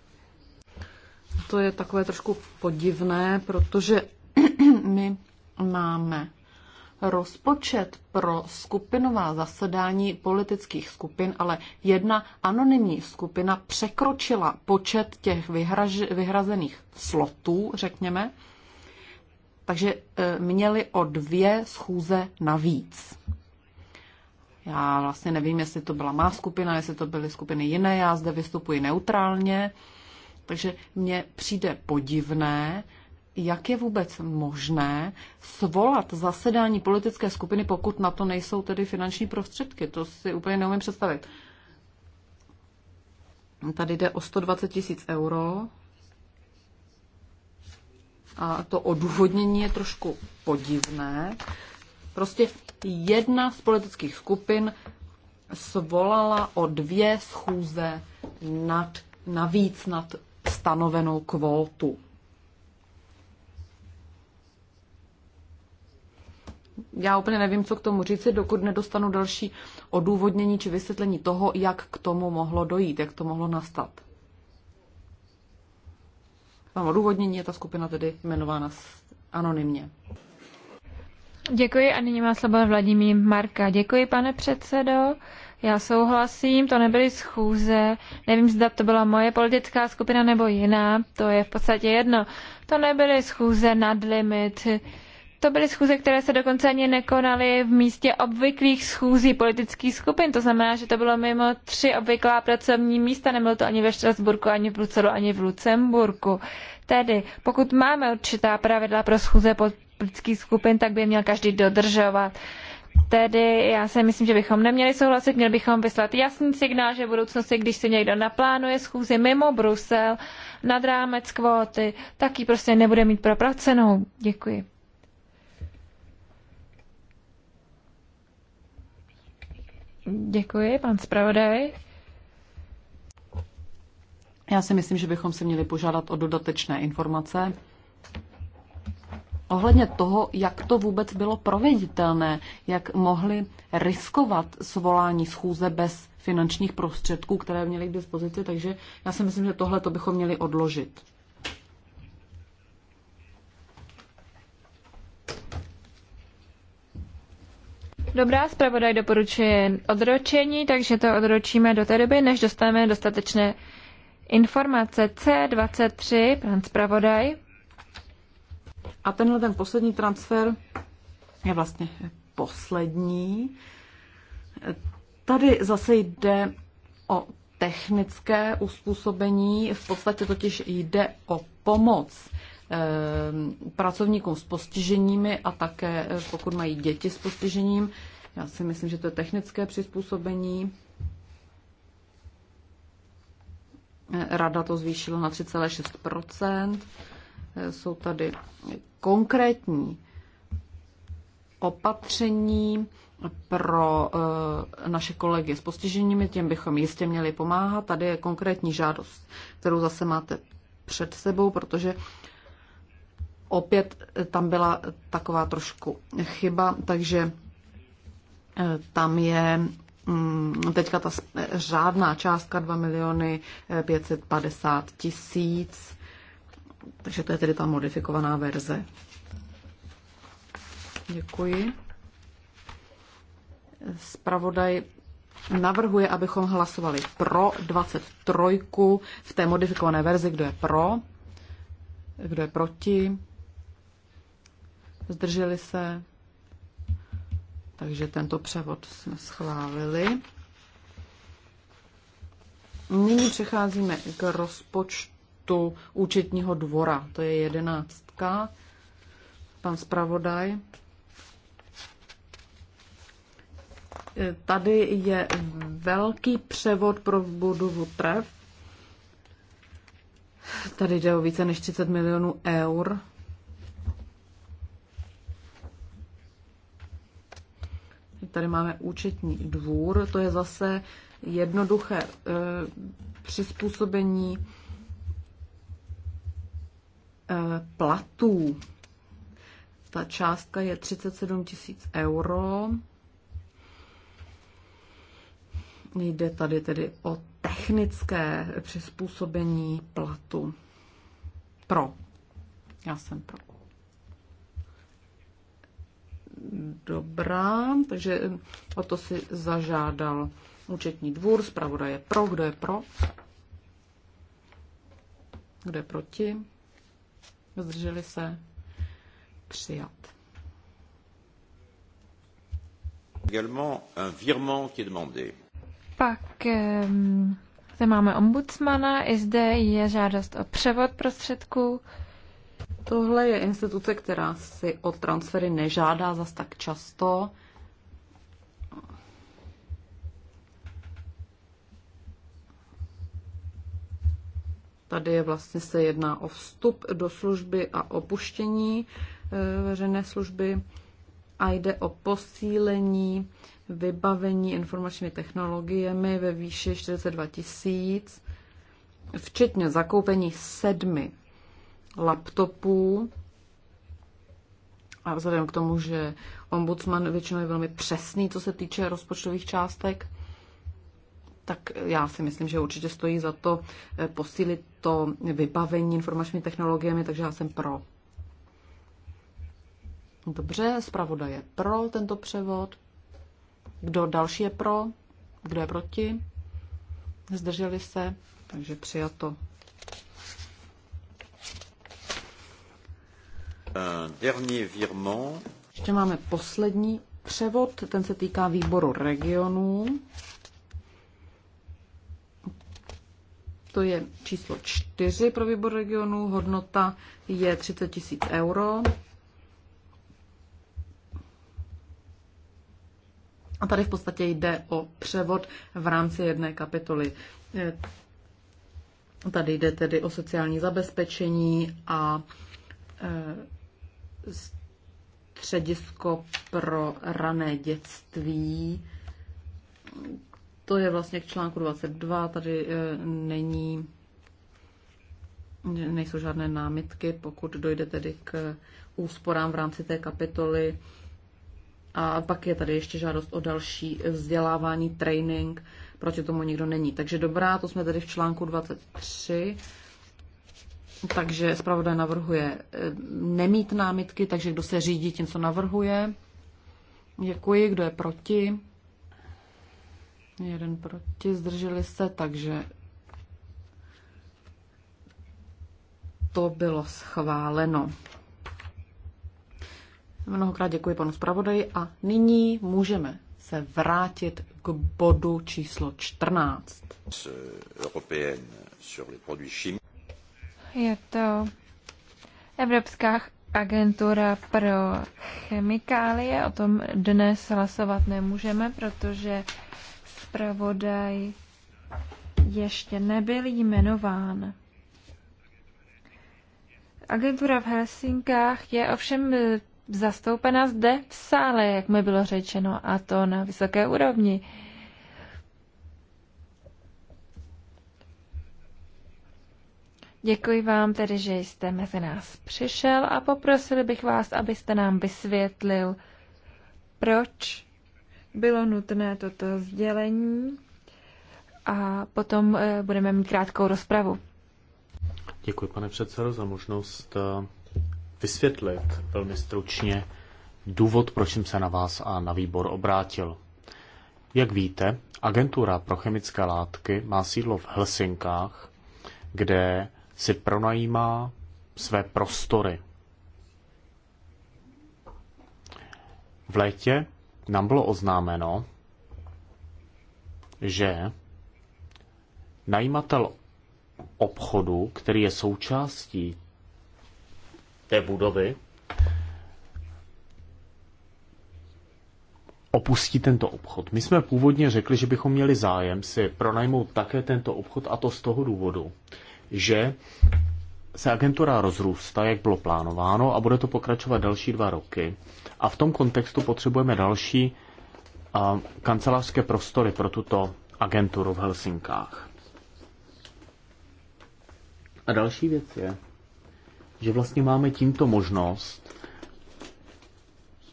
To je takové trošku podivné, protože my máme rozpočet pro skupinová zasedání politických skupin, ale jedna anonymní skupina překročila počet těch vyhraž, vyhrazených slotů, řekněme, takže e, měli o dvě schůze navíc. Já vlastně nevím, jestli to byla má skupina, jestli to byly skupiny jiné, já zde vystupuji neutrálně, takže mně přijde podivné, jak je vůbec možné svolat zasedání politické skupiny, pokud na to nejsou tedy finanční prostředky. To si úplně neumím představit. Tady jde o 120 tisíc euro. A to odůvodnění je trošku podivné. Prostě jedna z politických skupin svolala o dvě schůze nad, navíc nad stanovenou kvótu. já úplně nevím, co k tomu říci, dokud nedostanu další odůvodnění či vysvětlení toho, jak k tomu mohlo dojít, jak to mohlo nastat. Mám odůvodnění, je ta skupina tedy jmenována anonymně. Děkuji a nyní má slovo Vladimír Marka. Děkuji, pane předsedo. Já souhlasím, to nebyly schůze. Nevím, zda to byla moje politická skupina nebo jiná, to je v podstatě jedno. To nebyly schůze nad limit. To byly schůze, které se dokonce ani nekonaly v místě obvyklých schůzí politických skupin. To znamená, že to bylo mimo tři obvyklá pracovní místa. Nebylo to ani ve Štrasburku, ani v Bruselu, ani v Lucemburku. Tedy, pokud máme určitá pravidla pro schůze politických skupin, tak by je měl každý dodržovat. Tedy já si myslím, že bychom neměli souhlasit, měli bychom vyslat jasný signál, že v budoucnosti, když si někdo naplánuje schůzi mimo Brusel, nad rámec kvóty, tak ji prostě nebude mít proplacenou. Děkuji. Děkuji, pan zpravodaj. Já si myslím, že bychom si měli požádat o dodatečné informace ohledně toho, jak to vůbec bylo proveditelné, jak mohli riskovat svolání schůze bez finančních prostředků, které měli k dispozici, takže já si myslím, že tohle to bychom měli odložit. Dobrá, zpravodaj doporučuje odročení, takže to odročíme do té doby, než dostaneme dostatečné informace. C23, pan zpravodaj. A tenhle ten poslední transfer je vlastně poslední. Tady zase jde o technické uspůsobení, v podstatě totiž jde o pomoc Ehm, pracovníkům s postiženími a také eh, pokud mají děti s postižením. Já si myslím, že to je technické přizpůsobení. Eh, rada to zvýšila na 3,6 eh, Jsou tady konkrétní opatření pro naše kolegy s postiženími, těm bychom jistě měli pomáhat. Tady je konkrétní žádost, kterou zase máte před sebou, protože opět eh, tam byla taková trošku chyba, takže eh, tam je mm, teďka ta řádná částka 2 miliony 550 eh, tisíc, takže to je tedy ta modifikovaná verze. Děkuji. Spravodaj navrhuje, abychom hlasovali pro 23 v té modifikované verzi, kdo je pro, kdo je proti zdrželi se, takže tento převod jsme schválili. Nyní přecházíme k rozpočtu účetního dvora. To je jedenáctka. Pan zpravodaj. Tady je velký převod pro budovu trev. Tady jde o více než 30 milionů eur Tady máme účetní dvůr, to je zase jednoduché e, přizpůsobení e, platů. Ta částka je 37 tisíc euro. Jde tady tedy o technické přizpůsobení platu. Pro. Já jsem pro. Dobrá, takže eh, o to si zažádal účetní dvůr, zpravodaj je pro, kdo je pro? Kdo je proti? Zdrželi se? Přijat. Pak ehm, zde máme ombudsmana, i zde je žádost o převod prostředků. Tohle je instituce, která si o transfery nežádá zas tak často. Tady je vlastně se jedná o vstup do služby a opuštění eh, veřejné služby a jde o posílení vybavení informačními technologiemi ve výši 42 tisíc, včetně zakoupení sedmi laptopů. A vzhledem k tomu, že ombudsman většinou je velmi přesný, co se týče rozpočtových částek, tak já si myslím, že určitě stojí za to eh, posílit to vybavení informačními technologiemi, takže já jsem pro. Dobře, zpravoda je pro tento převod. Kdo další je pro? Kdo je proti? Zdrželi se? Takže přijato. Ještě máme poslední převod, ten se týká výboru regionů. To je číslo 4 pro výbor regionů, hodnota je 30 tisíc euro. A tady v podstatě jde o převod v rámci jedné kapitoly. Tady jde tedy o sociální zabezpečení a e, středisko pro rané dětství. To je vlastně k článku 22, tady e, není, nejsou žádné námitky, pokud dojde tedy k úsporám v rámci té kapitoly. A pak je tady ještě žádost o další vzdělávání, training, proti tomu nikdo není. Takže dobrá, to jsme tady v článku 23 takže zpravodaj navrhuje eh, nemít námitky, takže kdo se řídí tím, co navrhuje. Děkuji, kdo je proti. Jeden proti, zdrželi se, takže to bylo schváleno. Mnohokrát děkuji panu zpravodaji a nyní můžeme se vrátit k bodu číslo 14. Je to Evropská agentura pro chemikálie. O tom dnes hlasovat nemůžeme, protože zpravodaj ještě nebyl jmenován. Agentura v Helsinkách je ovšem zastoupena zde v sále, jak mi bylo řečeno, a to na vysoké úrovni. Děkuji vám tedy, že jste mezi nás přišel a poprosili bych vás, abyste nám vysvětlil, proč bylo nutné toto sdělení a potom eh, budeme mít krátkou rozpravu. Děkuji, pane předsedo, za možnost eh, vysvětlit velmi stručně důvod, proč jsem se na vás a na výbor obrátil. Jak víte, agentura pro chemické látky má sídlo v Helsinkách, kde si pronajímá své prostory. V létě nám bylo oznámeno, že najímatel obchodu, který je součástí té budovy, opustí tento obchod. My jsme původně řekli, že bychom měli zájem si pronajmout také tento obchod a to z toho důvodu, že se agentura rozrůstá, jak bylo plánováno, a bude to pokračovat další dva roky. A v tom kontextu potřebujeme další uh, kancelářské prostory pro tuto agenturu v Helsinkách. A další věc je, že vlastně máme tímto možnost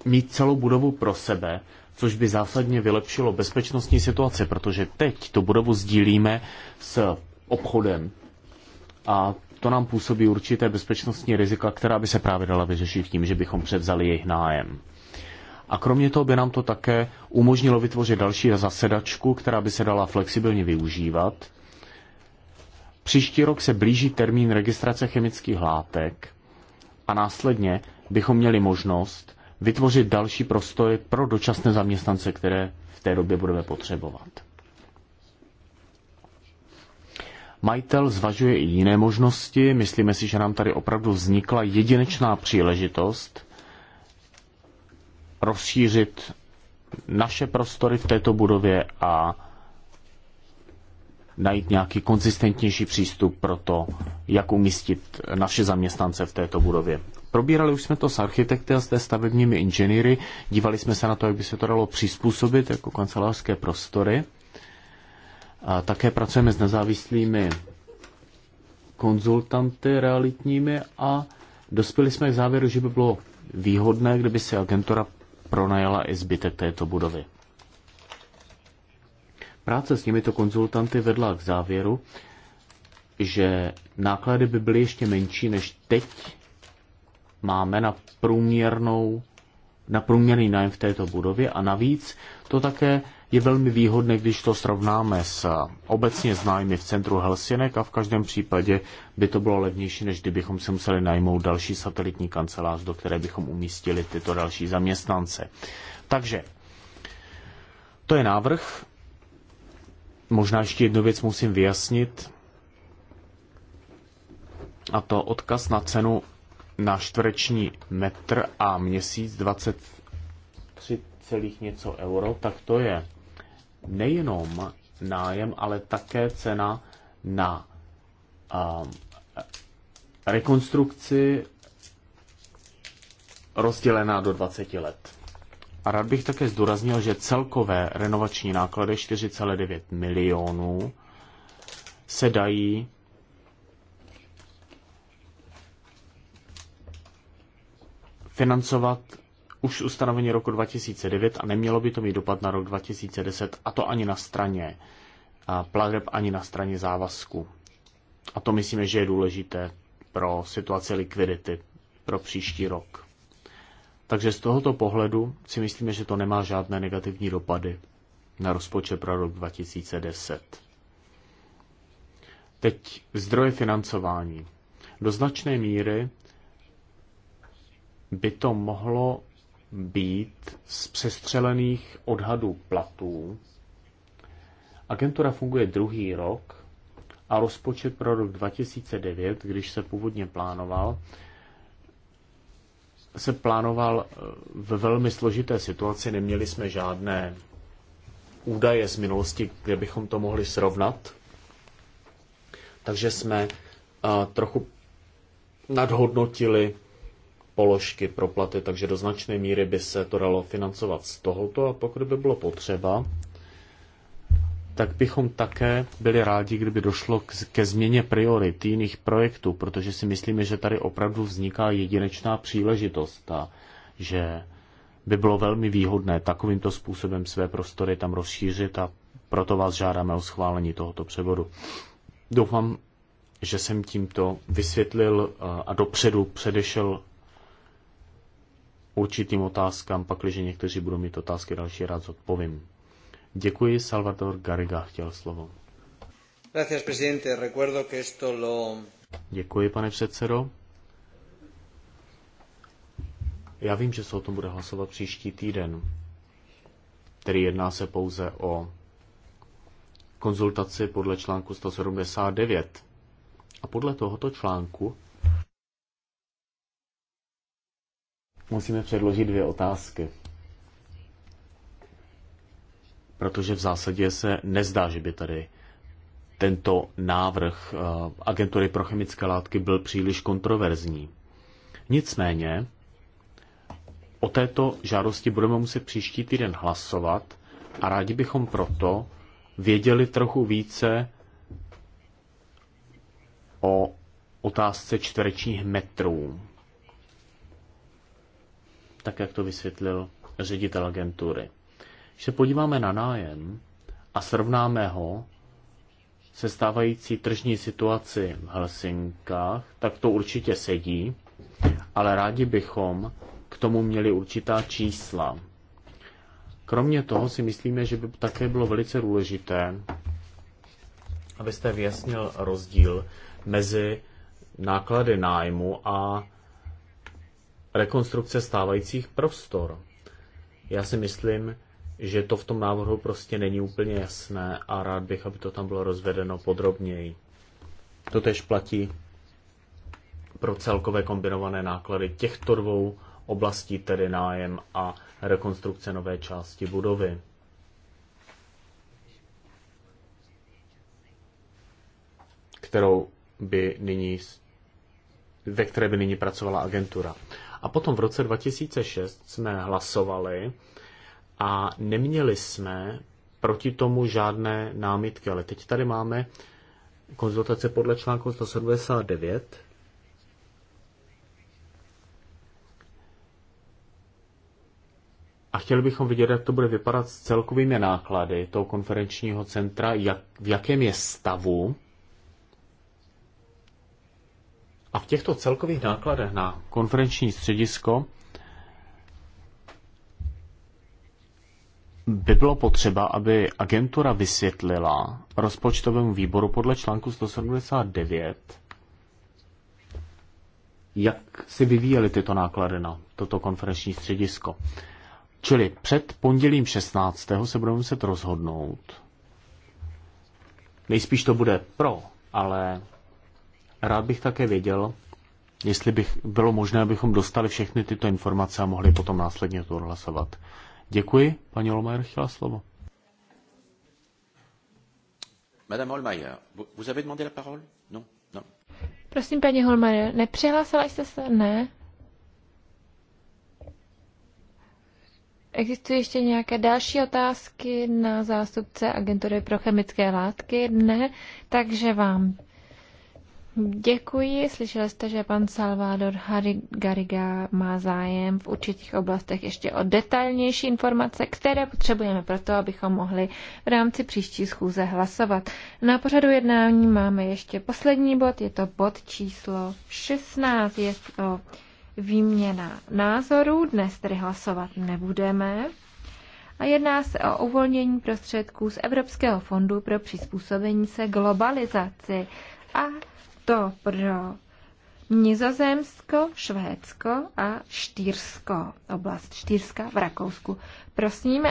mít celou budovu pro sebe, což by zásadně vylepšilo bezpečnostní situaci, protože teď tu budovu sdílíme s obchodem a to nám působí určité bezpečnostní rizika, která by se právě dala vyřešit tím, že bychom převzali jejich nájem. A kromě toho by nám to také umožnilo vytvořit další zasedačku, která by se dala flexibilně využívat. Příští rok se blíží termín registrace chemických látek a následně bychom měli možnost vytvořit další prostory pro dočasné zaměstnance, které v té době budeme potřebovat. Majitel zvažuje i jiné možnosti. Myslíme si, že nám tady opravdu vznikla jedinečná příležitost rozšířit naše prostory v této budově a najít nějaký konzistentnější přístup pro to, jak umístit naše zaměstnance v této budově. Probírali už jsme to s architekty a s té stavebními inženýry, dívali jsme se na to, jak by se to dalo přizpůsobit jako kancelářské prostory. A také pracujeme s nezávislými konzultanty realitními a dospěli jsme k závěru, že by bylo výhodné, kdyby si agentura pronajala i zbytek této budovy. Práce s těmito konzultanty vedla k závěru, že náklady by byly ještě menší, než teď máme na průměrnou na průměrný nájem v této budově a navíc to také je velmi výhodné, když to srovnáme s eh, obecně známy v centru Helsinek a v každém případě by to bylo levnější, než kdybychom si museli najmout další satelitní kancelář, do které bychom umístili tyto další zaměstnance. Takže to je návrh. Možná ještě jednu věc musím vyjasnit. A to odkaz na cenu na čtvereční metr a měsíc 23 celých něco euro, tak to je nejenom nájem, ale také cena na um, rekonstrukci rozdělená do 20 let. A rád bych také zdůraznil, že celkové renovační náklady 4,9 milionů se dají financovat už z ustanovení roku 2009 a nemělo by to mít dopad na rok 2010, a to ani na straně plateb, ani na straně závazku. A to myslíme, že je důležité pro situaci likvidity pro příští rok. Takže z tohoto pohledu si myslíme, že to nemá žádné negativní dopady na rozpočet pro rok 2010. Teď zdroje financování. Do značné míry by to mohlo být z přestřelených odhadů platů. Agentura funguje druhý rok a rozpočet pro rok 2009, když se původně plánoval, se plánoval eh, ve velmi složité situaci. Neměli jsme žádné údaje z minulosti, kde bychom to mohli srovnat. Takže jsme eh, trochu nadhodnotili položky pro platy, takže do značné míry by se to dalo financovat z tohoto a pokud by bylo potřeba, tak bychom také byli rádi, kdyby došlo ke změně priorit jiných projektů, protože si myslíme, že tady opravdu vzniká jedinečná příležitost a že by bylo velmi výhodné takovýmto způsobem své prostory tam rozšířit a proto vás žádáme o schválení tohoto převodu. Doufám, že jsem tímto vysvětlil eh, a dopředu předešel určitým otázkám, pakliže někteří budou mít otázky, další rád odpovím. Děkuji, Salvador Garriga chtěl slovo. Gracias, presidente. Recuerdo que esto lo... Děkuji, pane předsedo. Já vím, že se o tom bude hlasovat příští týden, který jedná se pouze o konzultaci podle článku 179. A podle tohoto článku musíme předložit dvě otázky. Protože v zásadě se nezdá, že by tady tento návrh eh, agentury pro chemické látky byl příliš kontroverzní. Nicméně o této žádosti budeme muset příští týden hlasovat a rádi bychom proto věděli trochu více o otázce čtverečních metrů tak jak to vysvětlil ředitel agentury. Když se podíváme na nájem a srovnáme ho se stávající tržní situaci v Helsinkách, tak to určitě sedí, ale rádi bychom k tomu měli určitá čísla. Kromě toho si myslíme, že by také bylo velice důležité, abyste vyjasnil rozdíl mezi náklady nájmu a rekonstrukce stávajících prostor. Já si myslím, že to v tom návrhu prostě není úplně jasné a rád bych, aby to tam bylo rozvedeno podrobněji. To tež platí pro celkové kombinované náklady těchto dvou oblastí, tedy nájem a rekonstrukce nové části budovy. kterou by nyní, ve které by nyní pracovala agentura. A potom v roce 2006 jsme hlasovali a neměli jsme proti tomu žádné námitky, ale teď tady máme konzultace podle článku 179. A chtěli bychom vidět, jak to bude vypadat s celkovými náklady toho konferenčního centra, jak, v jakém je stavu a v těchto celkových nákladech na konferenční středisko by bylo potřeba, aby agentura vysvětlila rozpočtovému výboru podle článku 179, jak si vyvíjely tyto náklady na toto konferenční středisko. Čili před pondělím 16. se budeme muset rozhodnout. Nejspíš to bude pro, ale Rád bych také věděl, jestli bych bylo možné, abychom dostali všechny tyto informace a mohli potom následně to odhlasovat. Děkuji. Paní Olmajer chtěla slovo. Madame Olmajer, vous avez demandé la parole? Non, non. Prosím, paní Holmeyer, nepřihlásila jste se? Ne. Existují ještě nějaké další otázky na zástupce agentury pro chemické látky? Ne, takže vám Děkuji. Slyšeli jste, že pan Salvador Harry Gariga má zájem v určitých oblastech ještě o detailnější informace, které potřebujeme proto, abychom mohli v rámci příští schůze hlasovat. Na pořadu jednání máme ještě poslední bod, je to bod číslo 16, je to výměna názorů. Dnes tedy hlasovat nebudeme. A jedná se o uvolnění prostředků z Evropského fondu pro přizpůsobení se globalizaci a to pro Nizozemsko, Švédsko a Štýrsko, oblast Štýrska v Rakousku. Prosím,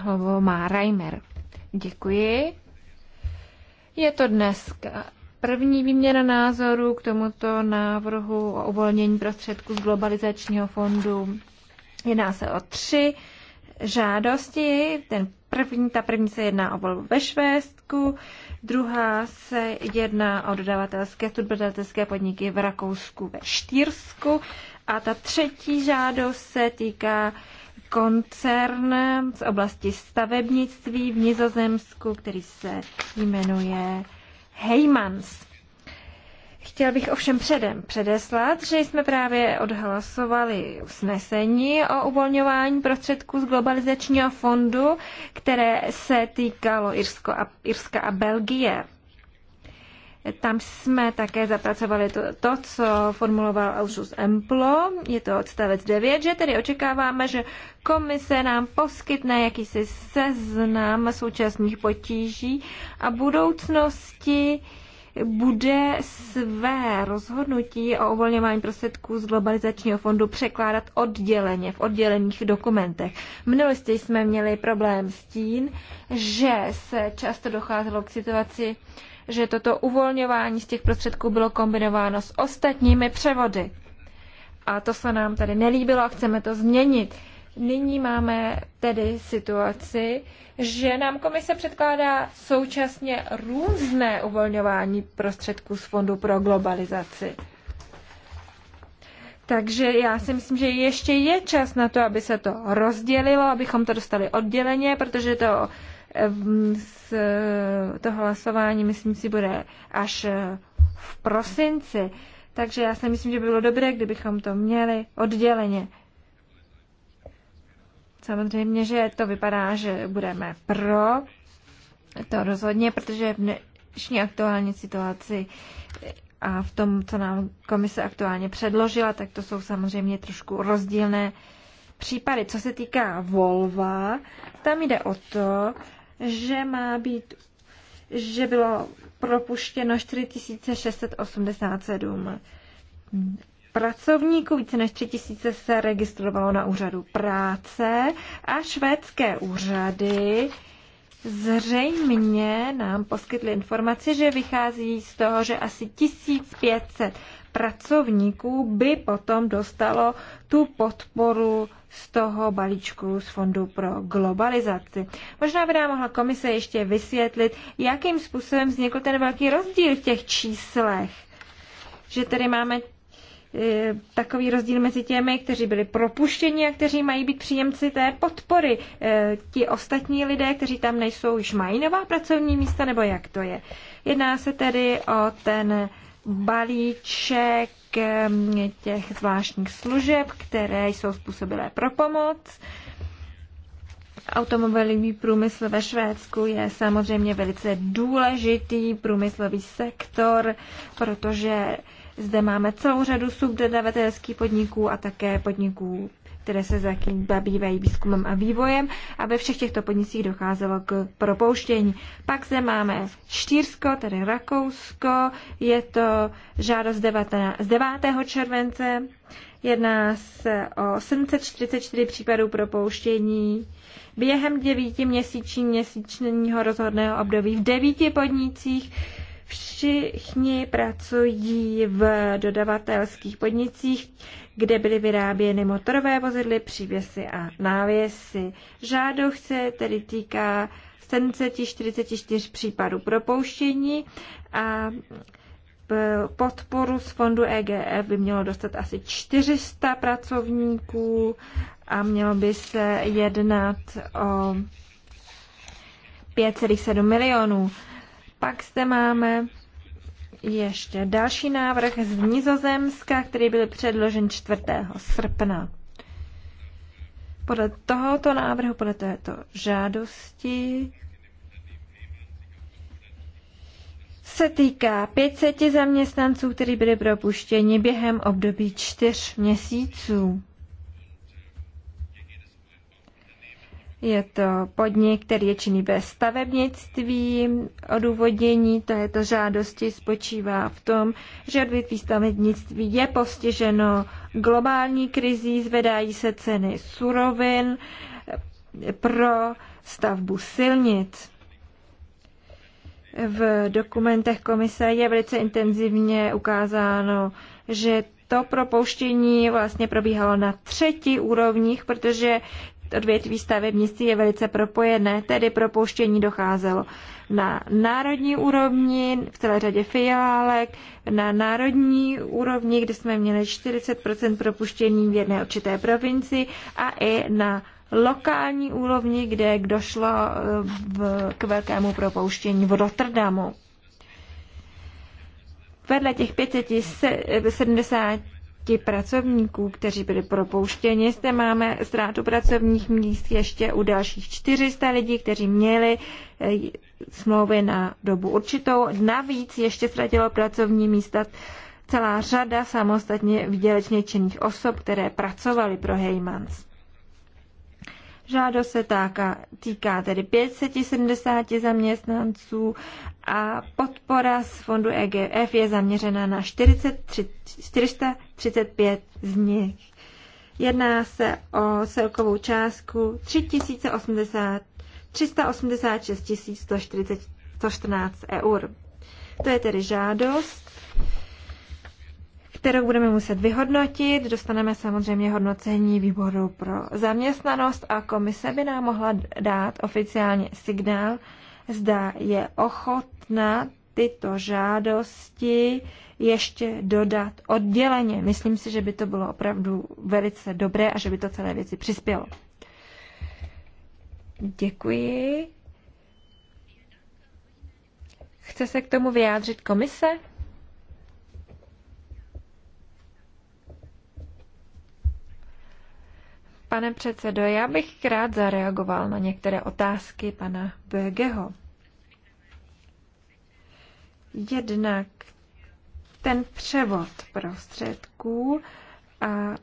slovo má Reimer. Děkuji. Je to dneska první výměna názorů k tomuto návrhu o uvolnění prostředků z globalizačního fondu. Jedná se o tři žádosti. Ten první, ta první se jedná o volbu ve Švédsku, Druhá se jedná o dodavatelské, dodavatelské podniky v Rakousku ve Štýrsku. A ta třetí žádost se týká koncern z oblasti stavebnictví v Nizozemsku, který se jmenuje Heymans. Chtěl bych ovšem předem předeslat, že jsme právě odhlasovali usnesení o uvolňování prostředků z globalizačního fondu, které se týkalo Irsko a, Irska a Belgie. Tam jsme také zapracovali to, to co formuloval Ausus Emplo, je to odstavec 9, že tedy očekáváme, že komise nám poskytne jakýsi seznam současných potíží a budoucnosti bude své rozhodnutí o uvolňování prostředků z globalizačního fondu překládat odděleně, v oddělených dokumentech. V minulosti jsme měli problém s tím, že se často docházelo k situaci, že toto uvolňování z těch prostředků bylo kombinováno s ostatními převody. A to se nám tady nelíbilo a chceme to změnit. Nyní máme tedy situaci, že nám komise předkládá současně různé uvolňování prostředků z Fondu pro globalizaci. Takže já si myslím, že ještě je čas na to, aby se to rozdělilo, abychom to dostali odděleně, protože to, z, to hlasování, myslím si, bude až eh, v prosinci. Takže já si myslím, že by bylo dobré, kdybychom to měli odděleně. Samozřejmě, že to vypadá, že budeme pro, to rozhodně, protože v dnešní aktuální situaci a v tom, co nám komise aktuálně předložila, tak to jsou samozřejmě trošku rozdílné případy. Co se týká Volva, tam jde o to, že má být, že bylo propuštěno 4687 pracovníků, více než tři tisíce se registrovalo na úřadu práce a švédské úřady zřejmě nám poskytly informaci, že vychází z toho, že asi 1500 pracovníků by potom dostalo tu podporu z toho balíčku z Fondu pro globalizaci. Možná by nám mohla komise ještě vysvětlit, jakým způsobem vznikl ten velký rozdíl v těch číslech. Že tedy máme Eh, takový rozdíl mezi těmi, kteří byli propuštěni a kteří mají být příjemci té podpory. Eh, ti ostatní lidé, kteří tam nejsou, už mají nová pracovní místa, nebo jak to je? Jedná se tedy o ten balíček ehm, těch zvláštních služeb, které jsou způsobilé pro pomoc. Automobilový průmysl ve Švédsku je samozřejmě velice důležitý průmyslový sektor, protože zde máme celou řadu subdodavatelských podniků a také podniků, které se zabývají výzkumem a vývojem a ve všech těchto podnicích docházelo k propouštění. Pak zde máme Štýrsko, tedy Rakousko, je to žádost 19, z 9. července, jedná se o 744 případů propouštění. Během devíti měsíční měsíčního rozhodného období v devíti podnicích Všichni pracují v dodavatelských podnicích, kde byly vyráběny motorové vozidly, přívěsy a návěsy. Žádoch se tedy týká 744 případů propouštění a e, podporu z fondu EGF by mělo dostat asi 400 pracovníků a mělo by se jednat o 5,7 milionů. Pak zde máme ještě další návrh z Nizozemska, který byl předložen 4. srpna. Podle tohoto návrhu, podle této žádosti se týká 500 zaměstnanců, kteří byli propuštěni během období čtyř měsíců. Je to podnik, který je činný ve stavebnictví. Odůvodnění této žádosti spočívá v tom, že odvětví stavebnictví je postiženo globální krizí, zvedají se ceny surovin pro stavbu silnic. V dokumentech komise je velice intenzivně ukázáno, že to propouštění vlastně probíhalo na třetí úrovních, protože odvětví stavebnictví je velice propojené, tedy propouštění docházelo na národní úrovni, v celé řadě fialek, na národní úrovni, kde jsme měli 40% propuštění v jedné určité provinci a i na lokální úrovni, kde došlo eh, v, k velkému propouštění v Rotterdamu. Vedle těch 570 ti pracovníků, kteří byli propouštěni. Zde máme ztrátu pracovních míst ještě u dalších 400 lidí, kteří měli eh, smlouvy na dobu určitou. Navíc ještě ztratilo pracovní místa celá řada samostatně výdělečně činných osob, které pracovaly pro Heymans. Žádost se táka, týká tedy 570 zaměstnanců a podpora z fondu EGF je zaměřena na 43, 435 z nich. Jedná se o celkovou částku 3080, 386 140, 114 eur. To je tedy žádost kterou budeme muset vyhodnotit. Dostaneme samozřejmě hodnocení výboru pro zaměstnanost a komise by nám mohla dát oficiálně signál, zda je ochotna tyto žádosti ještě dodat odděleně. Myslím si, že by to bylo opravdu velice dobré a že by to celé věci přispělo. Děkuji. Chce se k tomu vyjádřit komise? pane předsedo. Já bych rád zareagoval na některé otázky pana Bögeho. Jednak ten převod prostředků a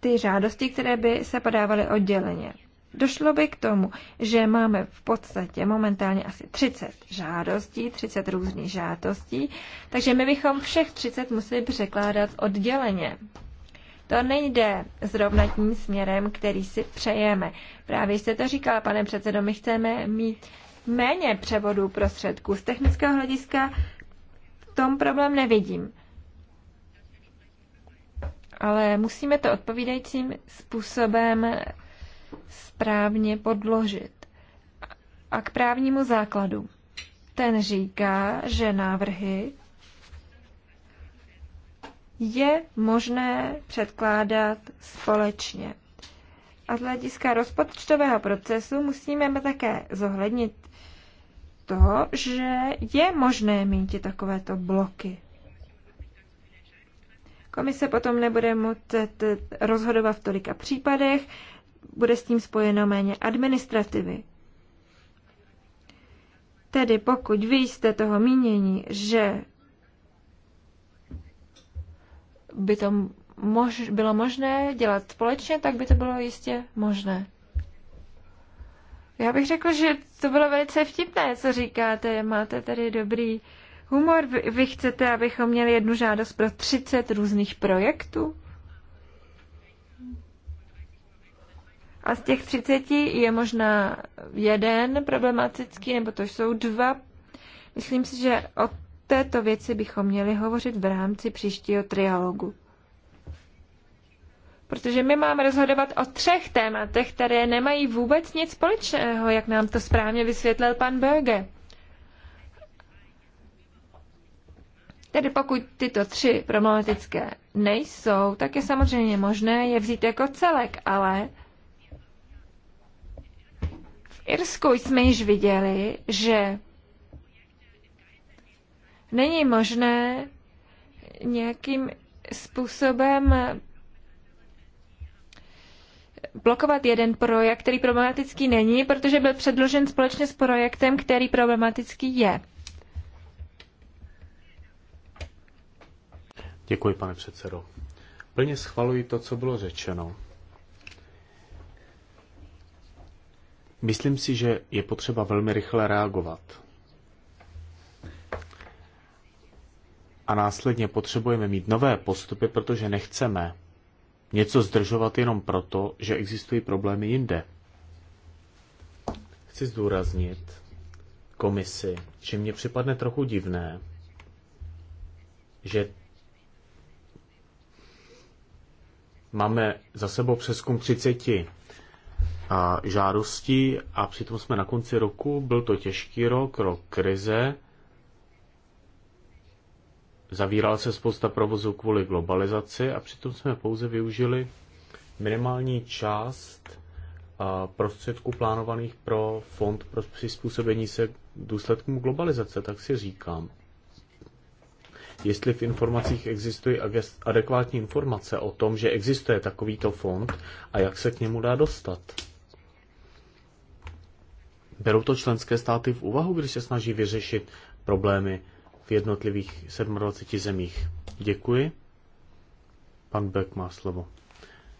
ty žádosti, které by se podávaly odděleně. Došlo by k tomu, že máme v podstatě momentálně asi 30 žádostí, 30 různých žádostí, takže my bychom všech 30 museli překládat odděleně. To nejde zrovna tím směrem, který si přejeme. Právě jste to říkal, pane předsedo, my chceme mít méně převodů prostředků. Z technického hlediska v tom problém nevidím. Ale musíme to odpovídajícím způsobem správně podložit. A k právnímu základu. Ten říká, že návrhy je možné předkládat společně. A z hlediska rozpočtového procesu musíme také zohlednit to, že je možné mít i takovéto bloky. Komise potom nebude muset rozhodovat v tolika případech, bude s tím spojeno méně administrativy. Tedy pokud vy jste toho mínění, že by to mož, bylo možné dělat společně, tak by to bylo jistě možné. Já bych řekl, že to bylo velice vtipné, co říkáte. Máte tady dobrý humor. Vy, vy chcete, abychom měli jednu žádost pro 30 různých projektů? A z těch 30 je možná jeden problematický, nebo to jsou dva. Myslím si, že od této věci bychom měli hovořit v rámci příštího trialogu. Protože my máme rozhodovat o třech tématech, které nemají vůbec nic společného, jak nám to správně vysvětlil pan Berge. Tedy pokud tyto tři problematické nejsou, tak je samozřejmě možné je vzít jako celek, ale v Irsku jsme již viděli, že Není možné nějakým způsobem blokovat jeden projekt, který problematický není, protože byl předložen společně s projektem, který problematický je. Děkuji, pane předsedo. Plně schvaluji to, co bylo řečeno. Myslím si, že je potřeba velmi rychle reagovat. a následně potřebujeme mít nové postupy, protože nechceme něco zdržovat jenom proto, že existují problémy jinde. Chci zdůraznit komisi, že mně připadne trochu divné, že máme za sebou přeskum 30 žádostí a přitom jsme na konci roku, byl to těžký rok, rok krize, Zavíral se spousta provozů kvůli globalizaci a přitom jsme pouze využili minimální část prostředků plánovaných pro fond pro přizpůsobení se důsledkům globalizace, tak si říkám, jestli v informacích existují adekvátní informace o tom, že existuje takovýto fond a jak se k němu dá dostat. Berou to členské státy v úvahu, když se snaží vyřešit problémy v jednotlivých 27 zemích. Děkuji. Pan Beck má slovo.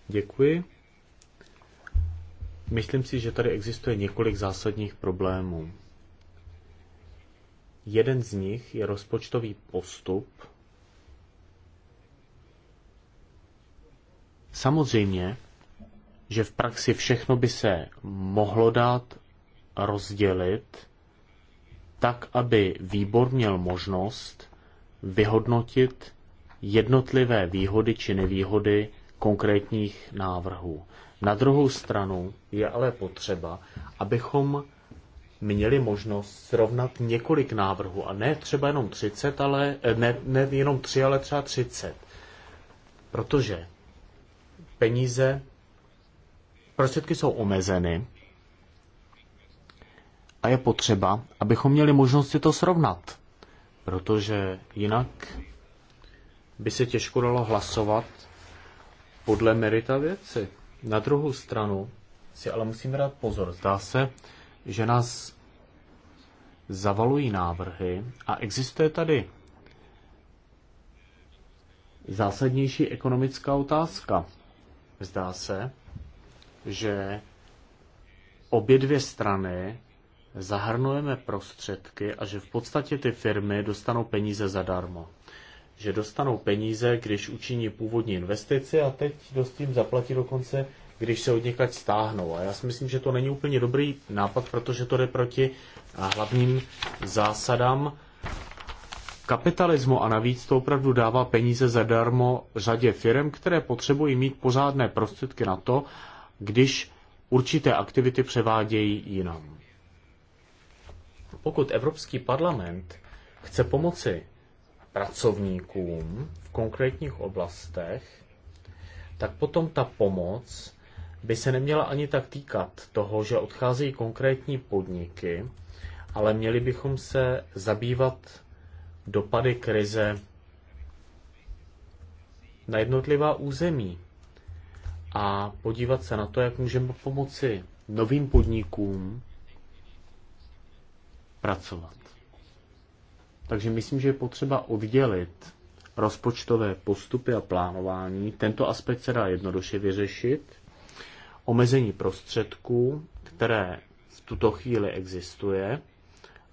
Děkuji. Myslím si, že tady existuje několik zásadních problémů. Jeden z nich je rozpočtový postup. Samozřejmě, že v praxi všechno by se mohlo dát rozdělit, tak aby výbor měl možnost vyhodnotit jednotlivé výhody či nevýhody konkrétních návrhů. Na druhou stranu je ale potřeba, abychom měli možnost srovnat několik návrhů a ne třeba jenom 30, ale eh, ne, ne jenom 3, ale třeba 30. Protože peníze, prostředky jsou omezeny a je potřeba, abychom měli možnost si to srovnat, protože jinak by se těžko dalo hlasovat podle merita věci. Na druhou stranu si ale musíme dát pozor. Zdá se, že nás zavalují návrhy a existuje tady zásadnější ekonomická otázka. Zdá se, že obě dvě strany zahrnujeme prostředky a že v podstatě ty firmy dostanou peníze zadarmo. Že dostanou peníze, když učiní původní investici a teď dost tím zaplatí dokonce, když se od někač stáhnou. A já si myslím, že to není úplně dobrý nápad, protože to jde proti hlavním zásadám kapitalismu a navíc to opravdu dává peníze zadarmo řadě firm, které potřebují mít pořádné prostředky na to, když určité aktivity převádějí jinam pokud Evropský parlament chce pomoci pracovníkům v konkrétních oblastech, tak potom ta pomoc by se neměla ani tak týkat toho, že odcházejí konkrétní podniky, ale měli bychom se zabývat dopady krize na jednotlivá území a podívat se na to, jak můžeme pomoci novým podnikům pracovat. Takže myslím, že je potřeba oddělit rozpočtové postupy a plánování. Tento aspekt se dá jednoduše vyřešit. Omezení prostředků, které v tuto chvíli existuje,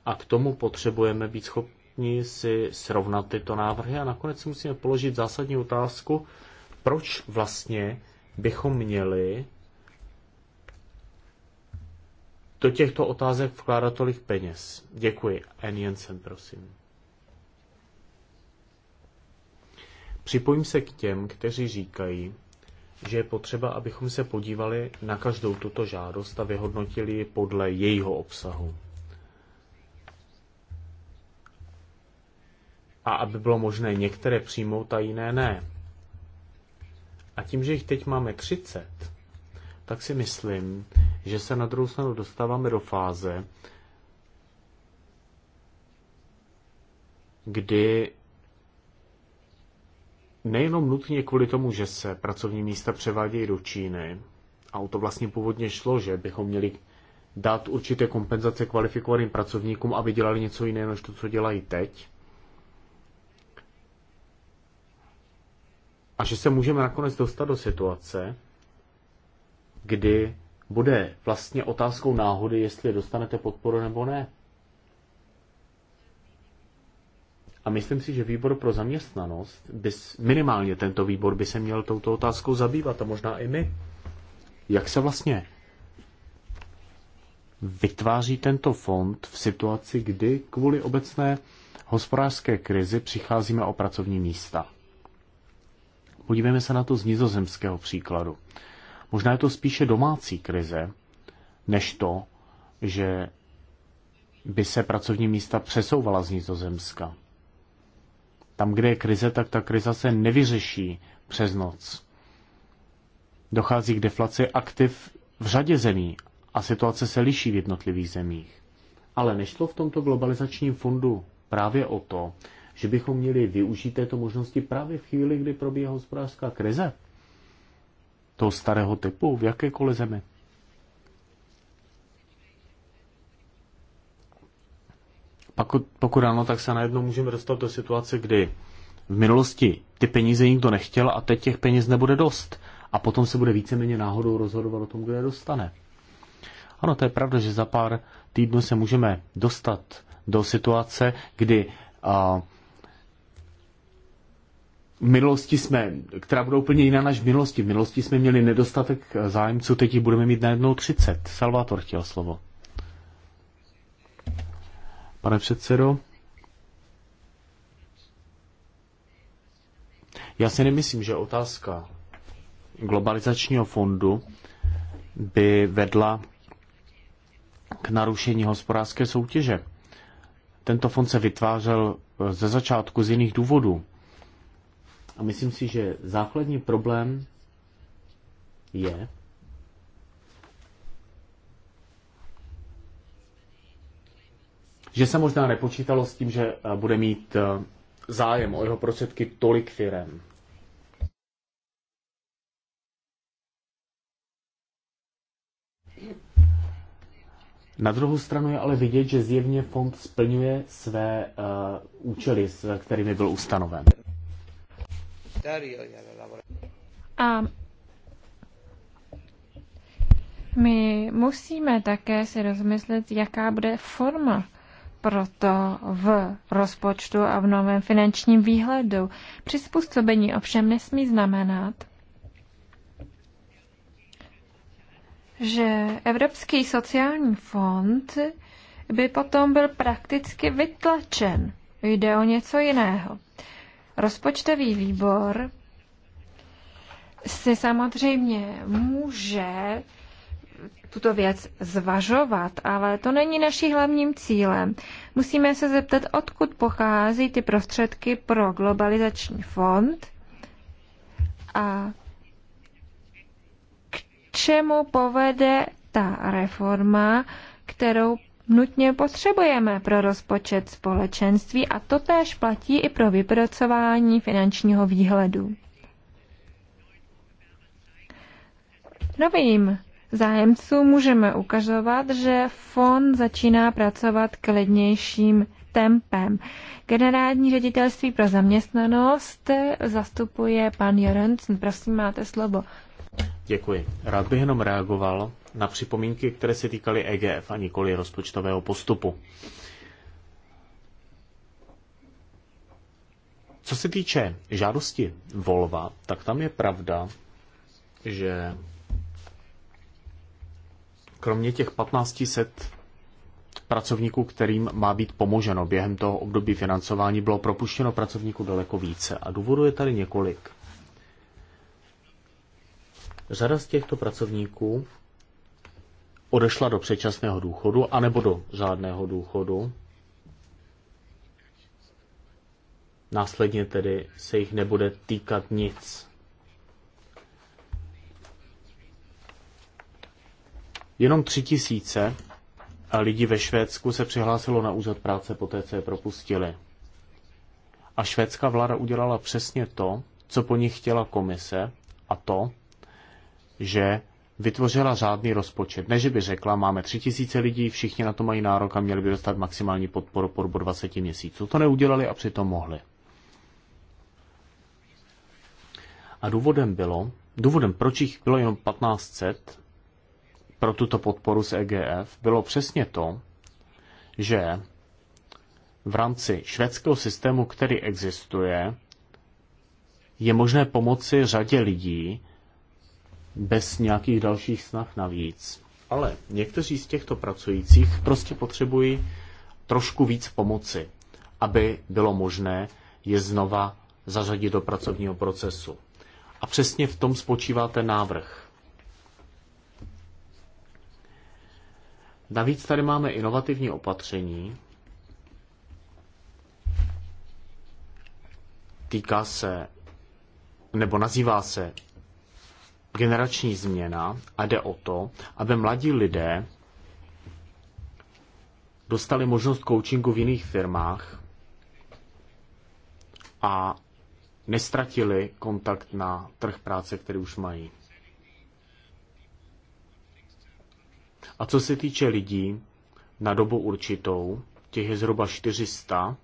a k tomu potřebujeme být schopni si srovnat tyto návrhy a nakonec si musíme položit zásadní otázku, proč vlastně bychom měli do těchto otázek vkládat tolik peněz? Děkuji. N. Jensen, prosím. Připojím se k těm, kteří říkají, že je potřeba, abychom se podívali na každou tuto žádost a vyhodnotili ji podle jejího obsahu. A aby bylo možné některé přijmout a jiné ne. A tím, že jich teď máme 30, tak si myslím, že se na druhou stranu dostáváme do fáze, kdy nejenom nutně kvůli tomu, že se pracovní místa převádějí do Číny, a o to vlastně původně šlo, že bychom měli dát určité kompenzace kvalifikovaným pracovníkům, aby dělali něco jiného, než to, co dělají teď. A že se můžeme nakonec dostat do situace, kdy bude vlastně otázkou náhody, jestli dostanete podporu nebo ne. A myslím si, že výbor pro zaměstnanost, by, minimálně tento výbor by se měl touto otázkou zabývat a možná i my. Jak se vlastně vytváří tento fond v situaci, kdy kvůli obecné hospodářské krizi přicházíme o pracovní místa? Podívejme se na to z nizozemského příkladu. Možná je to spíše domácí krize, než to, že by se pracovní místa přesouvala z Nizozemska. Tam, kde je krize, tak ta krize se nevyřeší přes noc. Dochází k deflaci aktiv v řadě zemí a situace se liší v jednotlivých zemích. Ale nešlo v tomto globalizačním fondu právě o to, že bychom měli využít této možnosti právě v chvíli, kdy probíhá hospodářská krize? toho starého typu v jakékoliv zemi. Pokud, pokud ano, tak se najednou můžeme dostat do situace, kdy v minulosti ty peníze nikdo nechtěl a teď těch peněz nebude dost. A potom se bude víceméně náhodou rozhodovat o tom, kdo je dostane. Ano, to je pravda, že za pár týdnů se můžeme dostat do situace, kdy v minulosti jsme, která budou úplně jiná než v minulosti. V minulosti jsme měli nedostatek zájemců, teď jich budeme mít najednou 30. Salvátor chtěl slovo. Pane předsedo, já si nemyslím, že otázka globalizačního fondu by vedla k narušení hospodářské soutěže. Tento fond se vytvářel ze začátku z jiných důvodů. A myslím si, že základní problém je, že se možná nepočítalo s tím, že eh, bude mít eh, zájem o jeho prostředky tolik firem. Na druhou stranu je ale vidět, že zjevně fond splňuje své uh, účely, s kterými byl ustanoven. A my musíme také si rozmyslet, jaká bude forma proto v rozpočtu a v novém finančním výhledu. Přizpůsobení ovšem nesmí znamenat, že Evropský sociální fond by potom byl prakticky vytlačen. Jde o něco jiného. Rozpočtový výbor si samozřejmě může tuto věc zvažovat, ale to není naším hlavním cílem. Musíme se zeptat, odkud pochází ty prostředky pro globalizační fond a k čemu povede ta reforma, kterou nutně potřebujeme pro rozpočet společenství a to též platí i pro vypracování finančního výhledu. Novým zájemcům můžeme ukazovat, že fond začíná pracovat klidnějším tempem. Generální ředitelství pro zaměstnanost zastupuje pan Jorenc. Prosím, máte slovo. Děkuji. Rád bych jenom reagoval na připomínky, které se týkaly EGF a nikoli rozpočtového postupu. Co se týče žádosti Volva, tak tam je pravda, že kromě těch 1500 pracovníků, kterým má být pomoženo během toho období financování, bylo propuštěno pracovníků daleko více. A důvodu je tady několik. Řada z těchto pracovníků odešla do předčasného důchodu anebo do řádného důchodu. Následně tedy se jich nebude týkat nic. Jenom tři tisíce lidí ve Švédsku se přihlásilo na úřad práce poté, co je propustili. A švédská vláda udělala přesně to, co po nich chtěla komise, a to, že vytvořila řádný rozpočet. Ne, že by řekla, máme tři tisíce lidí, všichni na to mají nárok a měli by dostat maximální podporu po dobu 20 měsíců. To neudělali a přitom mohli. A důvodem bylo, důvodem, proč jich bylo jenom 1500 pro tuto podporu z EGF, bylo přesně to, že v rámci švédského systému, který existuje, je možné pomoci řadě lidí, bez nějakých dalších snah navíc. Ale někteří z těchto pracujících prostě potřebují trošku víc pomoci, aby bylo možné je znova zařadit do pracovního procesu. A přesně v tom spočívá ten návrh. Navíc tady máme inovativní opatření. Týká se, nebo nazývá se generační změna a jde o to, aby mladí lidé dostali možnost coachingu v jiných firmách a nestratili kontakt na trh práce, který už mají. A co se týče lidí na dobu určitou, těch je zhruba 400,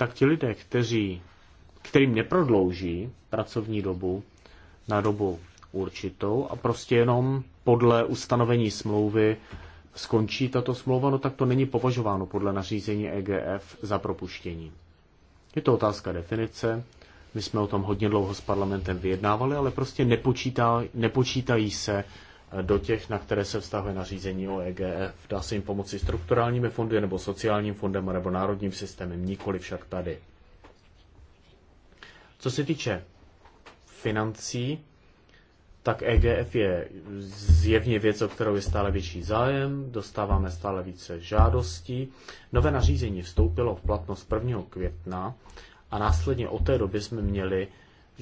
tak ti lidé, kteří, kterým neprodlouží pracovní dobu na dobu určitou a prostě jenom podle ustanovení smlouvy skončí tato smlouva, no tak to není považováno podle nařízení EGF za propuštění. Je to otázka definice. My jsme o tom hodně dlouho s parlamentem vyjednávali, ale prostě nepočítá, nepočítají se do těch, na které se vztahuje nařízení o EGF. Dá se jim pomoci strukturálními fondy nebo sociálním fondem nebo národním systémem, nikoli však tady. Co se týče financí, tak EGF je zjevně věc, o kterou je stále větší zájem, dostáváme stále více žádostí. Nové nařízení vstoupilo v platnost 1. května a následně od té doby jsme měli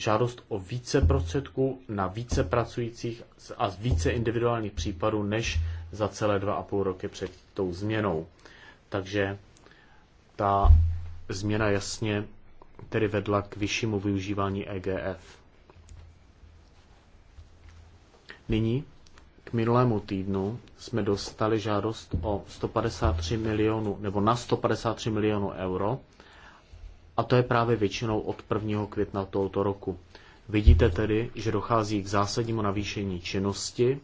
žádost o více prostředků na více pracujících a více individuálních případů než za celé dva a půl roky před tou změnou. Takže ta změna jasně tedy vedla k vyššímu využívání EGF. Nyní k minulému týdnu jsme dostali žádost o 153 milionů, nebo na 153 milionů euro a to je právě většinou od 1. května tohoto roku. Vidíte tedy, že dochází k zásadnímu navýšení činnosti.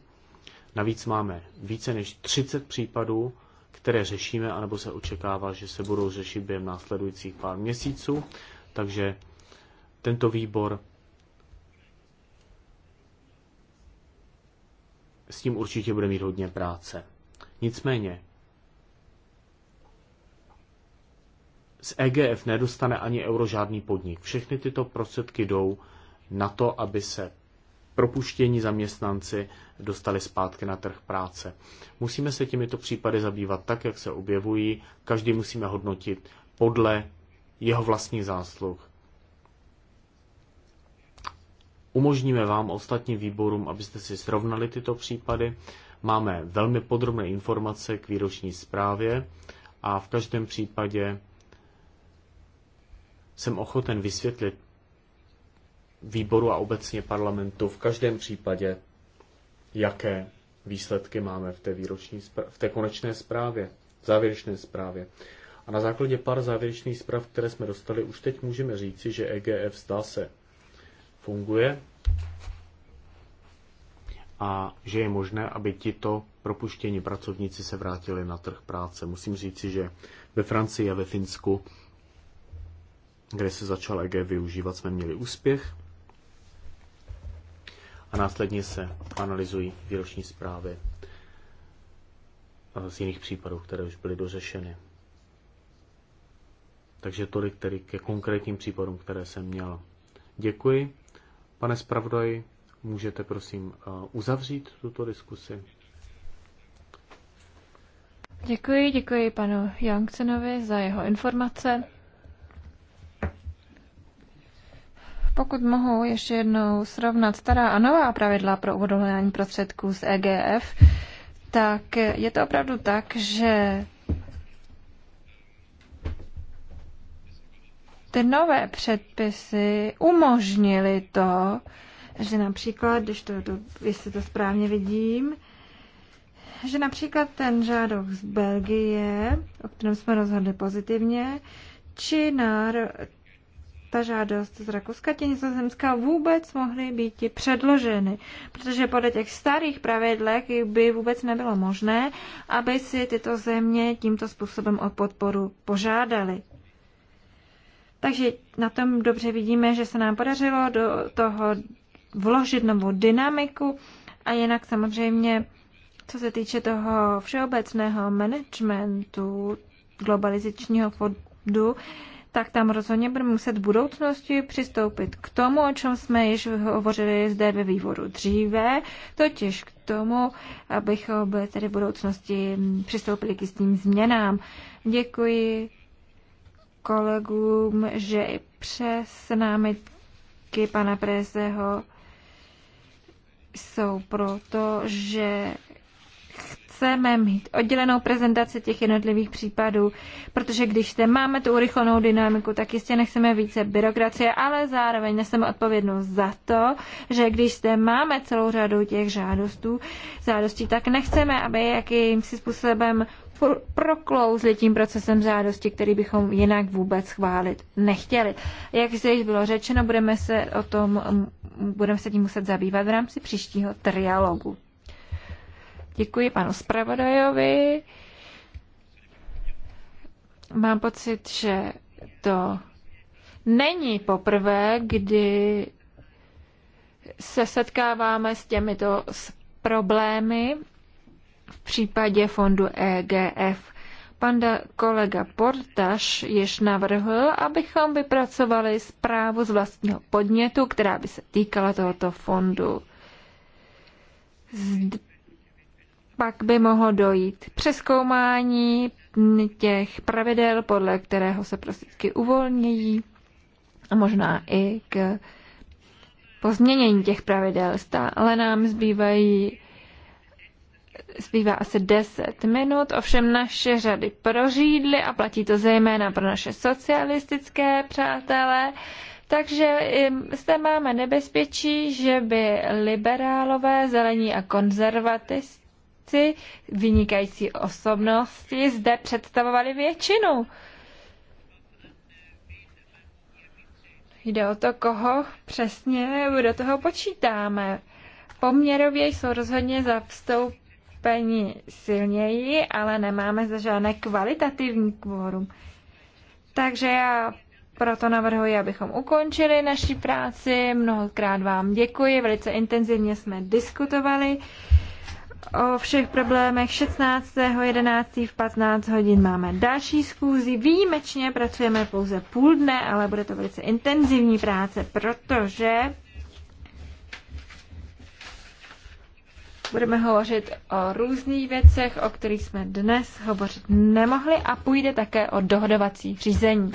Navíc máme více než 30 případů, které řešíme, anebo se očekává, že se budou řešit během následujících pár měsíců. Takže tento výbor s tím určitě bude mít hodně práce. Nicméně, z EGF nedostane ani euro žádný podnik. Všechny tyto prostředky jdou na to, aby se propuštění zaměstnanci dostali zpátky na trh práce. Musíme se těmito případy zabývat tak, jak se objevují. Každý musíme hodnotit podle jeho vlastních zásluh. Umožníme vám ostatním výborům, abyste si srovnali tyto případy. Máme velmi podrobné informace k výroční zprávě a v každém případě jsem ochoten vysvětlit výboru a obecně parlamentu v každém případě, jaké výsledky máme v té, výroční, v té konečné zprávě, závěrečné zprávě. A na základě pár závěrečných zpráv, které jsme dostali, už teď můžeme říci, že EGF zdá se funguje a že je možné, aby tito propuštění pracovníci se vrátili na trh práce. Musím říci, že ve Francii a ve Finsku kde se začal EG využívat, jsme měli úspěch. A následně se analyzují výroční zprávy eh, z jiných případů, které už byly dořešeny. Takže tolik tedy ke konkrétním případům, které jsem měl. Děkuji. Pane zpravodaj, můžete prosím eh, uzavřít tuto diskusi? Děkuji, děkuji panu Jankcenovi za jeho informace. Pokud mohu ještě jednou srovnat stará a nová pravidla pro uvolňování prostředků z EGF, tak je to opravdu tak, že ty nové předpisy umožnily to, že například, když to, to, jestli to správně vidím, že například ten žádok z Belgie, o kterém jsme rozhodli pozitivně, či nár- ta žádost z Rakouska tě nizozemská vůbec mohly být předloženy, protože podle těch starých pravidlech by vůbec nebylo možné, aby si tyto země tímto způsobem o podporu požádali. Takže na tom dobře vidíme, že se nám podařilo do toho vložit novou dynamiku a jinak samozřejmě, co se týče toho všeobecného managementu globalizačního fondu, tak tam rozhodně budeme muset v budoucnosti přistoupit k tomu, o čem jsme již hovořili zde ve vývodu dříve, totiž k tomu, abychom tedy v budoucnosti přistoupili k jistým změnám. Děkuji kolegům, že i přes námitky pana Prezeho jsou proto, že chceme mít oddělenou prezentaci těch jednotlivých případů, protože když zde máme tu urychlenou dynamiku, tak jistě nechceme více byrokracie, ale zároveň neseme odpovědnost za to, že když zde máme celou řadu těch žádostů, žádostí, tak nechceme, aby jakýmsi způsobem proklouzli tím procesem žádosti, který bychom jinak vůbec chválit nechtěli. Jak zde již bylo řečeno, budeme se o tom budeme se tím muset zabývat v rámci příštího trialogu. Děkuji panu zpravodajovi. Mám pocit, že to není poprvé, kdy se setkáváme s těmito problémy v případě fondu EGF. Pan kolega Portaš již navrhl, abychom vypracovali zprávu z vlastního podnětu, která by se týkala tohoto fondu. Zde pak by mohlo dojít přeskoumání těch pravidel, podle kterého se prostředky uvolnějí a možná i k pozměnění těch pravidel. Stále nám zbývají zbývá asi 10 minut, ovšem naše řady prořídly a platí to zejména pro naše socialistické přátelé. Takže zde máme nebezpečí, že by liberálové, zelení a konzervatisté vědci, vynikající osobnosti zde představovali většinu. Jde o to, koho přesně do toho počítáme. Poměrově jsou rozhodně zastoupeni silněji, ale nemáme za žádné kvalitativní kvórum. Takže já proto navrhuji, abychom ukončili naši práci. Mnohokrát vám děkuji, velice intenzivně jsme diskutovali o všech problémech 16. 11 v 15 hodin máme další schůzi. Výjimečně pracujeme pouze půl dne, ale bude to velice intenzivní práce, protože budeme hovořit o různých věcech, o kterých jsme dnes hovořit nemohli a půjde také o dohodovací řízení.